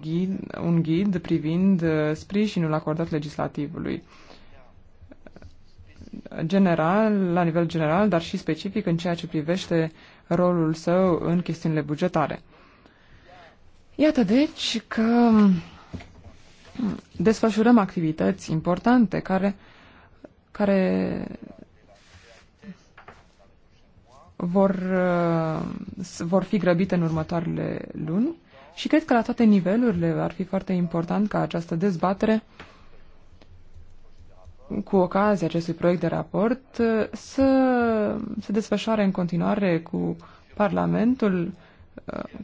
ghid, un ghid privind sprijinul acordat legislativului general, la nivel general, dar și specific în ceea ce privește rolul său în chestiunile bugetare. Iată deci că desfășurăm activități importante care, care vor, uh, vor fi grăbite în următoarele luni și cred că la toate nivelurile ar fi foarte important ca această dezbatere cu ocazia acestui proiect de raport să se desfășoare în continuare cu Parlamentul,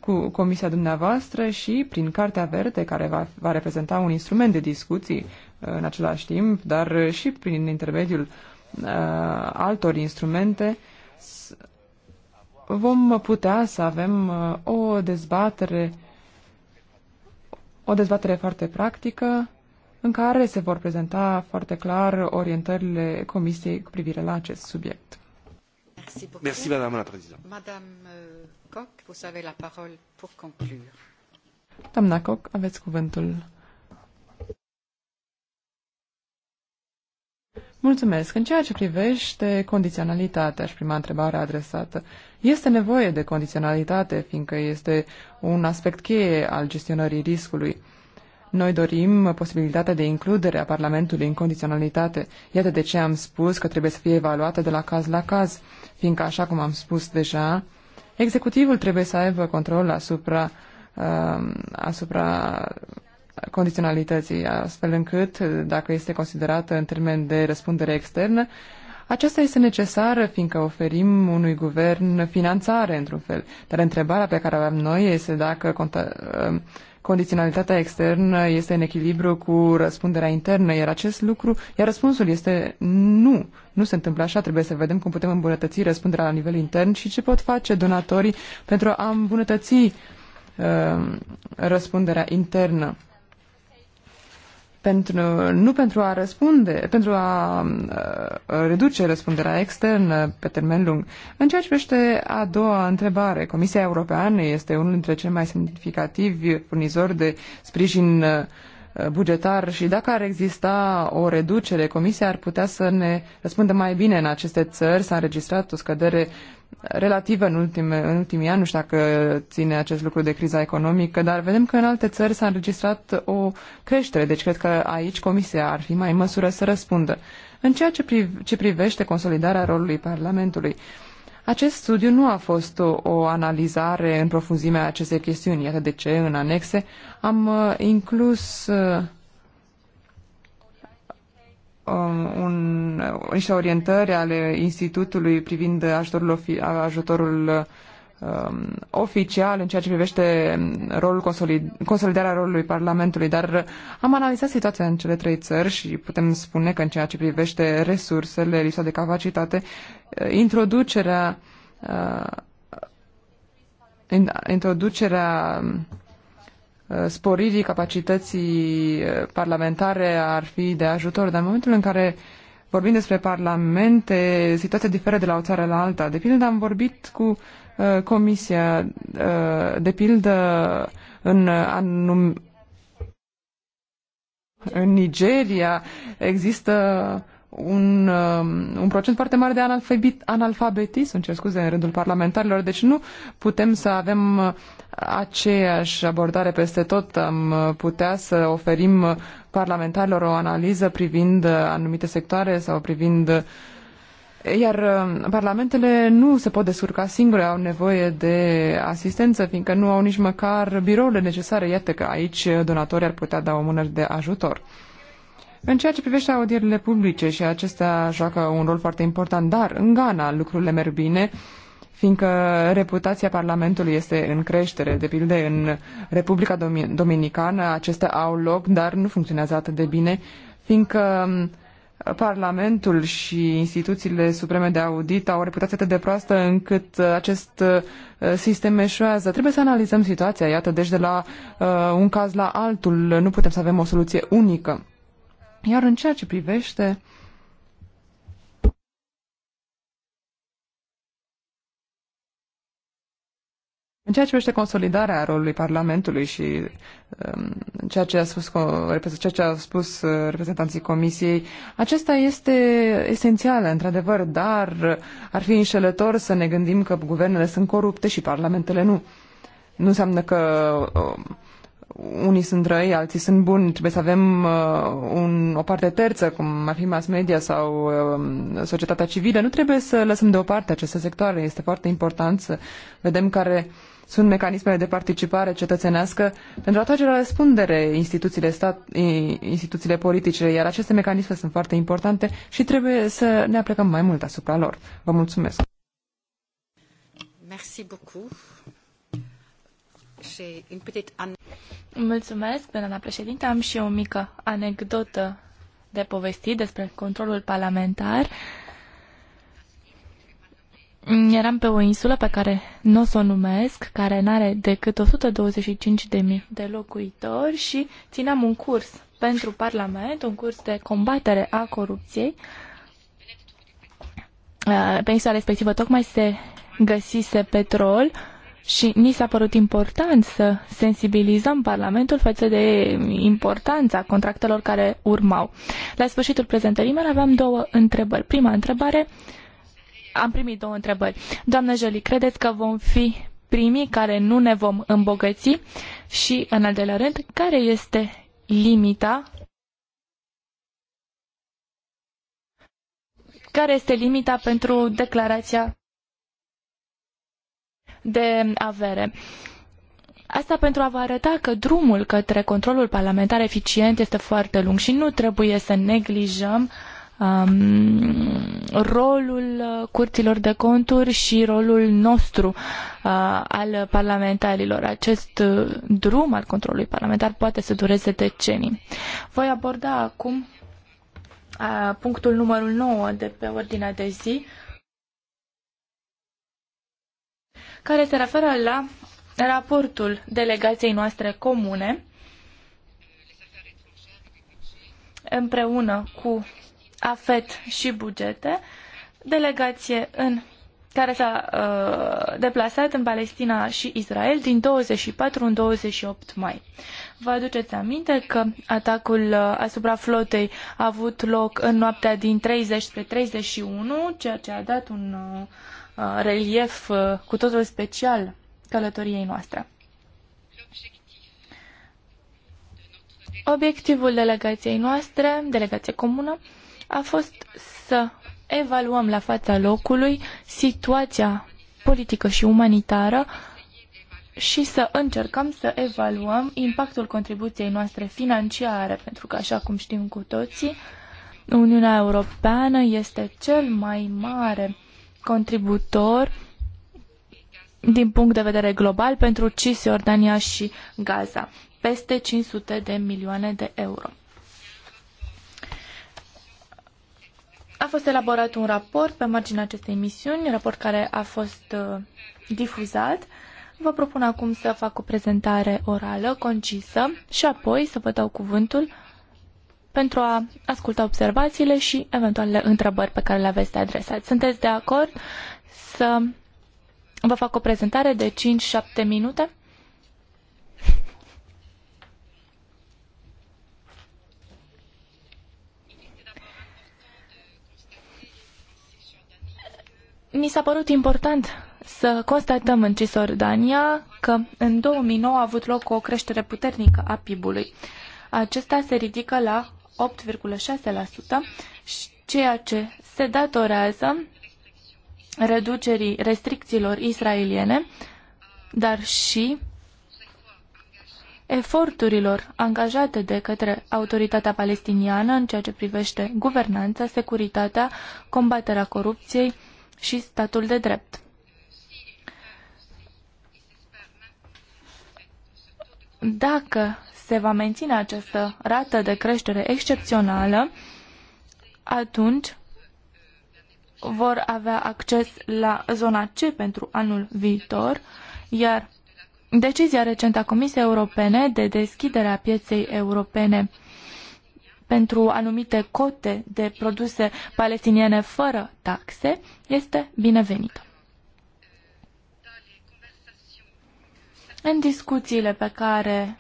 cu Comisia dumneavoastră și prin Cartea Verde, care va, va reprezenta un instrument de discuții în același timp, dar și prin intermediul uh, altor instrumente, vom putea să avem uh, o dezbatere o dezbatere foarte practică în care se vor prezenta foarte clar orientările Comisiei cu privire la acest subiect. Merci, Madame la Madame euh, Coq, vous avez la parole pour conclure. Doamna Coq, aveți cuvântul. Mulțumesc. În ceea ce privește condiționalitatea, și prima întrebare adresată, este nevoie de condiționalitate, fiindcă este un aspect cheie al gestionării riscului. Noi dorim posibilitatea de includere a Parlamentului în condiționalitate. Iată de ce am spus că trebuie să fie evaluată de la caz la caz, fiindcă, așa cum am spus deja, executivul trebuie să aibă control asupra, uh, asupra condiționalității, astfel încât, dacă este considerată în termen de răspundere externă, aceasta este necesară, fiindcă oferim unui guvern finanțare, într-un fel. Dar întrebarea pe care o avem noi este dacă um, condiționalitatea externă este în echilibru cu răspunderea internă, iar acest lucru, iar răspunsul este nu, nu se întâmplă așa, trebuie să vedem cum putem îmbunătăți răspunderea la nivel intern și ce pot face donatorii pentru a îmbunătăți uh, răspunderea internă pentru, nu pentru a răspunde, pentru a uh, reduce răspunderea externă pe termen lung. În ceea ce privește a doua întrebare, Comisia Europeană este unul dintre cei mai semnificativi furnizori de sprijin uh, bugetar și dacă ar exista o reducere, Comisia ar putea să ne răspundă mai bine în aceste țări. S-a înregistrat o scădere uh, relativă în, ultime, în ultimii ani, nu știu dacă ține acest lucru de criza economică, dar vedem că în alte țări s-a înregistrat o creștere, deci cred că aici Comisia ar fi mai în măsură să răspundă. În ceea ce, priv- ce privește consolidarea rolului Parlamentului, acest studiu nu a fost o, o analizare în profunzime a acestei chestiuni, iată de ce în anexe am uh, inclus uh, Um, un, niște orientări ale Institutului privind ajutorul, ajutorul um, oficial în ceea ce privește rolul consolid, consolidarea rolului Parlamentului, dar am analizat situația în cele trei țări și putem spune că în ceea ce privește resursele, lipsa de capacitate, uh, introducerea uh, introducerea um, sporirii capacității eh, parlamentare ar fi de ajutor, dar în momentul în care vorbim despre parlamente, situația diferă de la o țară la alta. De pildă am vorbit cu eh, comisia, eh, de pildă în anum în Nigeria există un, um, un procent foarte mare de analfabet, analfabetism, îmi cer scuze, în rândul parlamentarilor. Deci nu putem să avem uh, aceeași abordare peste tot. Am uh, putea să oferim parlamentarilor o analiză privind uh, anumite sectoare sau privind iar parlamentele nu se pot descurca singure, au nevoie de asistență, fiindcă nu au nici măcar birourile necesare. Iată că aici donatorii ar putea da o mână de ajutor. În ceea ce privește audierile publice și acestea joacă un rol foarte important, dar în Ghana lucrurile merg bine, fiindcă reputația Parlamentului este în creștere. De pildă, în Republica Dominicană acestea au loc, dar nu funcționează atât de bine, fiindcă um, Parlamentul și instituțiile supreme de audit au o reputație atât de proastă încât uh, acest uh, sistem eșuează. Trebuie să analizăm situația, iată, deci de la uh, un caz la altul nu putem să avem o soluție unică. Iar în ceea ce privește În ceea ce privește consolidarea rolului Parlamentului și um, ceea, ce a spus, ceea ce a spus uh, reprezentanții Comisiei, acesta este esențial, într-adevăr, dar ar fi înșelător să ne gândim că guvernele sunt corupte și parlamentele nu. Nu înseamnă că um, unii sunt răi, alții sunt buni, trebuie să avem uh, un, o parte terță, cum ar fi mass media sau uh, societatea civilă, nu trebuie să lăsăm deoparte aceste sectoare. Este foarte important să vedem care sunt mecanismele de participare cetățenească pentru a trage la răspundere instituțiile, stat, instituțiile politice, iar aceste mecanisme sunt foarte importante și trebuie să ne aplicăm mai mult asupra lor. Vă mulțumesc! Merci beaucoup. Mulțumesc, doamna președinte. Am și o mică anecdotă de povestit despre controlul parlamentar. Eram pe o insulă pe care nu o să o numesc, care nu are decât 125 de mii de locuitori și țineam un curs pentru Parlament, un curs de combatere a corupției. Uh, pe insula respectivă tocmai se găsise petrol și ni s-a părut important să sensibilizăm Parlamentul față de importanța contractelor care urmau. La sfârșitul prezentării mele aveam două întrebări. Prima întrebare, am primit două întrebări. Doamnă Jolie, credeți că vom fi primii care nu ne vom îmbogăți? Și, în al doilea rând, care este limita care este limita pentru declarația de avere. Asta pentru a vă arăta că drumul către controlul parlamentar eficient este foarte lung și nu trebuie să neglijăm um, rolul uh, curților de conturi și rolul nostru uh, al parlamentarilor. Acest uh, drum al controlului parlamentar poate să dureze decenii. Voi aborda acum uh, punctul numărul 9 de pe ordinea de zi, care se referă la raportul delegației noastre comune împreună cu AFET și bugete, delegație în care s-a uh, deplasat în Palestina și Israel din 24 în 28 mai. Vă aduceți aminte că atacul uh, asupra flotei a avut loc în noaptea din 30 spre 31, ceea ce a dat un uh, Uh, relief uh, cu totul special călătoriei noastre. Obiectivul delegației noastre, delegație comună, a fost să evaluăm la fața locului situația politică și umanitară și să încercăm să evaluăm impactul contribuției noastre financiare, pentru că, așa cum știm cu toții, Uniunea Europeană este cel mai mare contributor din punct de vedere global pentru Cisjordania și Gaza, peste 500 de milioane de euro. A fost elaborat un raport pe marginea acestei misiuni, raport care a fost uh, difuzat. Vă propun acum să fac o prezentare orală, concisă, și apoi să vă dau cuvântul pentru a asculta observațiile și eventualele întrebări pe care le aveți de adresat. Sunteți de acord să vă fac o prezentare de 5-7 minute? Mi s-a părut important să constatăm în Cisordania că în 2009 a avut loc o creștere puternică a PIB-ului. Acesta se ridică la 8,6%, ceea ce se datorează reducerii restricțiilor israeliene, dar și eforturilor angajate de către autoritatea palestiniană în ceea ce privește guvernanța, securitatea, combaterea corupției și statul de drept. Dacă se va menține această rată de creștere excepțională, atunci vor avea acces la zona C pentru anul viitor, iar decizia recentă a Comisiei Europene de deschidere a pieței europene pentru anumite cote de produse palestiniene fără taxe este binevenită. În discuțiile pe care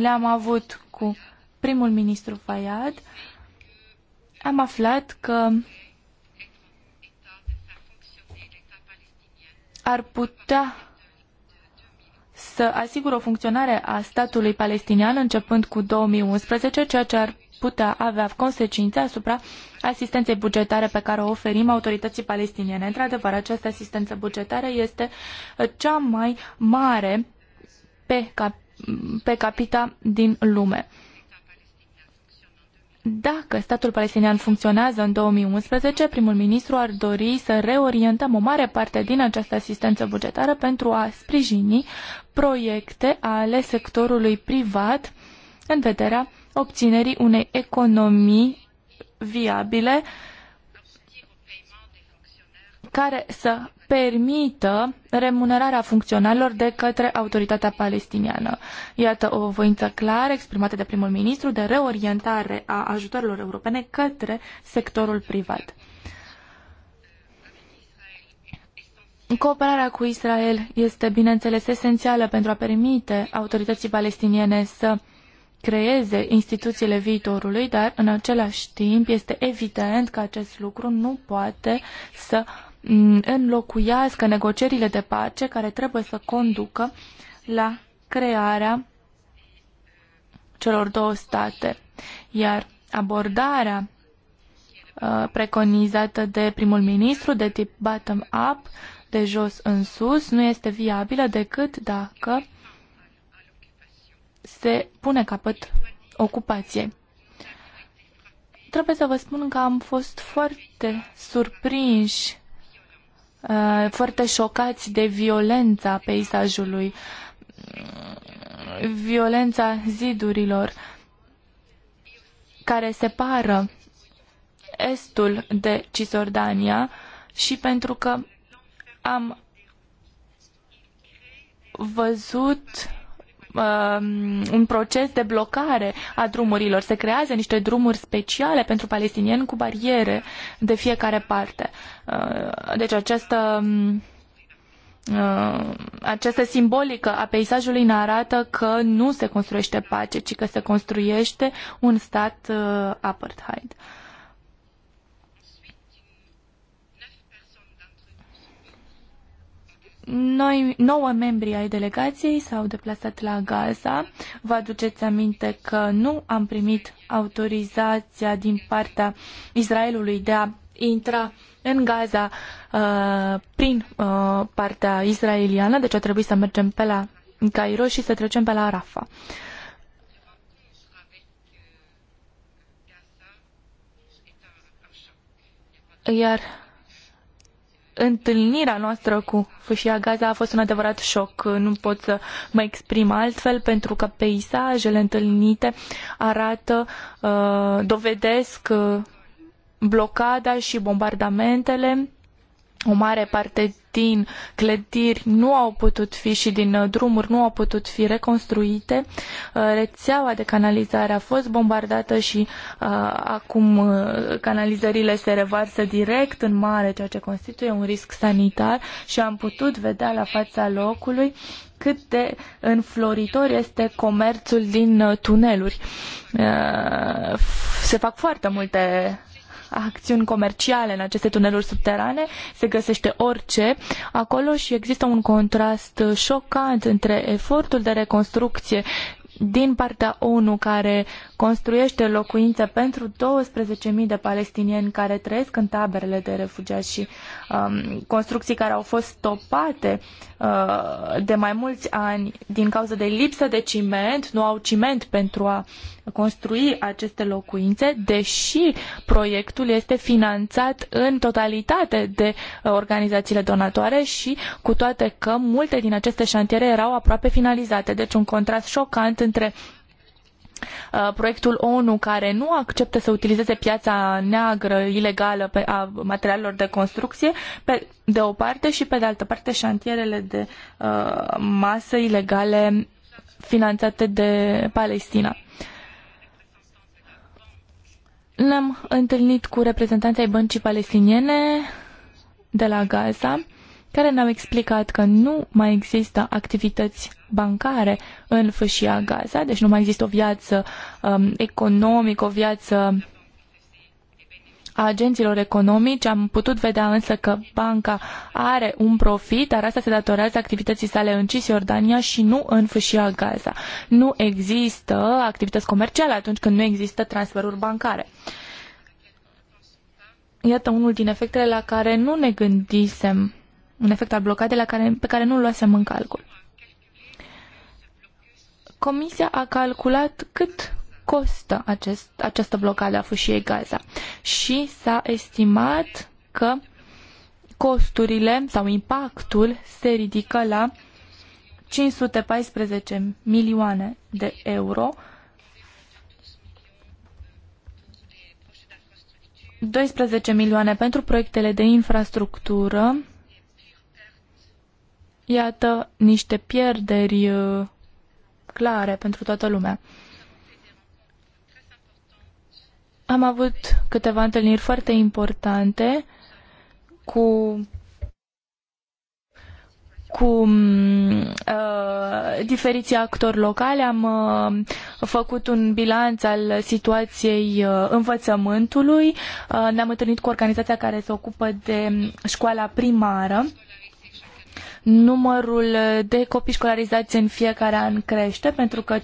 le-am avut cu primul ministru Fayad, am aflat că ar putea să asigură o funcționare a statului palestinian începând cu 2011, ceea ce ar putea avea consecințe asupra asistenței bugetare pe care o oferim autorității palestiniene. Într-adevăr, această asistență bugetară este cea mai mare pe cap pe capita din lume. Dacă statul palestinian funcționează în 2011, primul ministru ar dori să reorientăm o mare parte din această asistență bugetară pentru a sprijini proiecte ale sectorului privat în vederea obținerii unei economii viabile uh, care să permită remunerarea funcționarilor de către autoritatea palestiniană. Iată o voință clară exprimată de primul ministru de reorientare a ajutorilor europene către sectorul privat. Cooperarea cu Israel este, bineînțeles, esențială pentru a permite autorității palestiniene să creeze instituțiile viitorului, dar în același timp este evident că acest lucru nu poate să Mm, înlocuiască negocierile de pace care trebuie să conducă la crearea celor două state. Iar abordarea uh, preconizată de primul ministru de tip bottom-up, de jos în sus, nu este viabilă decât dacă se pune capăt ocupației. Trebuie să vă spun că am fost foarte surprinși Uh, foarte șocați de violența peisajului, violența zidurilor care separă estul de Cisordania și pentru că am văzut Um, un proces de blocare a drumurilor. Se creează niște drumuri speciale pentru palestinieni cu bariere de fiecare parte. Uh, deci această um, uh, această simbolică a peisajului ne arată că nu se construiește pace, ci că se construiește un stat uh, apartheid. Noi, nouă membri ai delegației s-au deplasat la Gaza. Vă aduceți aminte că nu am primit autorizația din partea Israelului de a intra în Gaza uh, prin uh, partea israeliană, deci a trebuit să mergem pe la Cairo și să trecem pe la Rafa. Iar întâlnirea noastră cu fâșia Gaza a fost un adevărat șoc. Nu pot să mă exprim altfel pentru că peisajele întâlnite arată, uh, dovedesc uh, blocada și bombardamentele. O mare parte din clădiri nu au putut fi și din uh, drumuri nu au putut fi reconstruite. Uh, rețeaua de canalizare a fost bombardată și uh, acum canalizările se revarsă direct în mare, ceea ce constituie un risc sanitar și am putut vedea la fața locului cât de înfloritor este comerțul din tuneluri. Se fac foarte multe acțiuni comerciale în aceste tuneluri subterane, se găsește orice acolo și există un contrast șocant între efortul de reconstrucție din partea ONU care construiește locuințe pentru 12.000 de palestinieni care trăiesc în taberele de refugiați și um, construcții care au fost stopate uh, de mai mulți ani din cauza de lipsă de ciment, nu au ciment pentru a construi aceste locuințe, deși proiectul este finanțat în totalitate de uh, organizațiile donatoare și cu toate că multe din aceste șantiere erau aproape finalizate. Deci un contrast șocant între uh, proiectul ONU care nu acceptă să utilizeze piața neagră ilegală a materialelor de construcție pe, de o parte și pe de altă parte șantierele de uh, masă ilegale finanțate de Palestina. Uh, ne-am întâlnit cu reprezentanții ai băncii palestiniene de la Gaza, care ne-au explicat că nu mai există activități bancare în fâșia Gaza, deci nu mai există o viață um, economică, o viață a agenților economici. Am putut vedea însă că banca are un profit, dar asta se datorează activității sale în Cisjordania și nu în fâșia Gaza. Nu există activități comerciale atunci când nu există transferuri bancare. Iată unul din efectele la care nu ne gândisem, un efect al blocadei la care, pe care nu-l luasem în calcul. Comisia a calculat cât costă acest, această blocadă a fâșiei Gaza. Și s-a estimat că costurile sau impactul se ridică la 514 milioane de euro, 12 milioane pentru proiectele de infrastructură. Iată niște pierderi uh, clare pentru toată lumea. Am avut câteva întâlniri foarte importante cu cu mm, uh, diferiții actori locali. Am uh, făcut un bilanț al situației uh, învățământului. Uh, ne-am întâlnit cu organizația care se ocupă de școala primară. Uh, numărul de copii școlarizați în fiecare an crește, pentru că 50%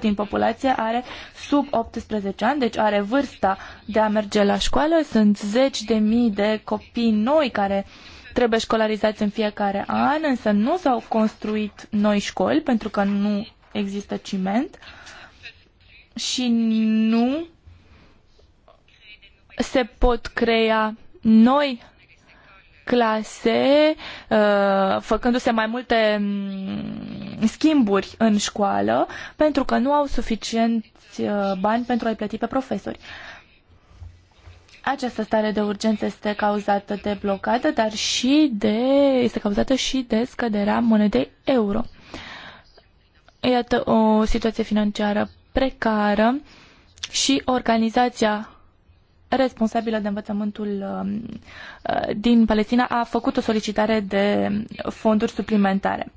din populație are sub 18 ani, deci are vârsta de a merge la școală. Sunt zeci de mii de copii noi care trebuie școlarizați în fiecare an, însă nu s-au construit noi școli pentru că nu există ciment și nu se pot crea noi clase, uh, făcându-se mai multe mm, schimburi în școală, pentru că nu au suficienți uh, bani pentru a-i plăti pe profesori. Această stare de urgență este cauzată de blocadă, dar și de, este cauzată și de scăderea monedei euro. Iată o situație financiară precară și organizația responsabilă de învățământul um, uh, din Palestina a făcut o solicitare de fonduri suplimentare.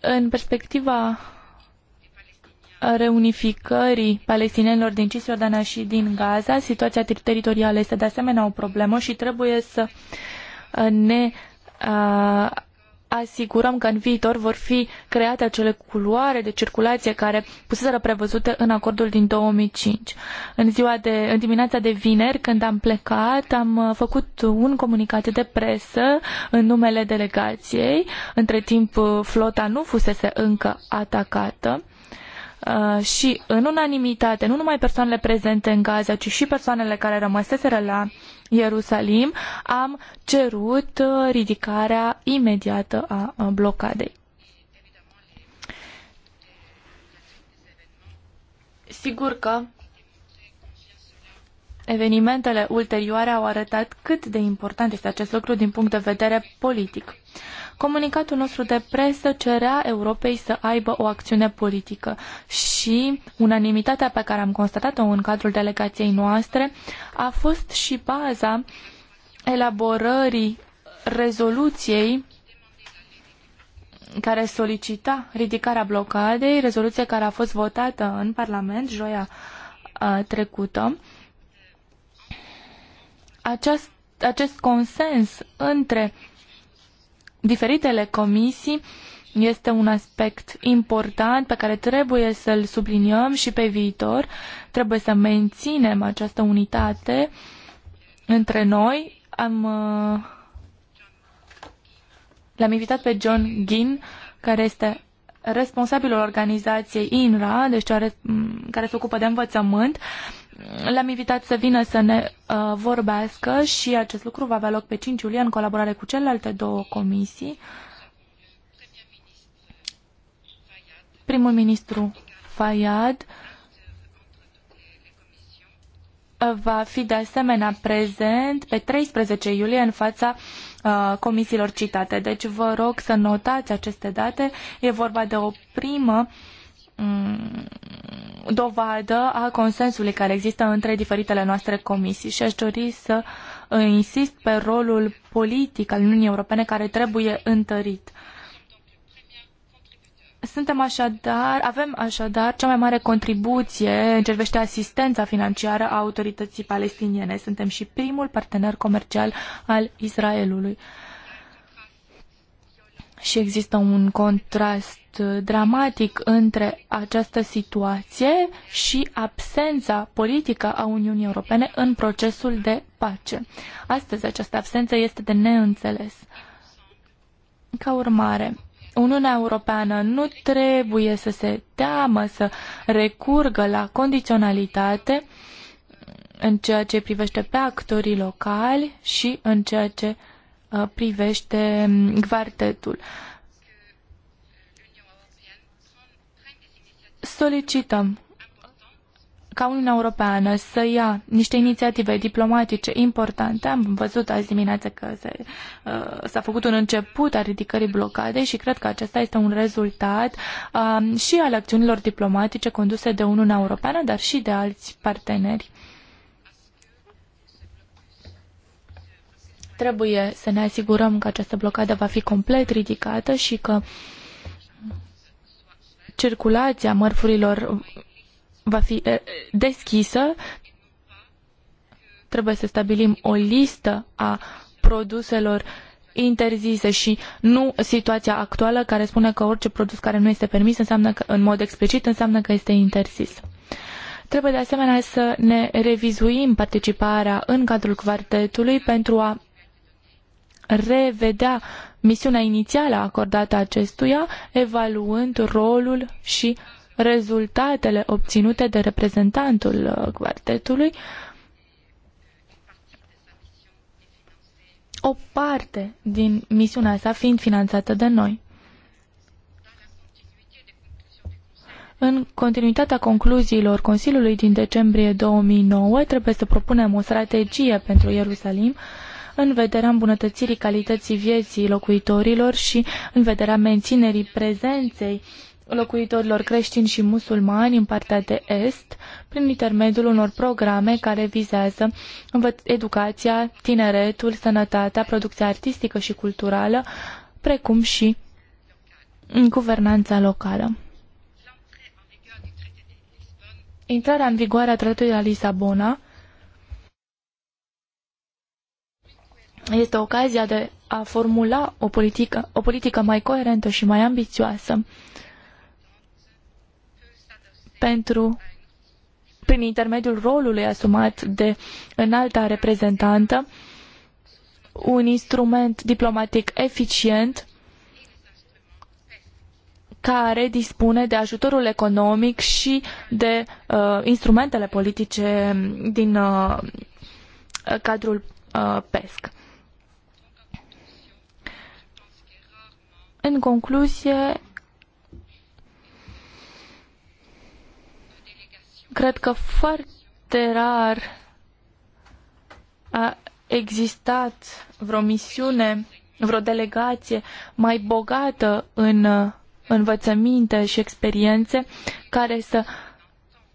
În perspectiva reunificării palestinienilor din Cisjordania și din Gaza, situația teritorială este de asemenea o problemă și trebuie să uh, ne uh, asigurăm că în viitor vor fi create acele culoare de circulație care puseseră prevăzute în acordul din 2005. În, ziua de, în dimineața de vineri, când am plecat, am uh, făcut un comunicat de presă în numele delegației. Între timp, uh, flota nu fusese încă atacată. Uh, și în unanimitate, nu numai persoanele prezente în Gaza, ci și persoanele care rămăseseră la Ierusalim, am cerut uh, ridicarea imediată a uh, blocadei. Sigur că evenimentele ulterioare au arătat cât de important este acest lucru din punct de vedere politic. Comunicatul nostru de presă cerea Europei să aibă o acțiune politică și unanimitatea pe care am constatat-o în cadrul delegației noastre a fost și baza elaborării rezoluției care solicita ridicarea blocadei, rezoluție care a fost votată în Parlament joia a uh, trecută. Aceast, acest consens între diferitele comisii este un aspect important pe care trebuie să-l subliniem și pe viitor. Trebuie să menținem această unitate între noi. Am, uh, l-am invitat pe John Ginn, care este responsabilul organizației INRA, deci care se ocupă de învățământ, L-am invitat să vină să ne uh, vorbească și acest lucru va avea loc pe 5 iulie în colaborare cu celelalte două comisii. Primul ministru Fayad uh, va fi de asemenea prezent pe 13 iulie în fața uh, comisiilor citate. Deci vă rog să notați aceste date. E vorba de o primă uh, Mm, dovadă a consensului care există între diferitele noastre comisii și aș dori să uh, insist pe rolul politic al Uniunii Europene care trebuie întărit. Suntem așadar, avem așadar cea mai mare contribuție în ce privește asistența financiară a autorității palestiniene. Suntem și primul partener comercial al Israelului. Și există un contrast Uh, dramatic între această situație și absența politică a Uniunii Europene în procesul de pace. Astăzi această absență este de neînțeles. Ca urmare, Uniunea Europeană nu trebuie să se teamă să recurgă la condiționalitate în ceea ce privește pe actorii locali și în ceea ce uh, privește mm, quartetul. Uh, solicităm ca Uniunea Europeană să ia niște inițiative diplomatice importante. Am văzut azi dimineață că se, uh, s-a făcut un început a ridicării blocadei și cred că acesta este un rezultat uh, și al acțiunilor diplomatice conduse de Uniunea Europeană, dar și de alți parteneri. Trebuie să ne asigurăm că această blocadă va fi complet ridicată și că uh, circulația mărfurilor va fi eh, deschisă, trebuie să stabilim o listă a produselor interzise și nu situația actuală care spune că orice produs care nu este permis înseamnă că, în mod explicit înseamnă că este interzis. Trebuie de asemenea să ne revizuim participarea în cadrul quartetului pentru a revedea misiunea inițială acordată acestuia, evaluând rolul și rezultatele obținute de reprezentantul uh, quartetului. O parte din misiunea sa fiind finanțată de noi. În continuitatea concluziilor Consiliului din decembrie 2009, trebuie să propunem o strategie pentru Ierusalim în vederea îmbunătățirii calității vieții locuitorilor și în vederea menținerii prezenței locuitorilor creștini și musulmani în partea de est, prin intermediul unor programe care vizează educația, tineretul, sănătatea, producția artistică și culturală, precum și guvernanța locală. Intrarea în vigoare a Tratatului la Lisabona este ocazia de a formula o politică, o politică mai coerentă și mai ambițioasă pentru prin intermediul rolului asumat de înalta reprezentantă, un instrument diplomatic eficient care dispune de ajutorul economic și de uh, instrumentele politice din uh, cadrul uh, PESC. În concluzie, cred că foarte rar a existat vreo misiune, vreo delegație mai bogată în învățăminte și experiențe care să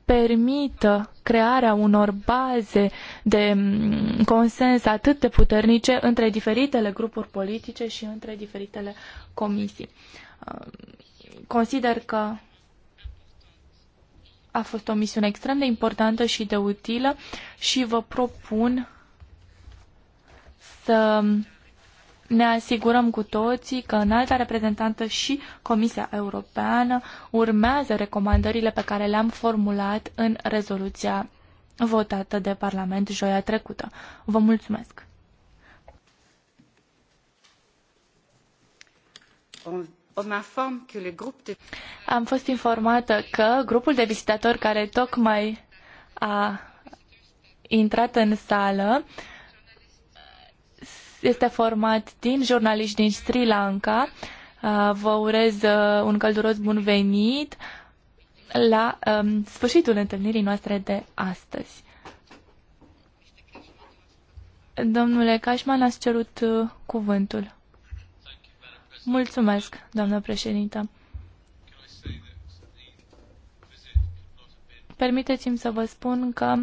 permită crearea unor baze de mm, consens atât de puternice între diferitele grupuri politice și între diferitele comisii. Uh, consider că a fost o misiune extrem de importantă și de utilă și vă propun să ne asigurăm cu toții că înalta reprezentantă și Comisia Europeană urmează recomandările pe care le-am formulat în rezoluția votată de Parlament joia trecută. Vă mulțumesc! Am fost informată că grupul de vizitatori care tocmai a intrat în sală este format din jurnaliști din Sri Lanka. Uh, vă urez uh, un călduros bun venit la um, sfârșitul întâlnirii noastre de astăzi. Domnule Cașman, ați cerut uh, cuvântul. Mulțumesc, doamnă președintă. Permiteți-mi să vă spun că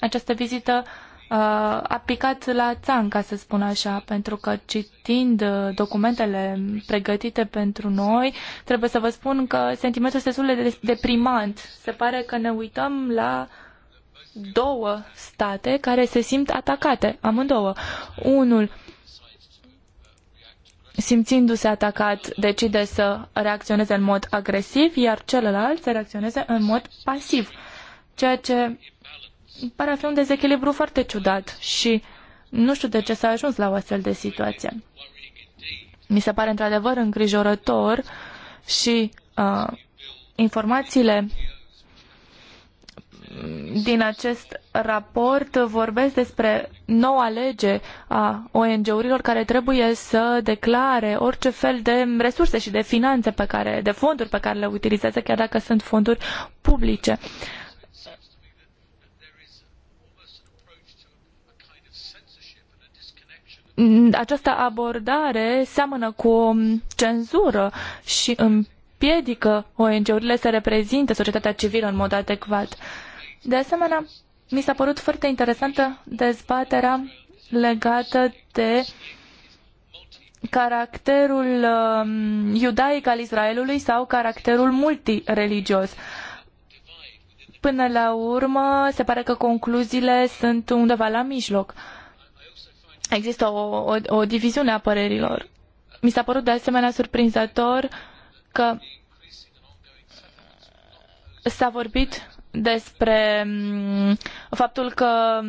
această vizită uh, Uh, a picat la țan, ca să spun așa, pentru că citind uh, documentele pregătite pentru noi, trebuie să vă spun că sentimentul este destul de deprimant. Se pare că ne uităm la două state care se simt atacate, amândouă. Unul simțindu-se atacat, decide să reacționeze în mod agresiv, iar celălalt să reacționeze în mod pasiv. Ceea ce pare a fi un dezechilibru foarte ciudat și nu știu de ce s-a ajuns la o astfel de situație. Mi se pare într-adevăr îngrijorător și uh, informațiile din acest raport vorbesc despre noua lege a ONG-urilor care trebuie să declare orice fel de resurse și de finanțe pe care, de fonduri pe care le utilizează, chiar dacă sunt fonduri publice. Uh, această abordare seamănă cu o cenzură și împiedică ONG-urile să reprezinte societatea civilă în mod adecvat. De asemenea, mi s-a părut foarte interesantă dezbaterea legată de caracterul um, iudaic al Israelului sau caracterul multireligios. Până la urmă, se pare că concluziile sunt undeva la mijloc. Uh, există o, o, o diviziune a părerilor. Mi s-a părut de asemenea surprinzător că s-a vorbit despre mm, faptul că mm,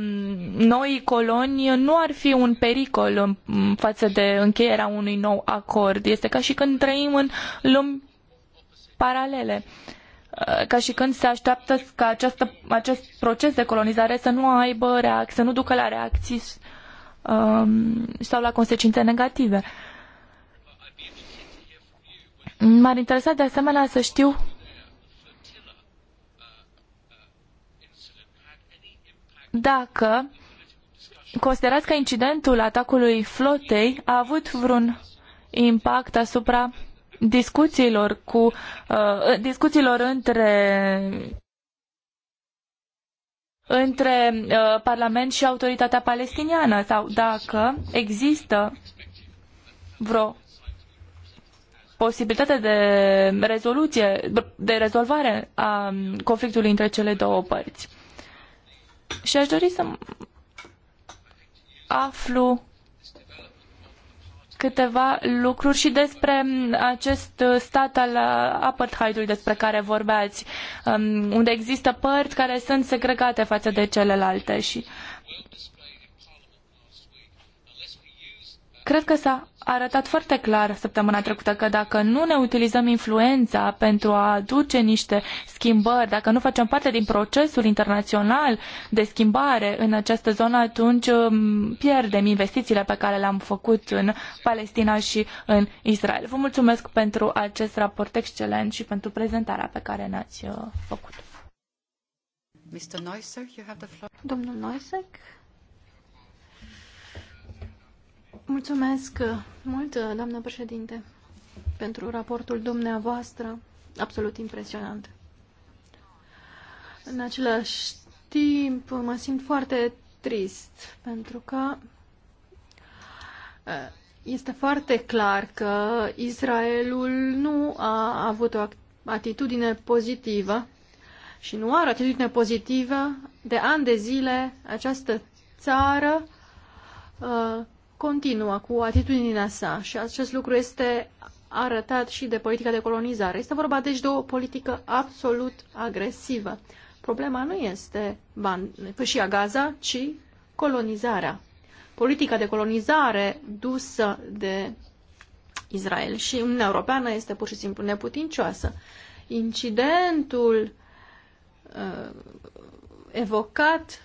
noi coloni nu ar fi un pericol mm, față de încheierea unui nou acord. Este ca și când trăim în lumi paralele. Uh, ca și când se așteaptă ca această, acest proces de colonizare să nu aibă reacție, să nu ducă la reacții Um, sau la consecințe negative. M-ar interesa de asemenea să știu dacă considerați că incidentul atacului flotei a avut vreun impact asupra discuțiilor cu uh, discuțiilor între între uh, Parlament și autoritatea palestiniană sau dacă există vreo posibilitate de rezoluție, de rezolvare a um, conflictului între cele două părți. Și aș dori să aflu câteva lucruri și despre acest uh, stat al uh, apartheidului despre care vorbeați, um, unde există părți care sunt segregate față de celelalte și cred că s-a arătat foarte clar săptămâna trecută că dacă nu ne utilizăm influența pentru a aduce niște schimbări, dacă nu facem parte din procesul internațional de schimbare în această zonă, atunci um, pierdem investițiile pe care le-am făcut în Palestina și în Israel. Vă mulțumesc pentru acest raport excelent și pentru prezentarea pe care ne-ați uh, făcut. Mr. Neusser, you have the floor. Domnul Mulțumesc mult, doamnă președinte, pentru raportul dumneavoastră, absolut impresionant. În același timp, mă simt foarte trist, pentru că este foarte clar că Israelul nu a avut o atitudine pozitivă și nu are atitudine pozitivă de ani de zile această țară continuă cu atitudinea sa și acest lucru este arătat și de politica de colonizare. Este vorba deci de o politică absolut agresivă. Problema nu este fâșia Gaza, ci colonizarea. Politica de colonizare dusă de Israel și Uniunea Europeană este pur și simplu neputincioasă. Incidentul uh, evocat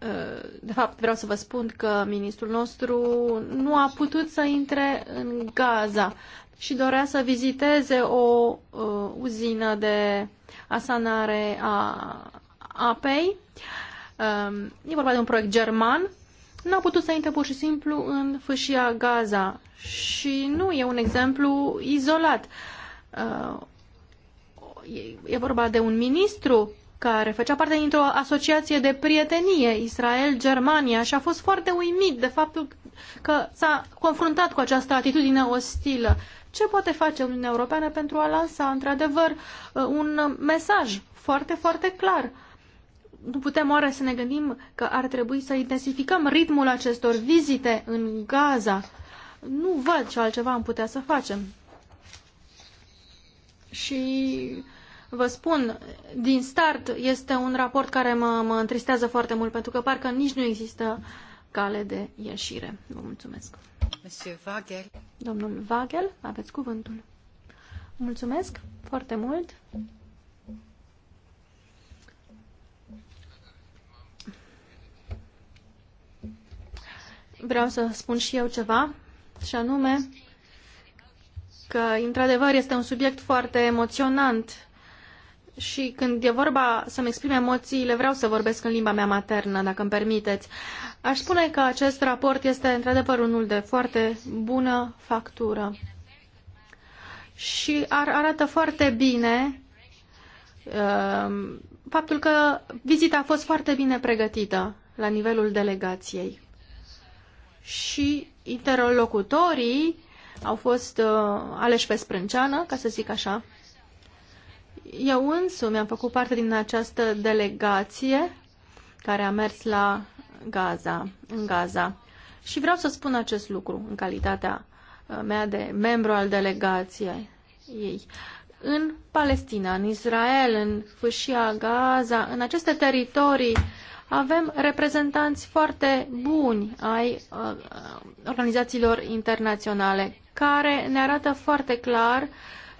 Eh, de fapt, vreau să vă spun că ministrul nostru nu a putut să intre în Gaza și dorea să viziteze o uh, uzină de asanare a apei. Uh, e vorba de un proiect german. Nu a putut să intre pur și simplu în fâșia Gaza și nu e un exemplu izolat. Uh, e, e vorba de un ministru care făcea parte dintr-o asociație de prietenie Israel-Germania și a fost foarte uimit de faptul că s-a confruntat cu această atitudine ostilă. Ce poate face Uniunea Europeană pentru a lansa, într-adevăr, uh, un mesaj foarte, foarte clar? Nu putem oare să ne gândim că ar trebui să intensificăm ritmul acestor vizite în Gaza? Nu văd ce altceva am putea să facem. Și Vă spun, din start este un raport care mă, mă întristează foarte mult, pentru că parcă nici nu există cale de ieșire. Vă mulțumesc. Monsieur Vagel. Domnul Vagel, aveți cuvântul. Mulțumesc foarte mult. Vreau să spun și eu ceva, și anume că, într-adevăr, este un subiect foarte emoționant și când e vorba să-mi exprim emoțiile, vreau să vorbesc în limba mea maternă, dacă îmi permiteți. Aș spune că acest raport este într-adevăr unul de foarte bună factură și ar, arată foarte bine uh, faptul că vizita a fost foarte bine pregătită la nivelul delegației și interlocutorii au fost uh, aleși pe sprânceană, ca să zic așa, eu însumi am făcut parte din această delegație care a mers la Gaza, în Gaza. Și vreau să spun acest lucru în calitatea uh, mea de membru al delegației ei. În Palestina, în Israel, în fâșia Gaza, în aceste teritorii avem reprezentanți foarte buni ai uh, uh organizațiilor internaționale care ne arată foarte clar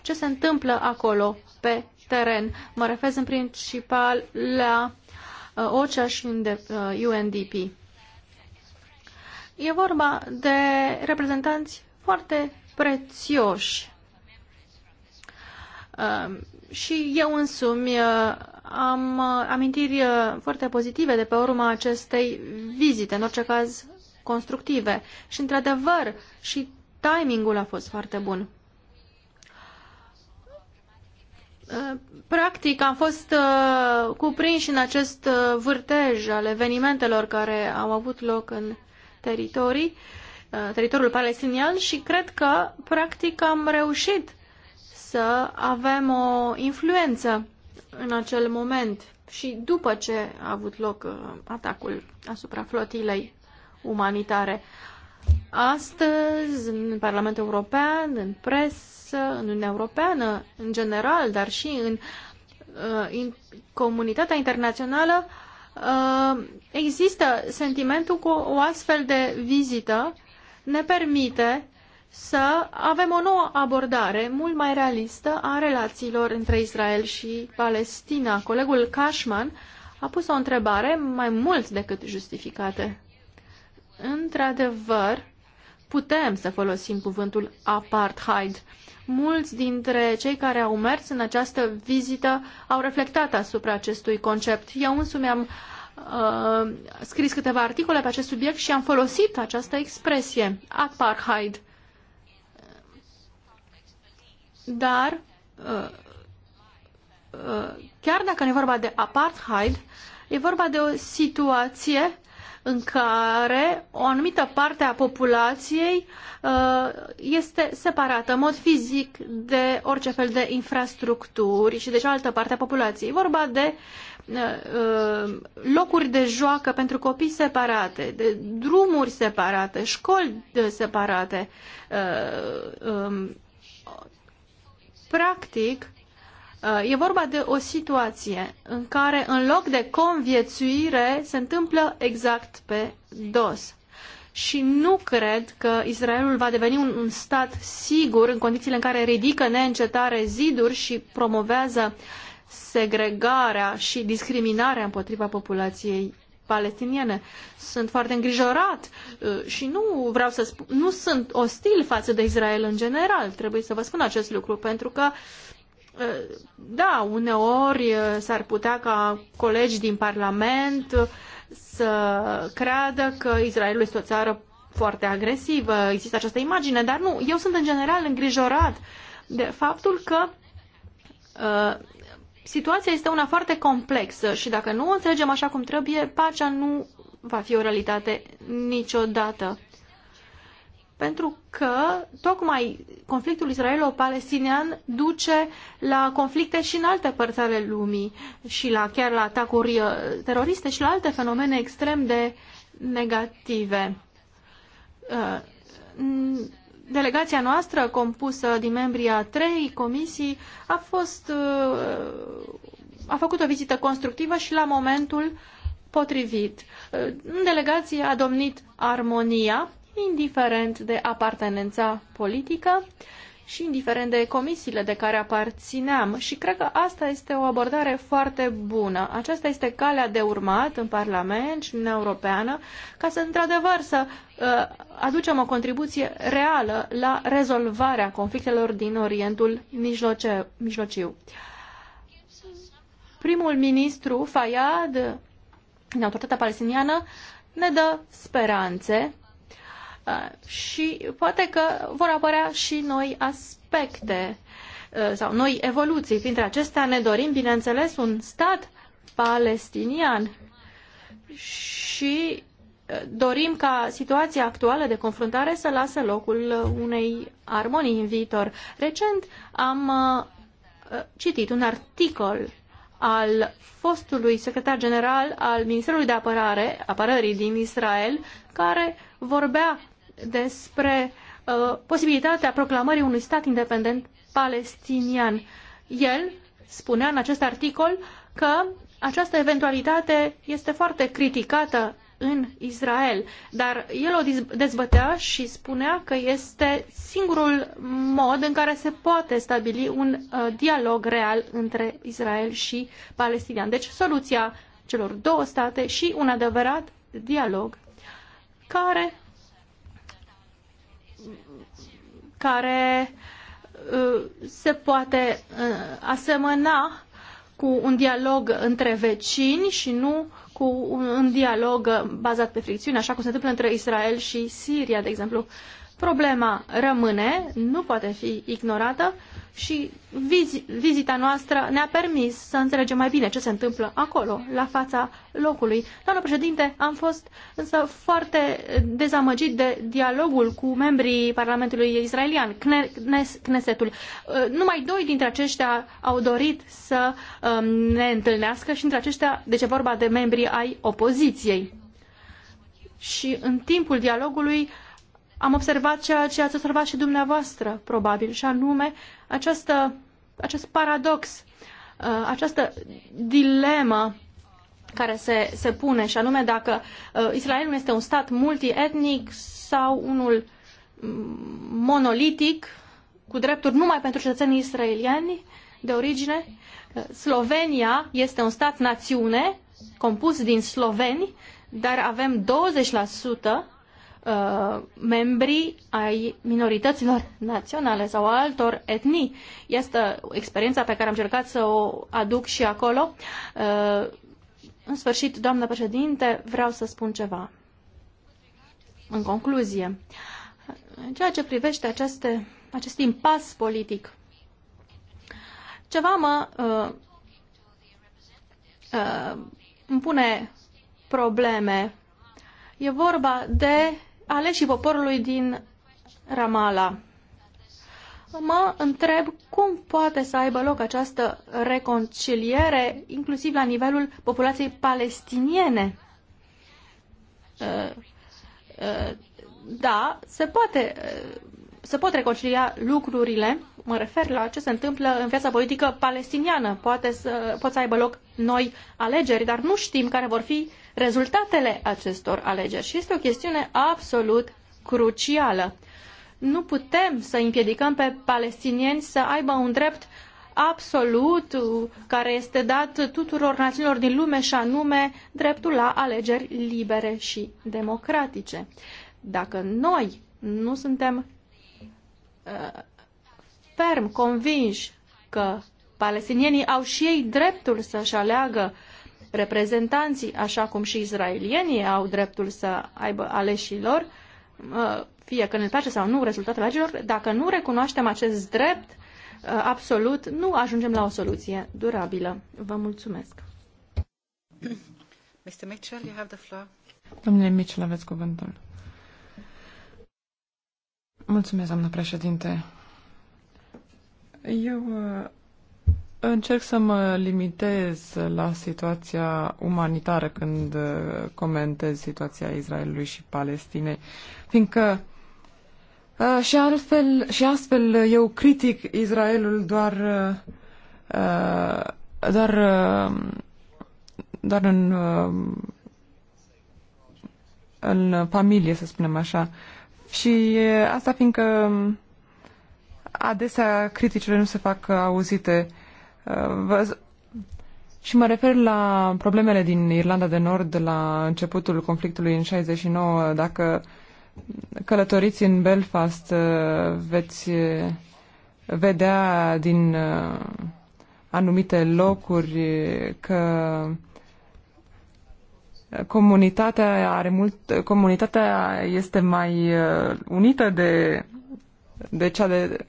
ce se întâmplă acolo pe teren. Mă refer în principal la uh, OCEA și UNDP. Uh, e vorba de reprezentanți foarte prețioși. Uh, și eu însumi am amintiri foarte pozitive de pe urma acestei vizite, în orice caz constructive. Și, într-adevăr, și timingul a fost foarte bun. Uh, practic am fost uh, cuprinși în acest uh, vârtej al evenimentelor care au avut loc în teritorii, teritoriul palestinian și cred că practic am reușit să avem o influență în acel moment și după ce a avut loc atacul asupra flotilei umanitare. Astăzi, în Parlamentul European, în presă, în Uniunea Europeană în general, dar și în, în uh, comunitatea internațională, uh, există sentimentul că o astfel de vizită ne permite să avem o nouă abordare mult mai realistă a relațiilor între Israel și Palestina. Colegul Cashman a pus o întrebare mai mult decât justificate. Într-adevăr, putem să folosim cuvântul apartheid Mulți dintre cei care au mers în această vizită au reflectat asupra acestui concept. Eu însumi am uh, scris câteva articole pe acest subiect și am folosit această expresie, apartheid. Dar, uh, uh, chiar dacă nu e vorba de apartheid, e vorba de o situație în care o anumită parte a populației uh, este separată în mod fizic de orice fel de infrastructuri și de cealaltă parte a populației. Vorba de uh, uh, locuri de joacă pentru copii separate, de drumuri separate, școli separate. Um, practic, Uh, e vorba de o situație în care, în loc de conviețuire, se întâmplă exact pe dos. Și nu cred că Israelul va deveni un, un stat sigur în condițiile în care ridică neîncetare ziduri și promovează segregarea și discriminarea împotriva populației palestiniene. Sunt foarte îngrijorat uh, și nu vreau să spun, nu sunt ostil față de Israel în general, trebuie să vă spun acest lucru, pentru că uh, da, uneori uh, s-ar putea ca colegi din Parlament uh, să creadă că Israelul este o țară foarte agresivă, există această imagine, dar nu, eu sunt în general îngrijorat de faptul că uh, situația este una foarte complexă și dacă nu o înțelegem așa cum trebuie, pacea nu va fi o realitate niciodată pentru că tocmai conflictul israelo-palestinian duce la conflicte și în alte părți ale lumii și la chiar la atacuri uh, teroriste și la alte fenomene extrem de negative. Uh, delegația noastră, compusă din membrii a trei comisii, a fost uh, a făcut o vizită constructivă și la momentul potrivit. În delegație a domnit armonia indiferent de apartenența politică și indiferent de comisiile de care aparțineam. Și cred că asta este o abordare foarte bună. Aceasta este calea de urmat în Parlament și în Uniunea Europeană ca să, într-adevăr, să uh, aducem o contribuție reală la rezolvarea conflictelor din Orientul Mijloce- Mijlociu. Primul ministru, Fayad, din autoritatea palestiniană, ne dă speranțe Uh, și poate că vor apărea și noi aspecte uh, sau noi evoluții. Printre acestea ne dorim, bineînțeles, un stat palestinian și uh, dorim ca situația actuală de confruntare să lasă locul unei armonii în viitor. Recent am citit un articol al fostului secretar general al Ministerului de Apărare, Apărării din Israel, care vorbea despre uh, posibilitatea proclamării unui stat independent palestinian. El spunea în acest articol că această eventualitate este foarte criticată în Israel, dar el o dezbătea și spunea că este singurul mod în care se poate stabili un uh, dialog real între Israel și palestinian. Deci soluția celor două state și un adevărat dialog care care uh, se poate uh, asemăna cu un dialog între vecini și nu cu un dialog bazat pe fricțiune, așa cum se întâmplă între Israel și Siria, de exemplu. Problema rămâne, nu poate fi ignorată și viz vizita noastră ne-a permis să înțelegem mai bine ce se întâmplă acolo, la fața locului. Doamna președinte, am fost însă foarte dezamăgit de dialogul cu membrii Parlamentului Israelian, Knesetul. Uh, numai doi dintre aceștia au dorit să um, ne întâlnească și dintre aceștia, deci e vorba de membrii ai opoziției. Și în timpul dialogului am observat ceea ce ați observat și dumneavoastră, probabil, și anume această, acest paradox, uh, această dilemă care se, se pune, și anume dacă uh, Israelul este un stat multietnic sau unul mm, monolitic, cu drepturi numai pentru cetățenii israelieni de origine. Uh, Slovenia este un stat-națiune compus din sloveni, dar avem 20% membrii uh, membri ai minorităților naționale sau altor etnii. Este experiența pe care am încercat să o aduc și acolo. Uh, în sfârșit, doamnă președinte, vreau să spun ceva. În concluzie, în ceea ce privește aceste, acest impas politic, ceva mă uh, uh, îmi pune probleme. E vorba de aleșii poporului din Ramala. Mă întreb cum poate să aibă loc această reconciliere, inclusiv la nivelul populației palestiniene. Uh, uh, da, se poate, uh, se pot reconcilia lucrurile, mă refer la ce se întâmplă în viața politică palestiniană. Poate să, pot să aibă loc noi alegeri, dar nu știm care vor fi uh, rezultatele acestor alegeri și este o chestiune absolut crucială. Nu putem să împiedicăm pe palestinieni să aibă un drept absolut care este dat tuturor națiunilor din lume și anume dreptul la alegeri libere și democratice. Dacă noi nu suntem uh, ferm convinși că palestinienii au și ei dreptul să-și aleagă reprezentanții, așa cum și israelienii au dreptul să aibă aleșii lor, fie că ne place sau nu rezultatele alegerilor, dacă nu recunoaștem acest drept ă, absolut, nu ajungem la o soluție durabilă. Vă mulțumesc. Mr. Mitchell, you have the floor. Domnule Mitchell, aveți cuvântul. Mulțumesc, doamnă președinte. Eu ă, Încerc să mă limitez la situația umanitară când uh, comentez situația Israelului și Palestinei, fiindcă uh, și, altfel, și astfel eu critic Israelul doar, uh, uh doar, uh, doar în, uh, în familie, să spunem așa. Și asta fiindcă um, adesea criticile nu se fac auzite Vă... Și mă refer la problemele din Irlanda de Nord la începutul conflictului în 69. Dacă călătoriți în Belfast, uh, veți uh, vedea din uh, anumite locuri că comunitatea are mult comunitatea este mai unită de de cea de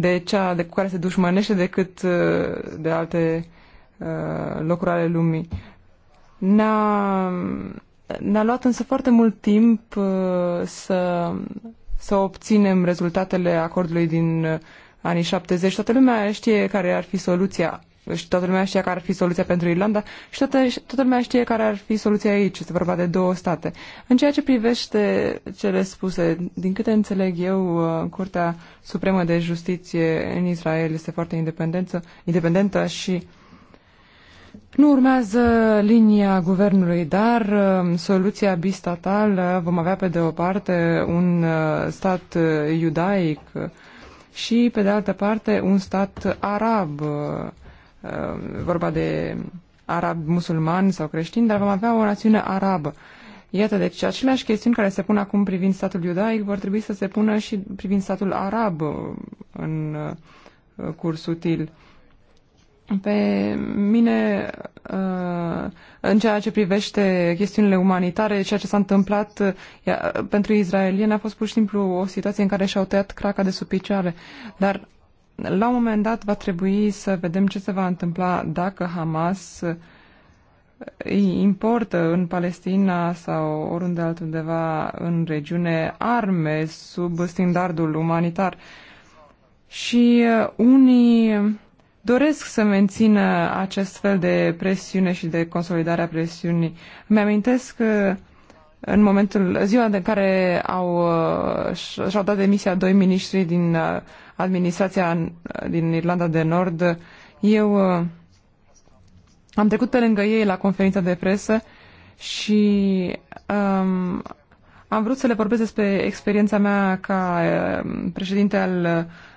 de cea de cu care se dușmănește decât uh, de alte uh, locuri ale lumii. Ne-a, ne-a luat însă foarte mult timp uh, să, să obținem rezultatele acordului din anii 70. Toată lumea știe care ar fi soluția și toată lumea știa care ar fi soluția pentru Irlanda și toată, toată lumea știe care ar fi soluția aici. Este vorba de două state. În ceea ce privește cele spuse, din câte înțeleg eu, uh, Curtea Supremă de Justiție în Israel este foarte independentă, independentă și nu urmează linia guvernului, dar uh, soluția bistatală vom avea pe de o parte un uh, stat iudaic și pe de altă parte un stat arab Uh, vorba de arab musulman sau creștin, dar vom avea o națiune arabă. Iată, deci aceleași chestiuni care se pun acum privind statul iudaic vor trebui să se pună și privind statul arab uh, în uh, curs util. Pe mine, în ceea ce privește chestiunile umanitare, ceea ce s-a întâmplat pentru izraelieni a fost pur și simplu o situație în care și-au tăiat craca de sub picioare. Dar la un moment dat va trebui să vedem ce se va întâmpla dacă Hamas îi importă în Palestina sau oriunde altundeva în regiune arme sub standardul umanitar. Și uh, unii doresc să mențină acest fel de presiune și de consolidarea a presiunii. Mi-amintesc că uh, în momentul, ziua de care au, uh, și-au dat demisia doi miniștri din administrația din Irlanda de Nord. Eu uh, am trecut pe lângă ei la conferința de presă și um, am vrut să le vorbesc despre experiența mea ca um, președinte al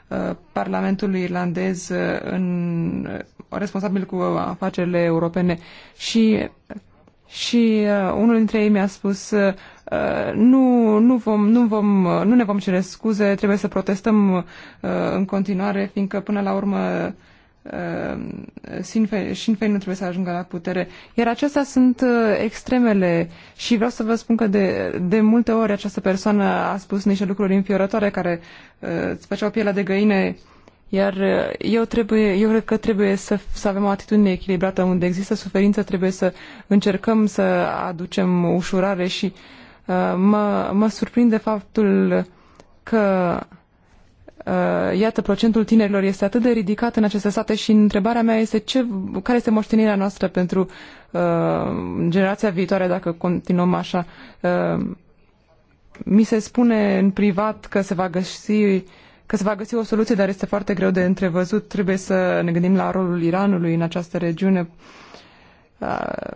uh, Parlamentului irlandez uh, în, responsabil cu afacerile europene și, și unul dintre ei mi-a spus Uh, nu, nu, vom, nu, vom, uh, nu ne vom cere scuze, trebuie să protestăm uh, în continuare, fiindcă până la urmă uh, Féin, Sinn nu trebuie să ajungă la putere. Iar acestea sunt extremele și vreau să vă spun că de, de multe ori această persoană a spus niște lucruri înfiorătoare care uh, îți făceau pielea de găine iar eu, trebuie, eu cred că trebuie să, să avem o atitudine echilibrată. Unde există suferință, trebuie să încercăm să aducem ușurare și uh, Uh, mă, mă surprinde faptul că uh, iată, procentul tinerilor este atât de ridicat în aceste state și întrebarea mea este ce, care este moștenirea noastră pentru uh, generația viitoare dacă continuăm așa. Uh, mi se spune în privat că se va găsi că se va găsi o soluție, dar este foarte greu de întrevăzut. Trebuie să ne gândim la rolul Iranului în această regiune. Uh,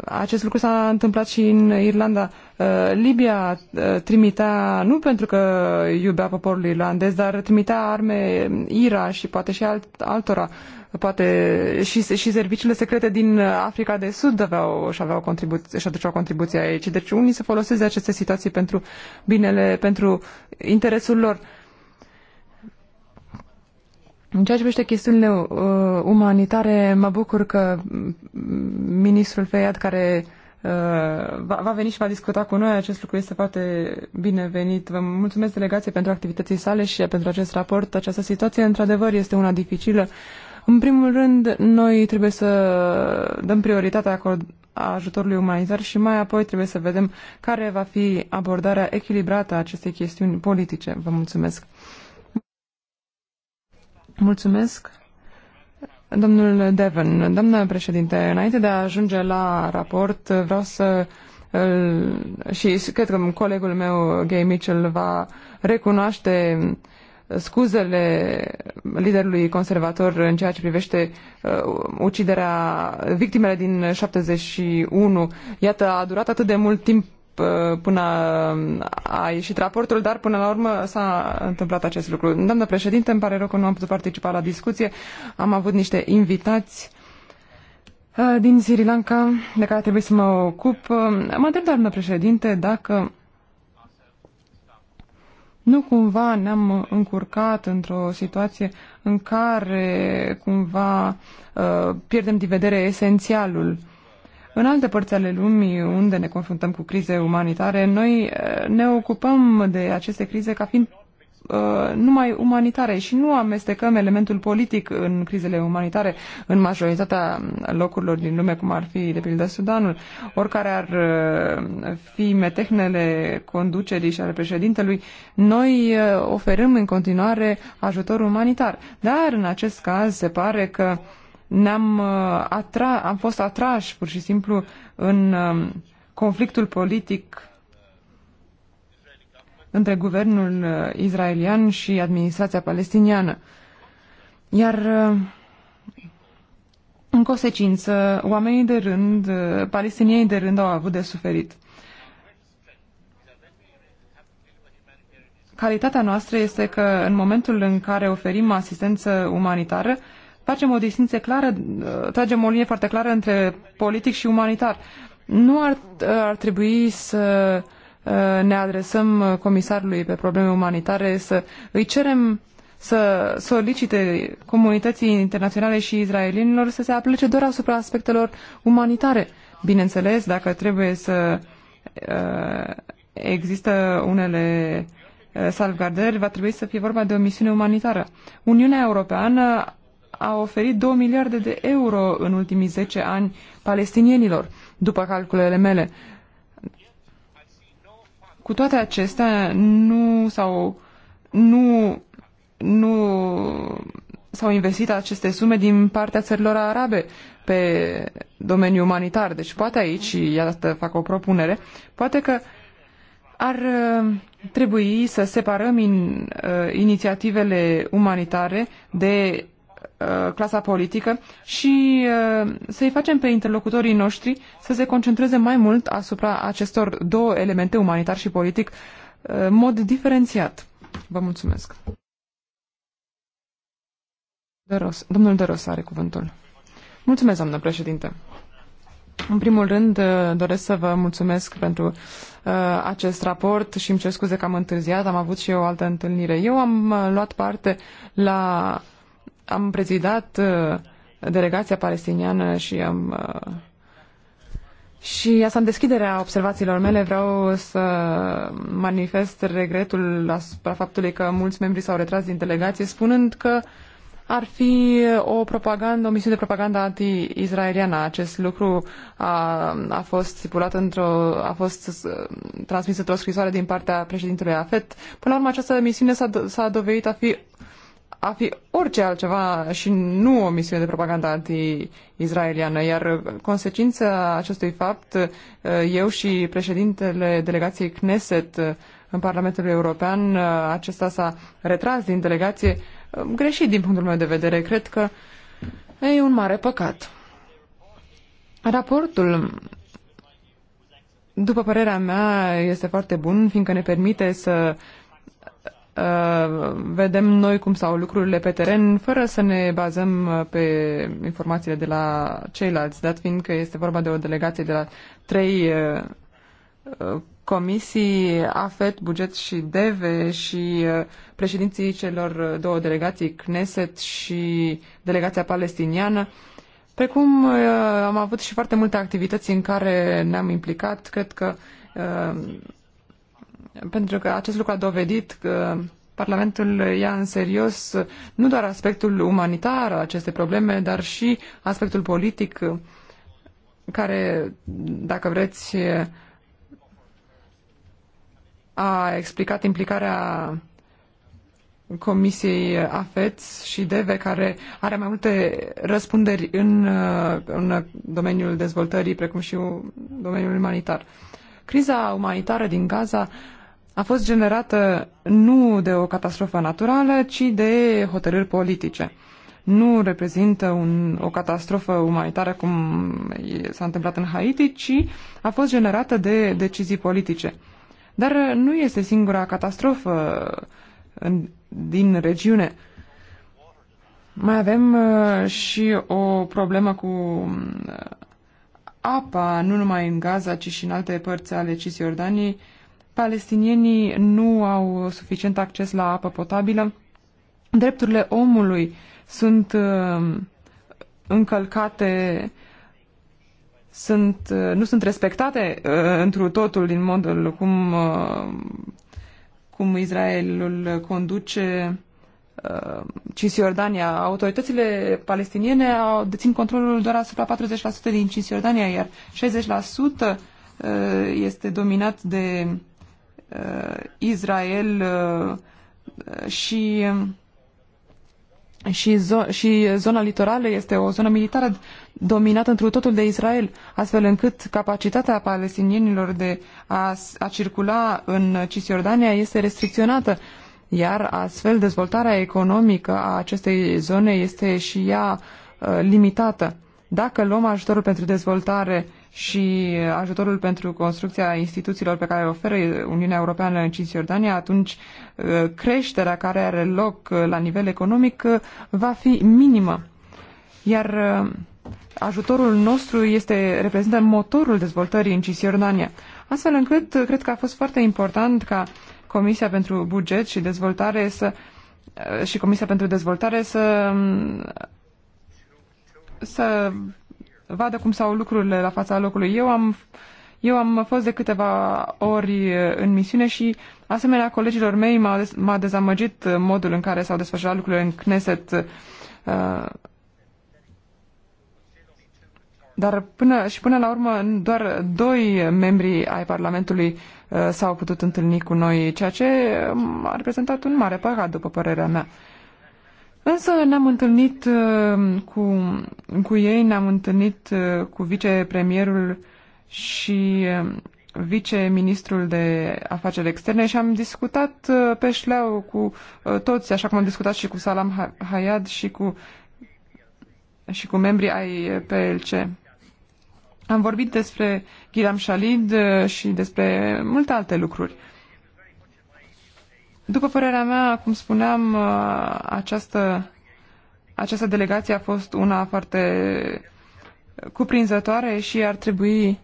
acest lucru s-a întâmplat și în Irlanda. Libia trimitea, nu pentru că iubea poporul irlandez, dar trimitea arme IRA și poate și altora. Poate și, și serviciile secrete din Africa de Sud aveau și aveau contribuție și aduceau contribuția aici. Deci unii se folosesc de aceste situații pentru binele, pentru interesul lor. Uh, în ceea ce privește chestiunile uh, umanitare, mă bucur că mm, ministrul Feiat, care uh, va, va veni și va discuta cu noi, acest lucru este foarte binevenit. Vă mulțumesc delegației pentru activității sale și pentru acest raport. Această situație, într-adevăr, este una dificilă. În primul rând, noi trebuie să dăm prioritatea acord a ajutorului umanitar și mai apoi trebuie să vedem care va fi abordarea echilibrată a acestei chestiuni politice. Vă mulțumesc! Mulțumesc. Domnul Devon, doamnă președinte, înainte de a ajunge la raport, vreau să și cred că colegul meu, Gay Mitchell, va recunoaște scuzele liderului conservator în ceea ce privește uh, uciderea victimele din 71. Iată, a durat atât de mult timp până a ieșit raportul, dar până la urmă s-a întâmplat acest lucru. Doamnă președinte, îmi pare rău că nu am putut participa la discuție. Am avut niște invitați ă, din Sri Lanka de care trebuie să mă ocup. Ă, mă întreb, doamnă președinte, dacă nu cumva ne-am încurcat într-o situație în care cumva ă, pierdem din vedere esențialul uh, în alte părți ale lumii, unde ne confruntăm cu crize umanitare, noi eh, ne ocupăm de aceste crize ca fiind eh, numai umanitare și nu amestecăm elementul politic în crizele umanitare în majoritatea locurilor din lume, cum ar fi, de pildă, Sudanul. Oricare ar eh, fi metehnele conducerii și ale președintelui, noi oferim în continuare ajutor umanitar. Dar, în acest caz, se pare că uh, ne-am uh, atra- am fost atrași pur și simplu în um, conflictul politic între guvernul uh, israelian și administrația palestiniană. Iar uh, în consecință, oamenii de rând, palestinienii de rând au avut de suferit. Calitatea noastră este că în momentul în care oferim asistență umanitară, facem o distinție clară, uh, tragem o linie foarte clară între politic și umanitar. Nu ar, uh, ar trebui să uh, ne adresăm comisarului pe probleme umanitare, să îi cerem să solicite comunității internaționale și izraelinilor să se aplece doar asupra aspectelor umanitare. Bineînțeles, dacă trebuie să există unele salvgardări, va trebui să fie vorba de o misiune umanitară. Uniunea Europeană a oferit 2 miliarde de euro în ultimii 10 ani palestinienilor, după calculele mele. Cu toate acestea, nu s-au nu, nu s-au investit aceste sume din partea țărilor arabe pe domeniul umanitar. Deci poate aici, iată, fac o propunere, poate că ar uh, trebui să separăm in, uh, inițiativele umanitare de Uh, clasa politică și uh, să-i facem pe interlocutorii noștri să se concentreze mai mult asupra acestor două elemente, umanitar și politic, uh, în mod diferențiat. Vă mulțumesc. Ros, domnul Doros are cuvântul. Mulțumesc, doamnă președinte. În primul rând, doresc să vă mulțumesc pentru uh, acest raport și îmi cer scuze că am întârziat, am avut și eu o altă întâlnire. Eu am luat parte la am prezidat uh, delegația palestiniană și am uh, și asta în deschiderea observațiilor mele vreau să manifest regretul asupra faptului că mulți membri s-au retras din delegație spunând că ar fi o propagandă, o misiune de propagandă anti-israeliană. Acest lucru a, a fost stipulat într-o, a fost uh, transmis într-o scrisoare din partea președintelui Afet. Până la urmă, această misiune s-a, dovedit a fi a fi orice altceva și nu o misiune de propagandă anti-izraeliană. Iar consecința acestui fapt, eu și președintele delegației Knesset uh, în Parlamentul European, uh, acesta s-a retras din delegație uh, greșit din punctul meu de vedere. Cred că e un mare păcat. Raportul după părerea mea, este foarte bun, fiindcă ne permite să Uh, vedem noi cum stau lucrurile pe teren, fără să ne bazăm uh, pe informațiile de la ceilalți, dat fiind că este vorba de o delegație de la trei uh, comisii, AFET, buget și DEVE și președinții celor două delegații, Knesset și delegația palestiniană, precum am avut și foarte multe activități în care ne-am implicat. Cred că pentru că acest lucru a dovedit că Parlamentul ia în serios nu doar aspectul umanitar al acestei probleme, dar și aspectul politic care, dacă vreți, a explicat implicarea Comisiei Afet și DEVE, care are mai multe răspunderi în, în domeniul dezvoltării, precum și domeniul umanitar. Criza umanitară din Gaza a fost generată nu de o catastrofă naturală, ci de hotărâri politice. Nu reprezintă un, o catastrofă umanitară cum s-a întâmplat în Haiti, ci a fost generată de decizii politice. Dar nu este singura catastrofă în, din regiune. Mai avem uh, și o problemă cu uh, apa, nu numai în Gaza, ci și în alte părți ale Cisjordaniei, uh, palestinienii nu au suficient acces la apă potabilă, drepturile omului sunt uh, încălcate, sunt, uh, nu sunt respectate uh, întru totul din modul cum, cum Israelul conduce Cisjordania. Autoritățile palestiniene au, dețin controlul doar asupra 40% din Cisjordania, iar 60% este dominat de Uh, Israel uh, și și, zo- și zona litorală este o zonă militară dominată întru totul de Israel, astfel încât capacitatea palestinienilor de a, a circula în Cisjordania este restricționată, iar astfel dezvoltarea economică a acestei zone este și ea uh, limitată. Dacă luăm ajutorul pentru dezvoltare uh, și ajutorul pentru construcția instituțiilor pe care le oferă Uniunea Europeană în Cisjordania, atunci uh, creșterea care are loc uh, la nivel economic uh, va fi minimă. Iar ajutorul nostru este, reprezintă motorul dezvoltării în Cisjordania. Astfel încât, cred că a fost foarte important ca Comisia pentru Buget și Dezvoltare să și Comisia pentru Dezvoltare să um, să vadă cum s-au lucrurile la fața locului. Eu am, eu am fost de câteva ori uh, în misiune și, asemenea, colegilor mei m-a, m-a dezamăgit uh, modul în care s-au desfășurat lucrurile în Knesset. Uh, dar până și până la urmă doar doi membri ai Parlamentului uh, s-au putut întâlni cu noi, ceea ce um, a reprezentat un mare păcat, după părerea mea. Uh, Însă ne-am întâlnit uh, cu, cu ei, ne-am întâlnit uh, cu vicepremierul și uh, viceministrul de afaceri externe și am discutat pe șleau cu toți, așa cum am discutat și cu Salam Hayad și cu, și cu membrii ai PLC. Am vorbit despre Ghiram Shalid și despre multe alte lucruri. După părerea mea, cum spuneam, uh, această, această delegație a fost una foarte cuprinzătoare și ar trebui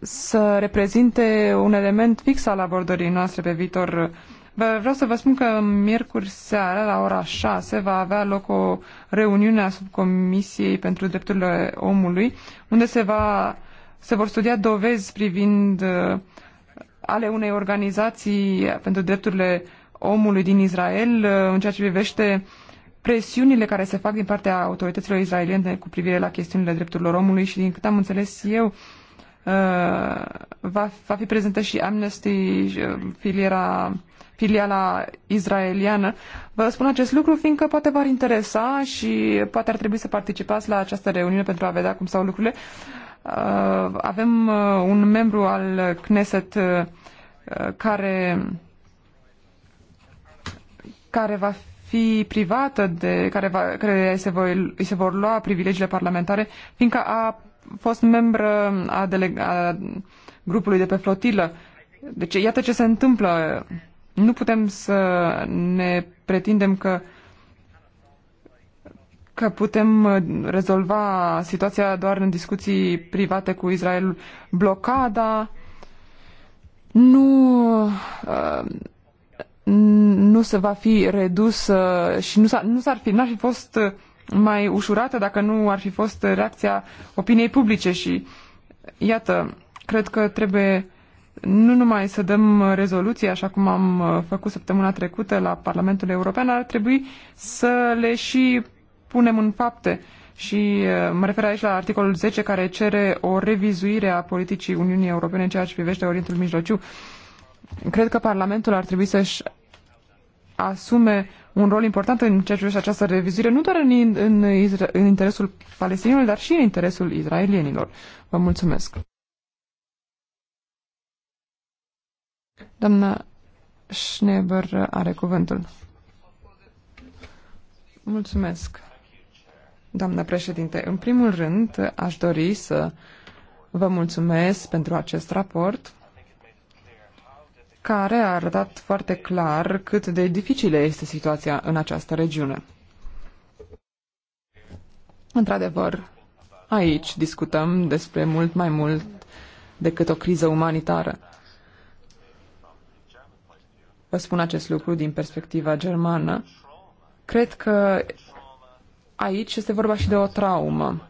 să reprezinte un element fix al abordării noastre pe viitor. Vreau să vă spun că miercuri seara, la ora 6, va avea loc o reuniune a subcomisiei pentru drepturile omului, unde se, va, se vor studia dovezi privind uh, ale unei organizații pentru drepturile omului din Israel uh, în ceea ce privește presiunile care se fac din partea autorităților israeliene cu privire la chestiunile drepturilor omului și din cât am înțeles eu, uh, va, va fi prezentă și Amnesty, uh, filiera, filiala israeliană. Vă spun acest lucru fiindcă poate v-ar interesa și poate ar trebui să participați la această reuniune pentru a vedea cum stau lucrurile. Uh, Uh, avem uh, un membru al Knesset uh, care, care va fi privată de care, va, care se, voi, se vor lua privilegiile parlamentare, fiindcă a fost membru a, a grupului de pe flotilă. Deci iată ce se întâmplă. Nu putem să ne pretindem că uh, că putem uh, rezolva situația doar în discuții private cu Israel Blocada nu, uh, nu se va fi redusă și nu, s-ar, nu s-ar fi, n-ar fi fost uh, mai ușurată dacă nu ar fi fost reacția opiniei publice și iată, cred că trebuie nu numai să dăm rezoluții, așa cum am făcut săptămâna trecută la Parlamentul European, ar trebui să le și punem în fapte. Și uh, mă refer aici la articolul 10 care cere o revizuire a politicii Uniunii Europene în ceea ce privește Orientul Mijlociu. Cred că Parlamentul ar trebui să-și asume un rol important în ceea ce privește această revizuire, nu doar în, în, în interesul palestinilor, dar și în interesul izraelienilor. Vă mulțumesc. Doamna Schneber are cuvântul. Mulțumesc. Doamnă președinte, în primul rând aș dori să vă mulțumesc pentru acest raport care a arătat foarte clar cât de dificilă este situația în această regiune. Într-adevăr, aici discutăm despre mult mai mult decât o criză umanitară. Vă spun acest lucru din perspectiva germană. Cred că aici este vorba și de o traumă.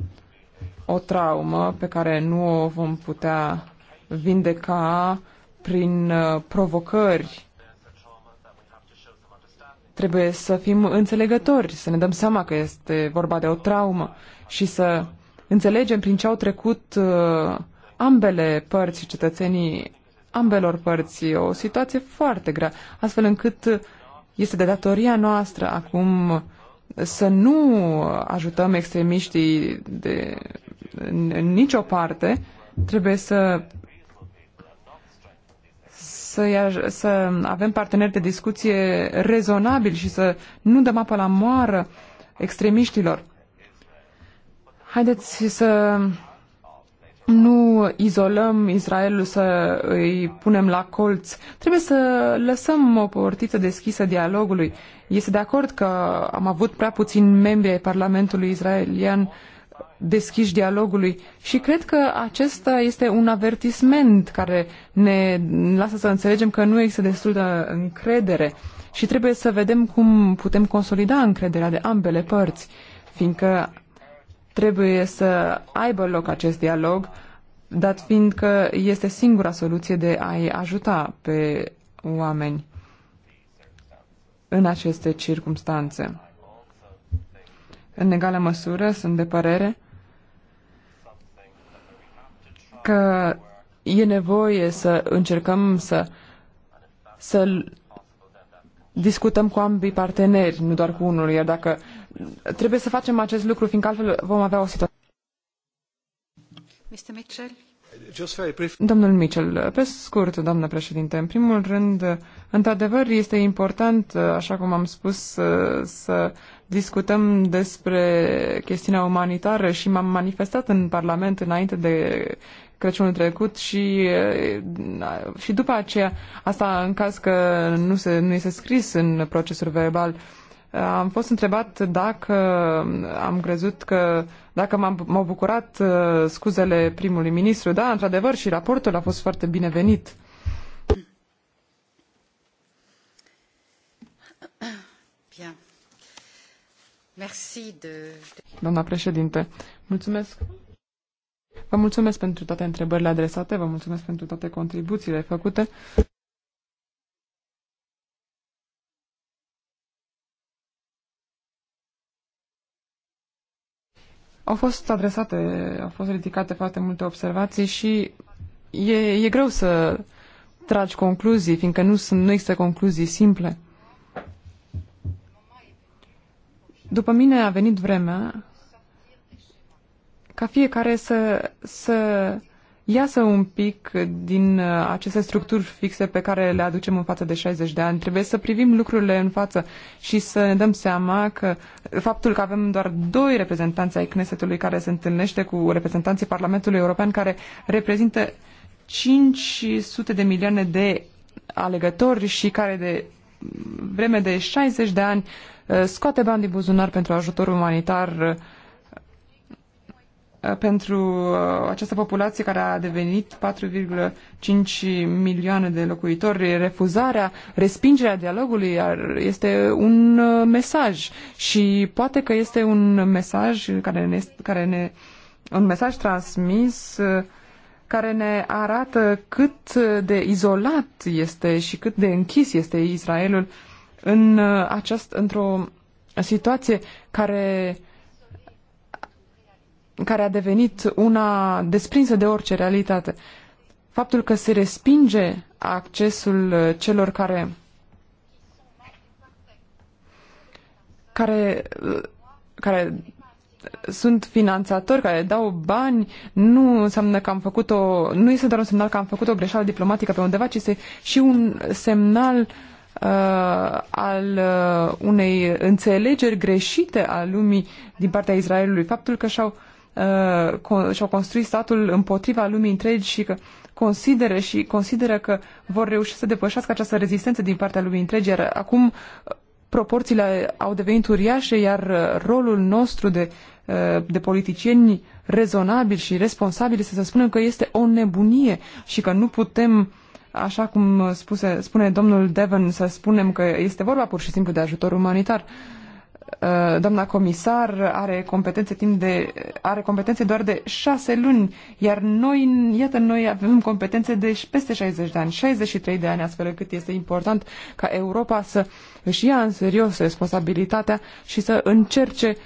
O traumă pe care nu o vom putea vindeca prin uh, provocări. Trebuie să fim înțelegători, să ne dăm seama că este vorba de o traumă și să înțelegem prin ce au trecut uh, ambele părți, cetățenii ambelor părți, o situație foarte grea, astfel încât este de datoria noastră acum să nu ajutăm extremiștii de, în, în nicio parte, trebuie să să, să avem parteneri de discuție rezonabili și să nu dăm apă la moară extremiștilor. Haideți să nu izolăm Israelul, să îi punem la colț. Trebuie să lăsăm o portiță deschisă dialogului. Este de acord că am avut prea puțin membri ai Parlamentului israelian deschiși dialogului și cred că acesta este un avertisment care ne lasă să înțelegem că nu există destul de încredere și trebuie să vedem cum putem consolida încrederea de ambele părți, fiindcă Trebuie să aibă loc acest dialog, dat fiind că este singura soluție de a-i ajuta pe oameni în aceste circumstanțe. În egală măsură, sunt de părere că e nevoie să încercăm să, să discutăm cu ambii parteneri, nu doar cu unul, iar dacă trebuie să facem acest lucru, fiindcă altfel vom avea o situație. Mr. Mitchell? Domnul Mitchell, pe scurt, doamnă președinte, în primul rând, într-adevăr, este important, așa cum am spus, să, discutăm despre chestiunea umanitară și m-am manifestat în Parlament înainte de Crăciunul trecut și, și după aceea, asta în caz că nu, se, nu este scris în procesul verbal, Uh, am fost întrebat dacă am crezut că, dacă m-au bucurat uh, scuzele primului ministru. Da, într-adevăr, și raportul a fost foarte binevenit. Merci de... Doamna președinte, mulțumesc. Vă mulțumesc pentru toate întrebările adresate, vă mulțumesc pentru toate contribuțiile făcute. Au fost adresate, au fost ridicate foarte multe observații și e, e greu să tragi concluzii, fiindcă nu, sunt, nu există concluzii simple. După mine a venit vremea ca fiecare să, să iasă un pic din uh, aceste structuri fixe pe care le aducem în față de 60 de ani. Trebuie să privim lucrurile în față și să ne dăm seama că uh, faptul că avem doar doi reprezentanți ai Knesetului care se întâlnește cu reprezentanții Parlamentului European care reprezintă 500 de milioane de alegători și care de vreme de 60 de ani uh, scoate bani din buzunar pentru ajutor umanitar Uh, pentru uh, această populație care a devenit 4,5 milioane de locuitori, refuzarea, respingerea dialogului este un uh, mesaj și poate că este un mesaj care ne, care ne un mesaj transmis care ne arată cât de izolat este și cât de închis este Israelul în această, într-o situație care care a devenit una desprinsă de orice realitate. Faptul că se respinge accesul celor care care, care sunt finanțatori, care dau bani, nu înseamnă că am făcut o, nu este doar un semnal că am făcut o greșeală diplomatică pe undeva, ci este și un semnal uh, al uh, unei înțelegeri greșite a lumii din partea Israelului. Faptul că și-au uh, Uh, și-au construit statul împotriva lumii întregi și că consideră și consideră că vor reuși să depășească această rezistență din partea lumii întregi, iar acum uh, proporțiile au devenit uriașe, iar uh, rolul nostru de, de politicieni rezonabili și responsabili este să spunem că este o nebunie și că nu putem așa cum spuse, spune domnul Devon, să spunem că este vorba pur și simplu de ajutor umanitar. Uh, Uh, doamna comisar are competențe timp de are competențe doar de șase luni, iar noi, iată, noi avem competențe de peste 60 de ani, 63 de ani, astfel încât este important ca Europa să își ia în serios responsabilitatea și să încerce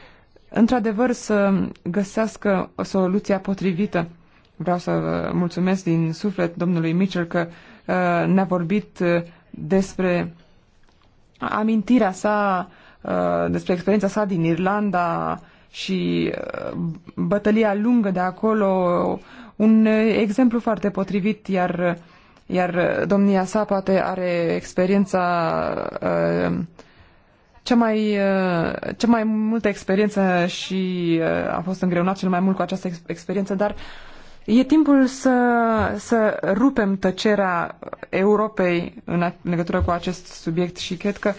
într-adevăr să găsească soluția potrivită. Vreau să mulțumesc din suflet domnului Mitchell că uh, ne-a vorbit uh, despre amintirea sa Uh, despre experiența sa din Irlanda și uh, bătălia lungă de acolo, un exemplu foarte potrivit, iar, iar domnia sa poate are experiența uh, cea mai, cea mai multă experiență și a fost îngreunat cel mai mult cu această experiență, dar e timpul să, să rupem tăcerea Europei în legătură cu acest subiect și cred că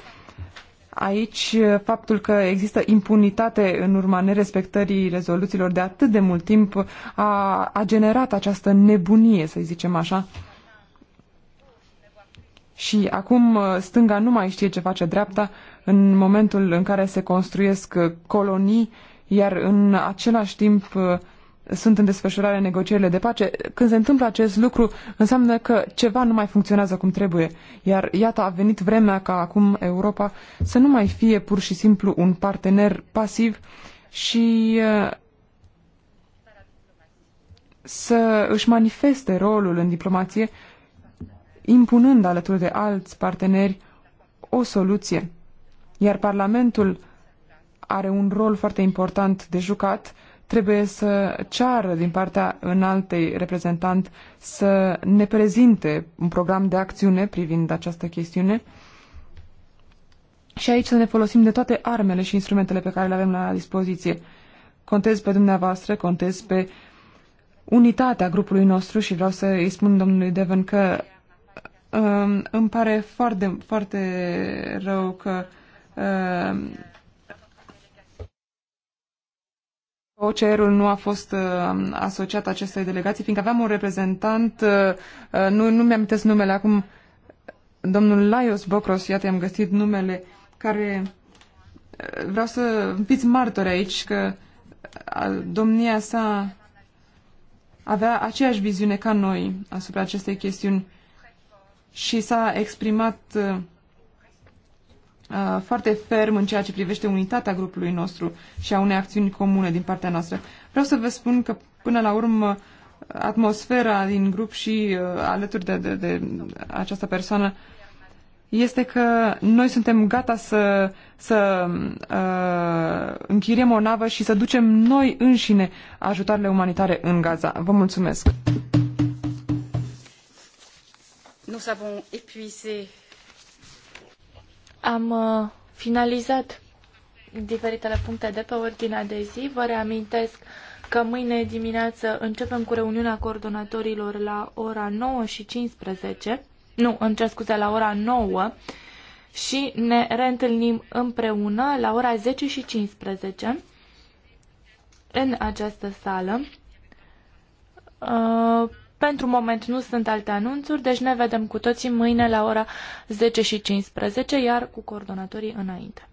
Aici, faptul că există impunitate în urma nerespectării rezoluțiilor de atât de mult timp a, a generat această nebunie, să zicem așa. Și acum stânga nu mai știe ce face dreapta în momentul în care se construiesc colonii, iar în același timp sunt în desfășurare negocierile de pace. Când se întâmplă acest lucru, înseamnă că ceva nu mai funcționează cum trebuie. Iar iată, a venit vremea ca acum Europa să nu mai fie pur și simplu un partener pasiv și uh, să își manifeste rolul în diplomație, impunând alături de alți parteneri o soluție. Iar Parlamentul are un rol foarte important de jucat trebuie să ceară din partea înaltei reprezentant să ne prezinte un program de acțiune privind această chestiune și aici să ne folosim de toate armele și instrumentele pe care le avem la dispoziție. Contez pe dumneavoastră, contez pe unitatea grupului nostru și vreau să îi spun domnului Devon că um, îmi pare foarte, foarte rău că um, OCR-ul nu a fost uh, asociat acestei delegații, fiindcă aveam un reprezentant, uh, uh nu, nu mi-am numele acum, domnul Laios Bocros, iată am găsit numele, care uh, vreau să fiți martori aici că uh, domnia sa avea aceeași viziune ca noi asupra acestei chestiuni și s-a exprimat uh, Uh, foarte ferm în ceea ce privește unitatea grupului nostru și a unei acțiuni comune din partea noastră. Vreau să vă spun că, până la urmă, atmosfera din grup și uh, alături de, de, de această persoană este că noi suntem gata să, să uh, închiriem o navă și să ducem noi înșine ajutoarele umanitare în Gaza. Vă mulțumesc! Nous avons épuisé am uh, finalizat diferitele puncte de pe ordinea de zi. Vă reamintesc că mâine dimineață începem cu reuniunea coordonatorilor la ora 9 și 15. Nu, îmi cer scuze, la ora 9 și ne reîntâlnim împreună la ora 10 și 15 în această sală Uh, pentru moment nu sunt alte anunțuri, deci ne vedem cu toții mâine la ora 10 și 15, iar cu coordonatorii înainte.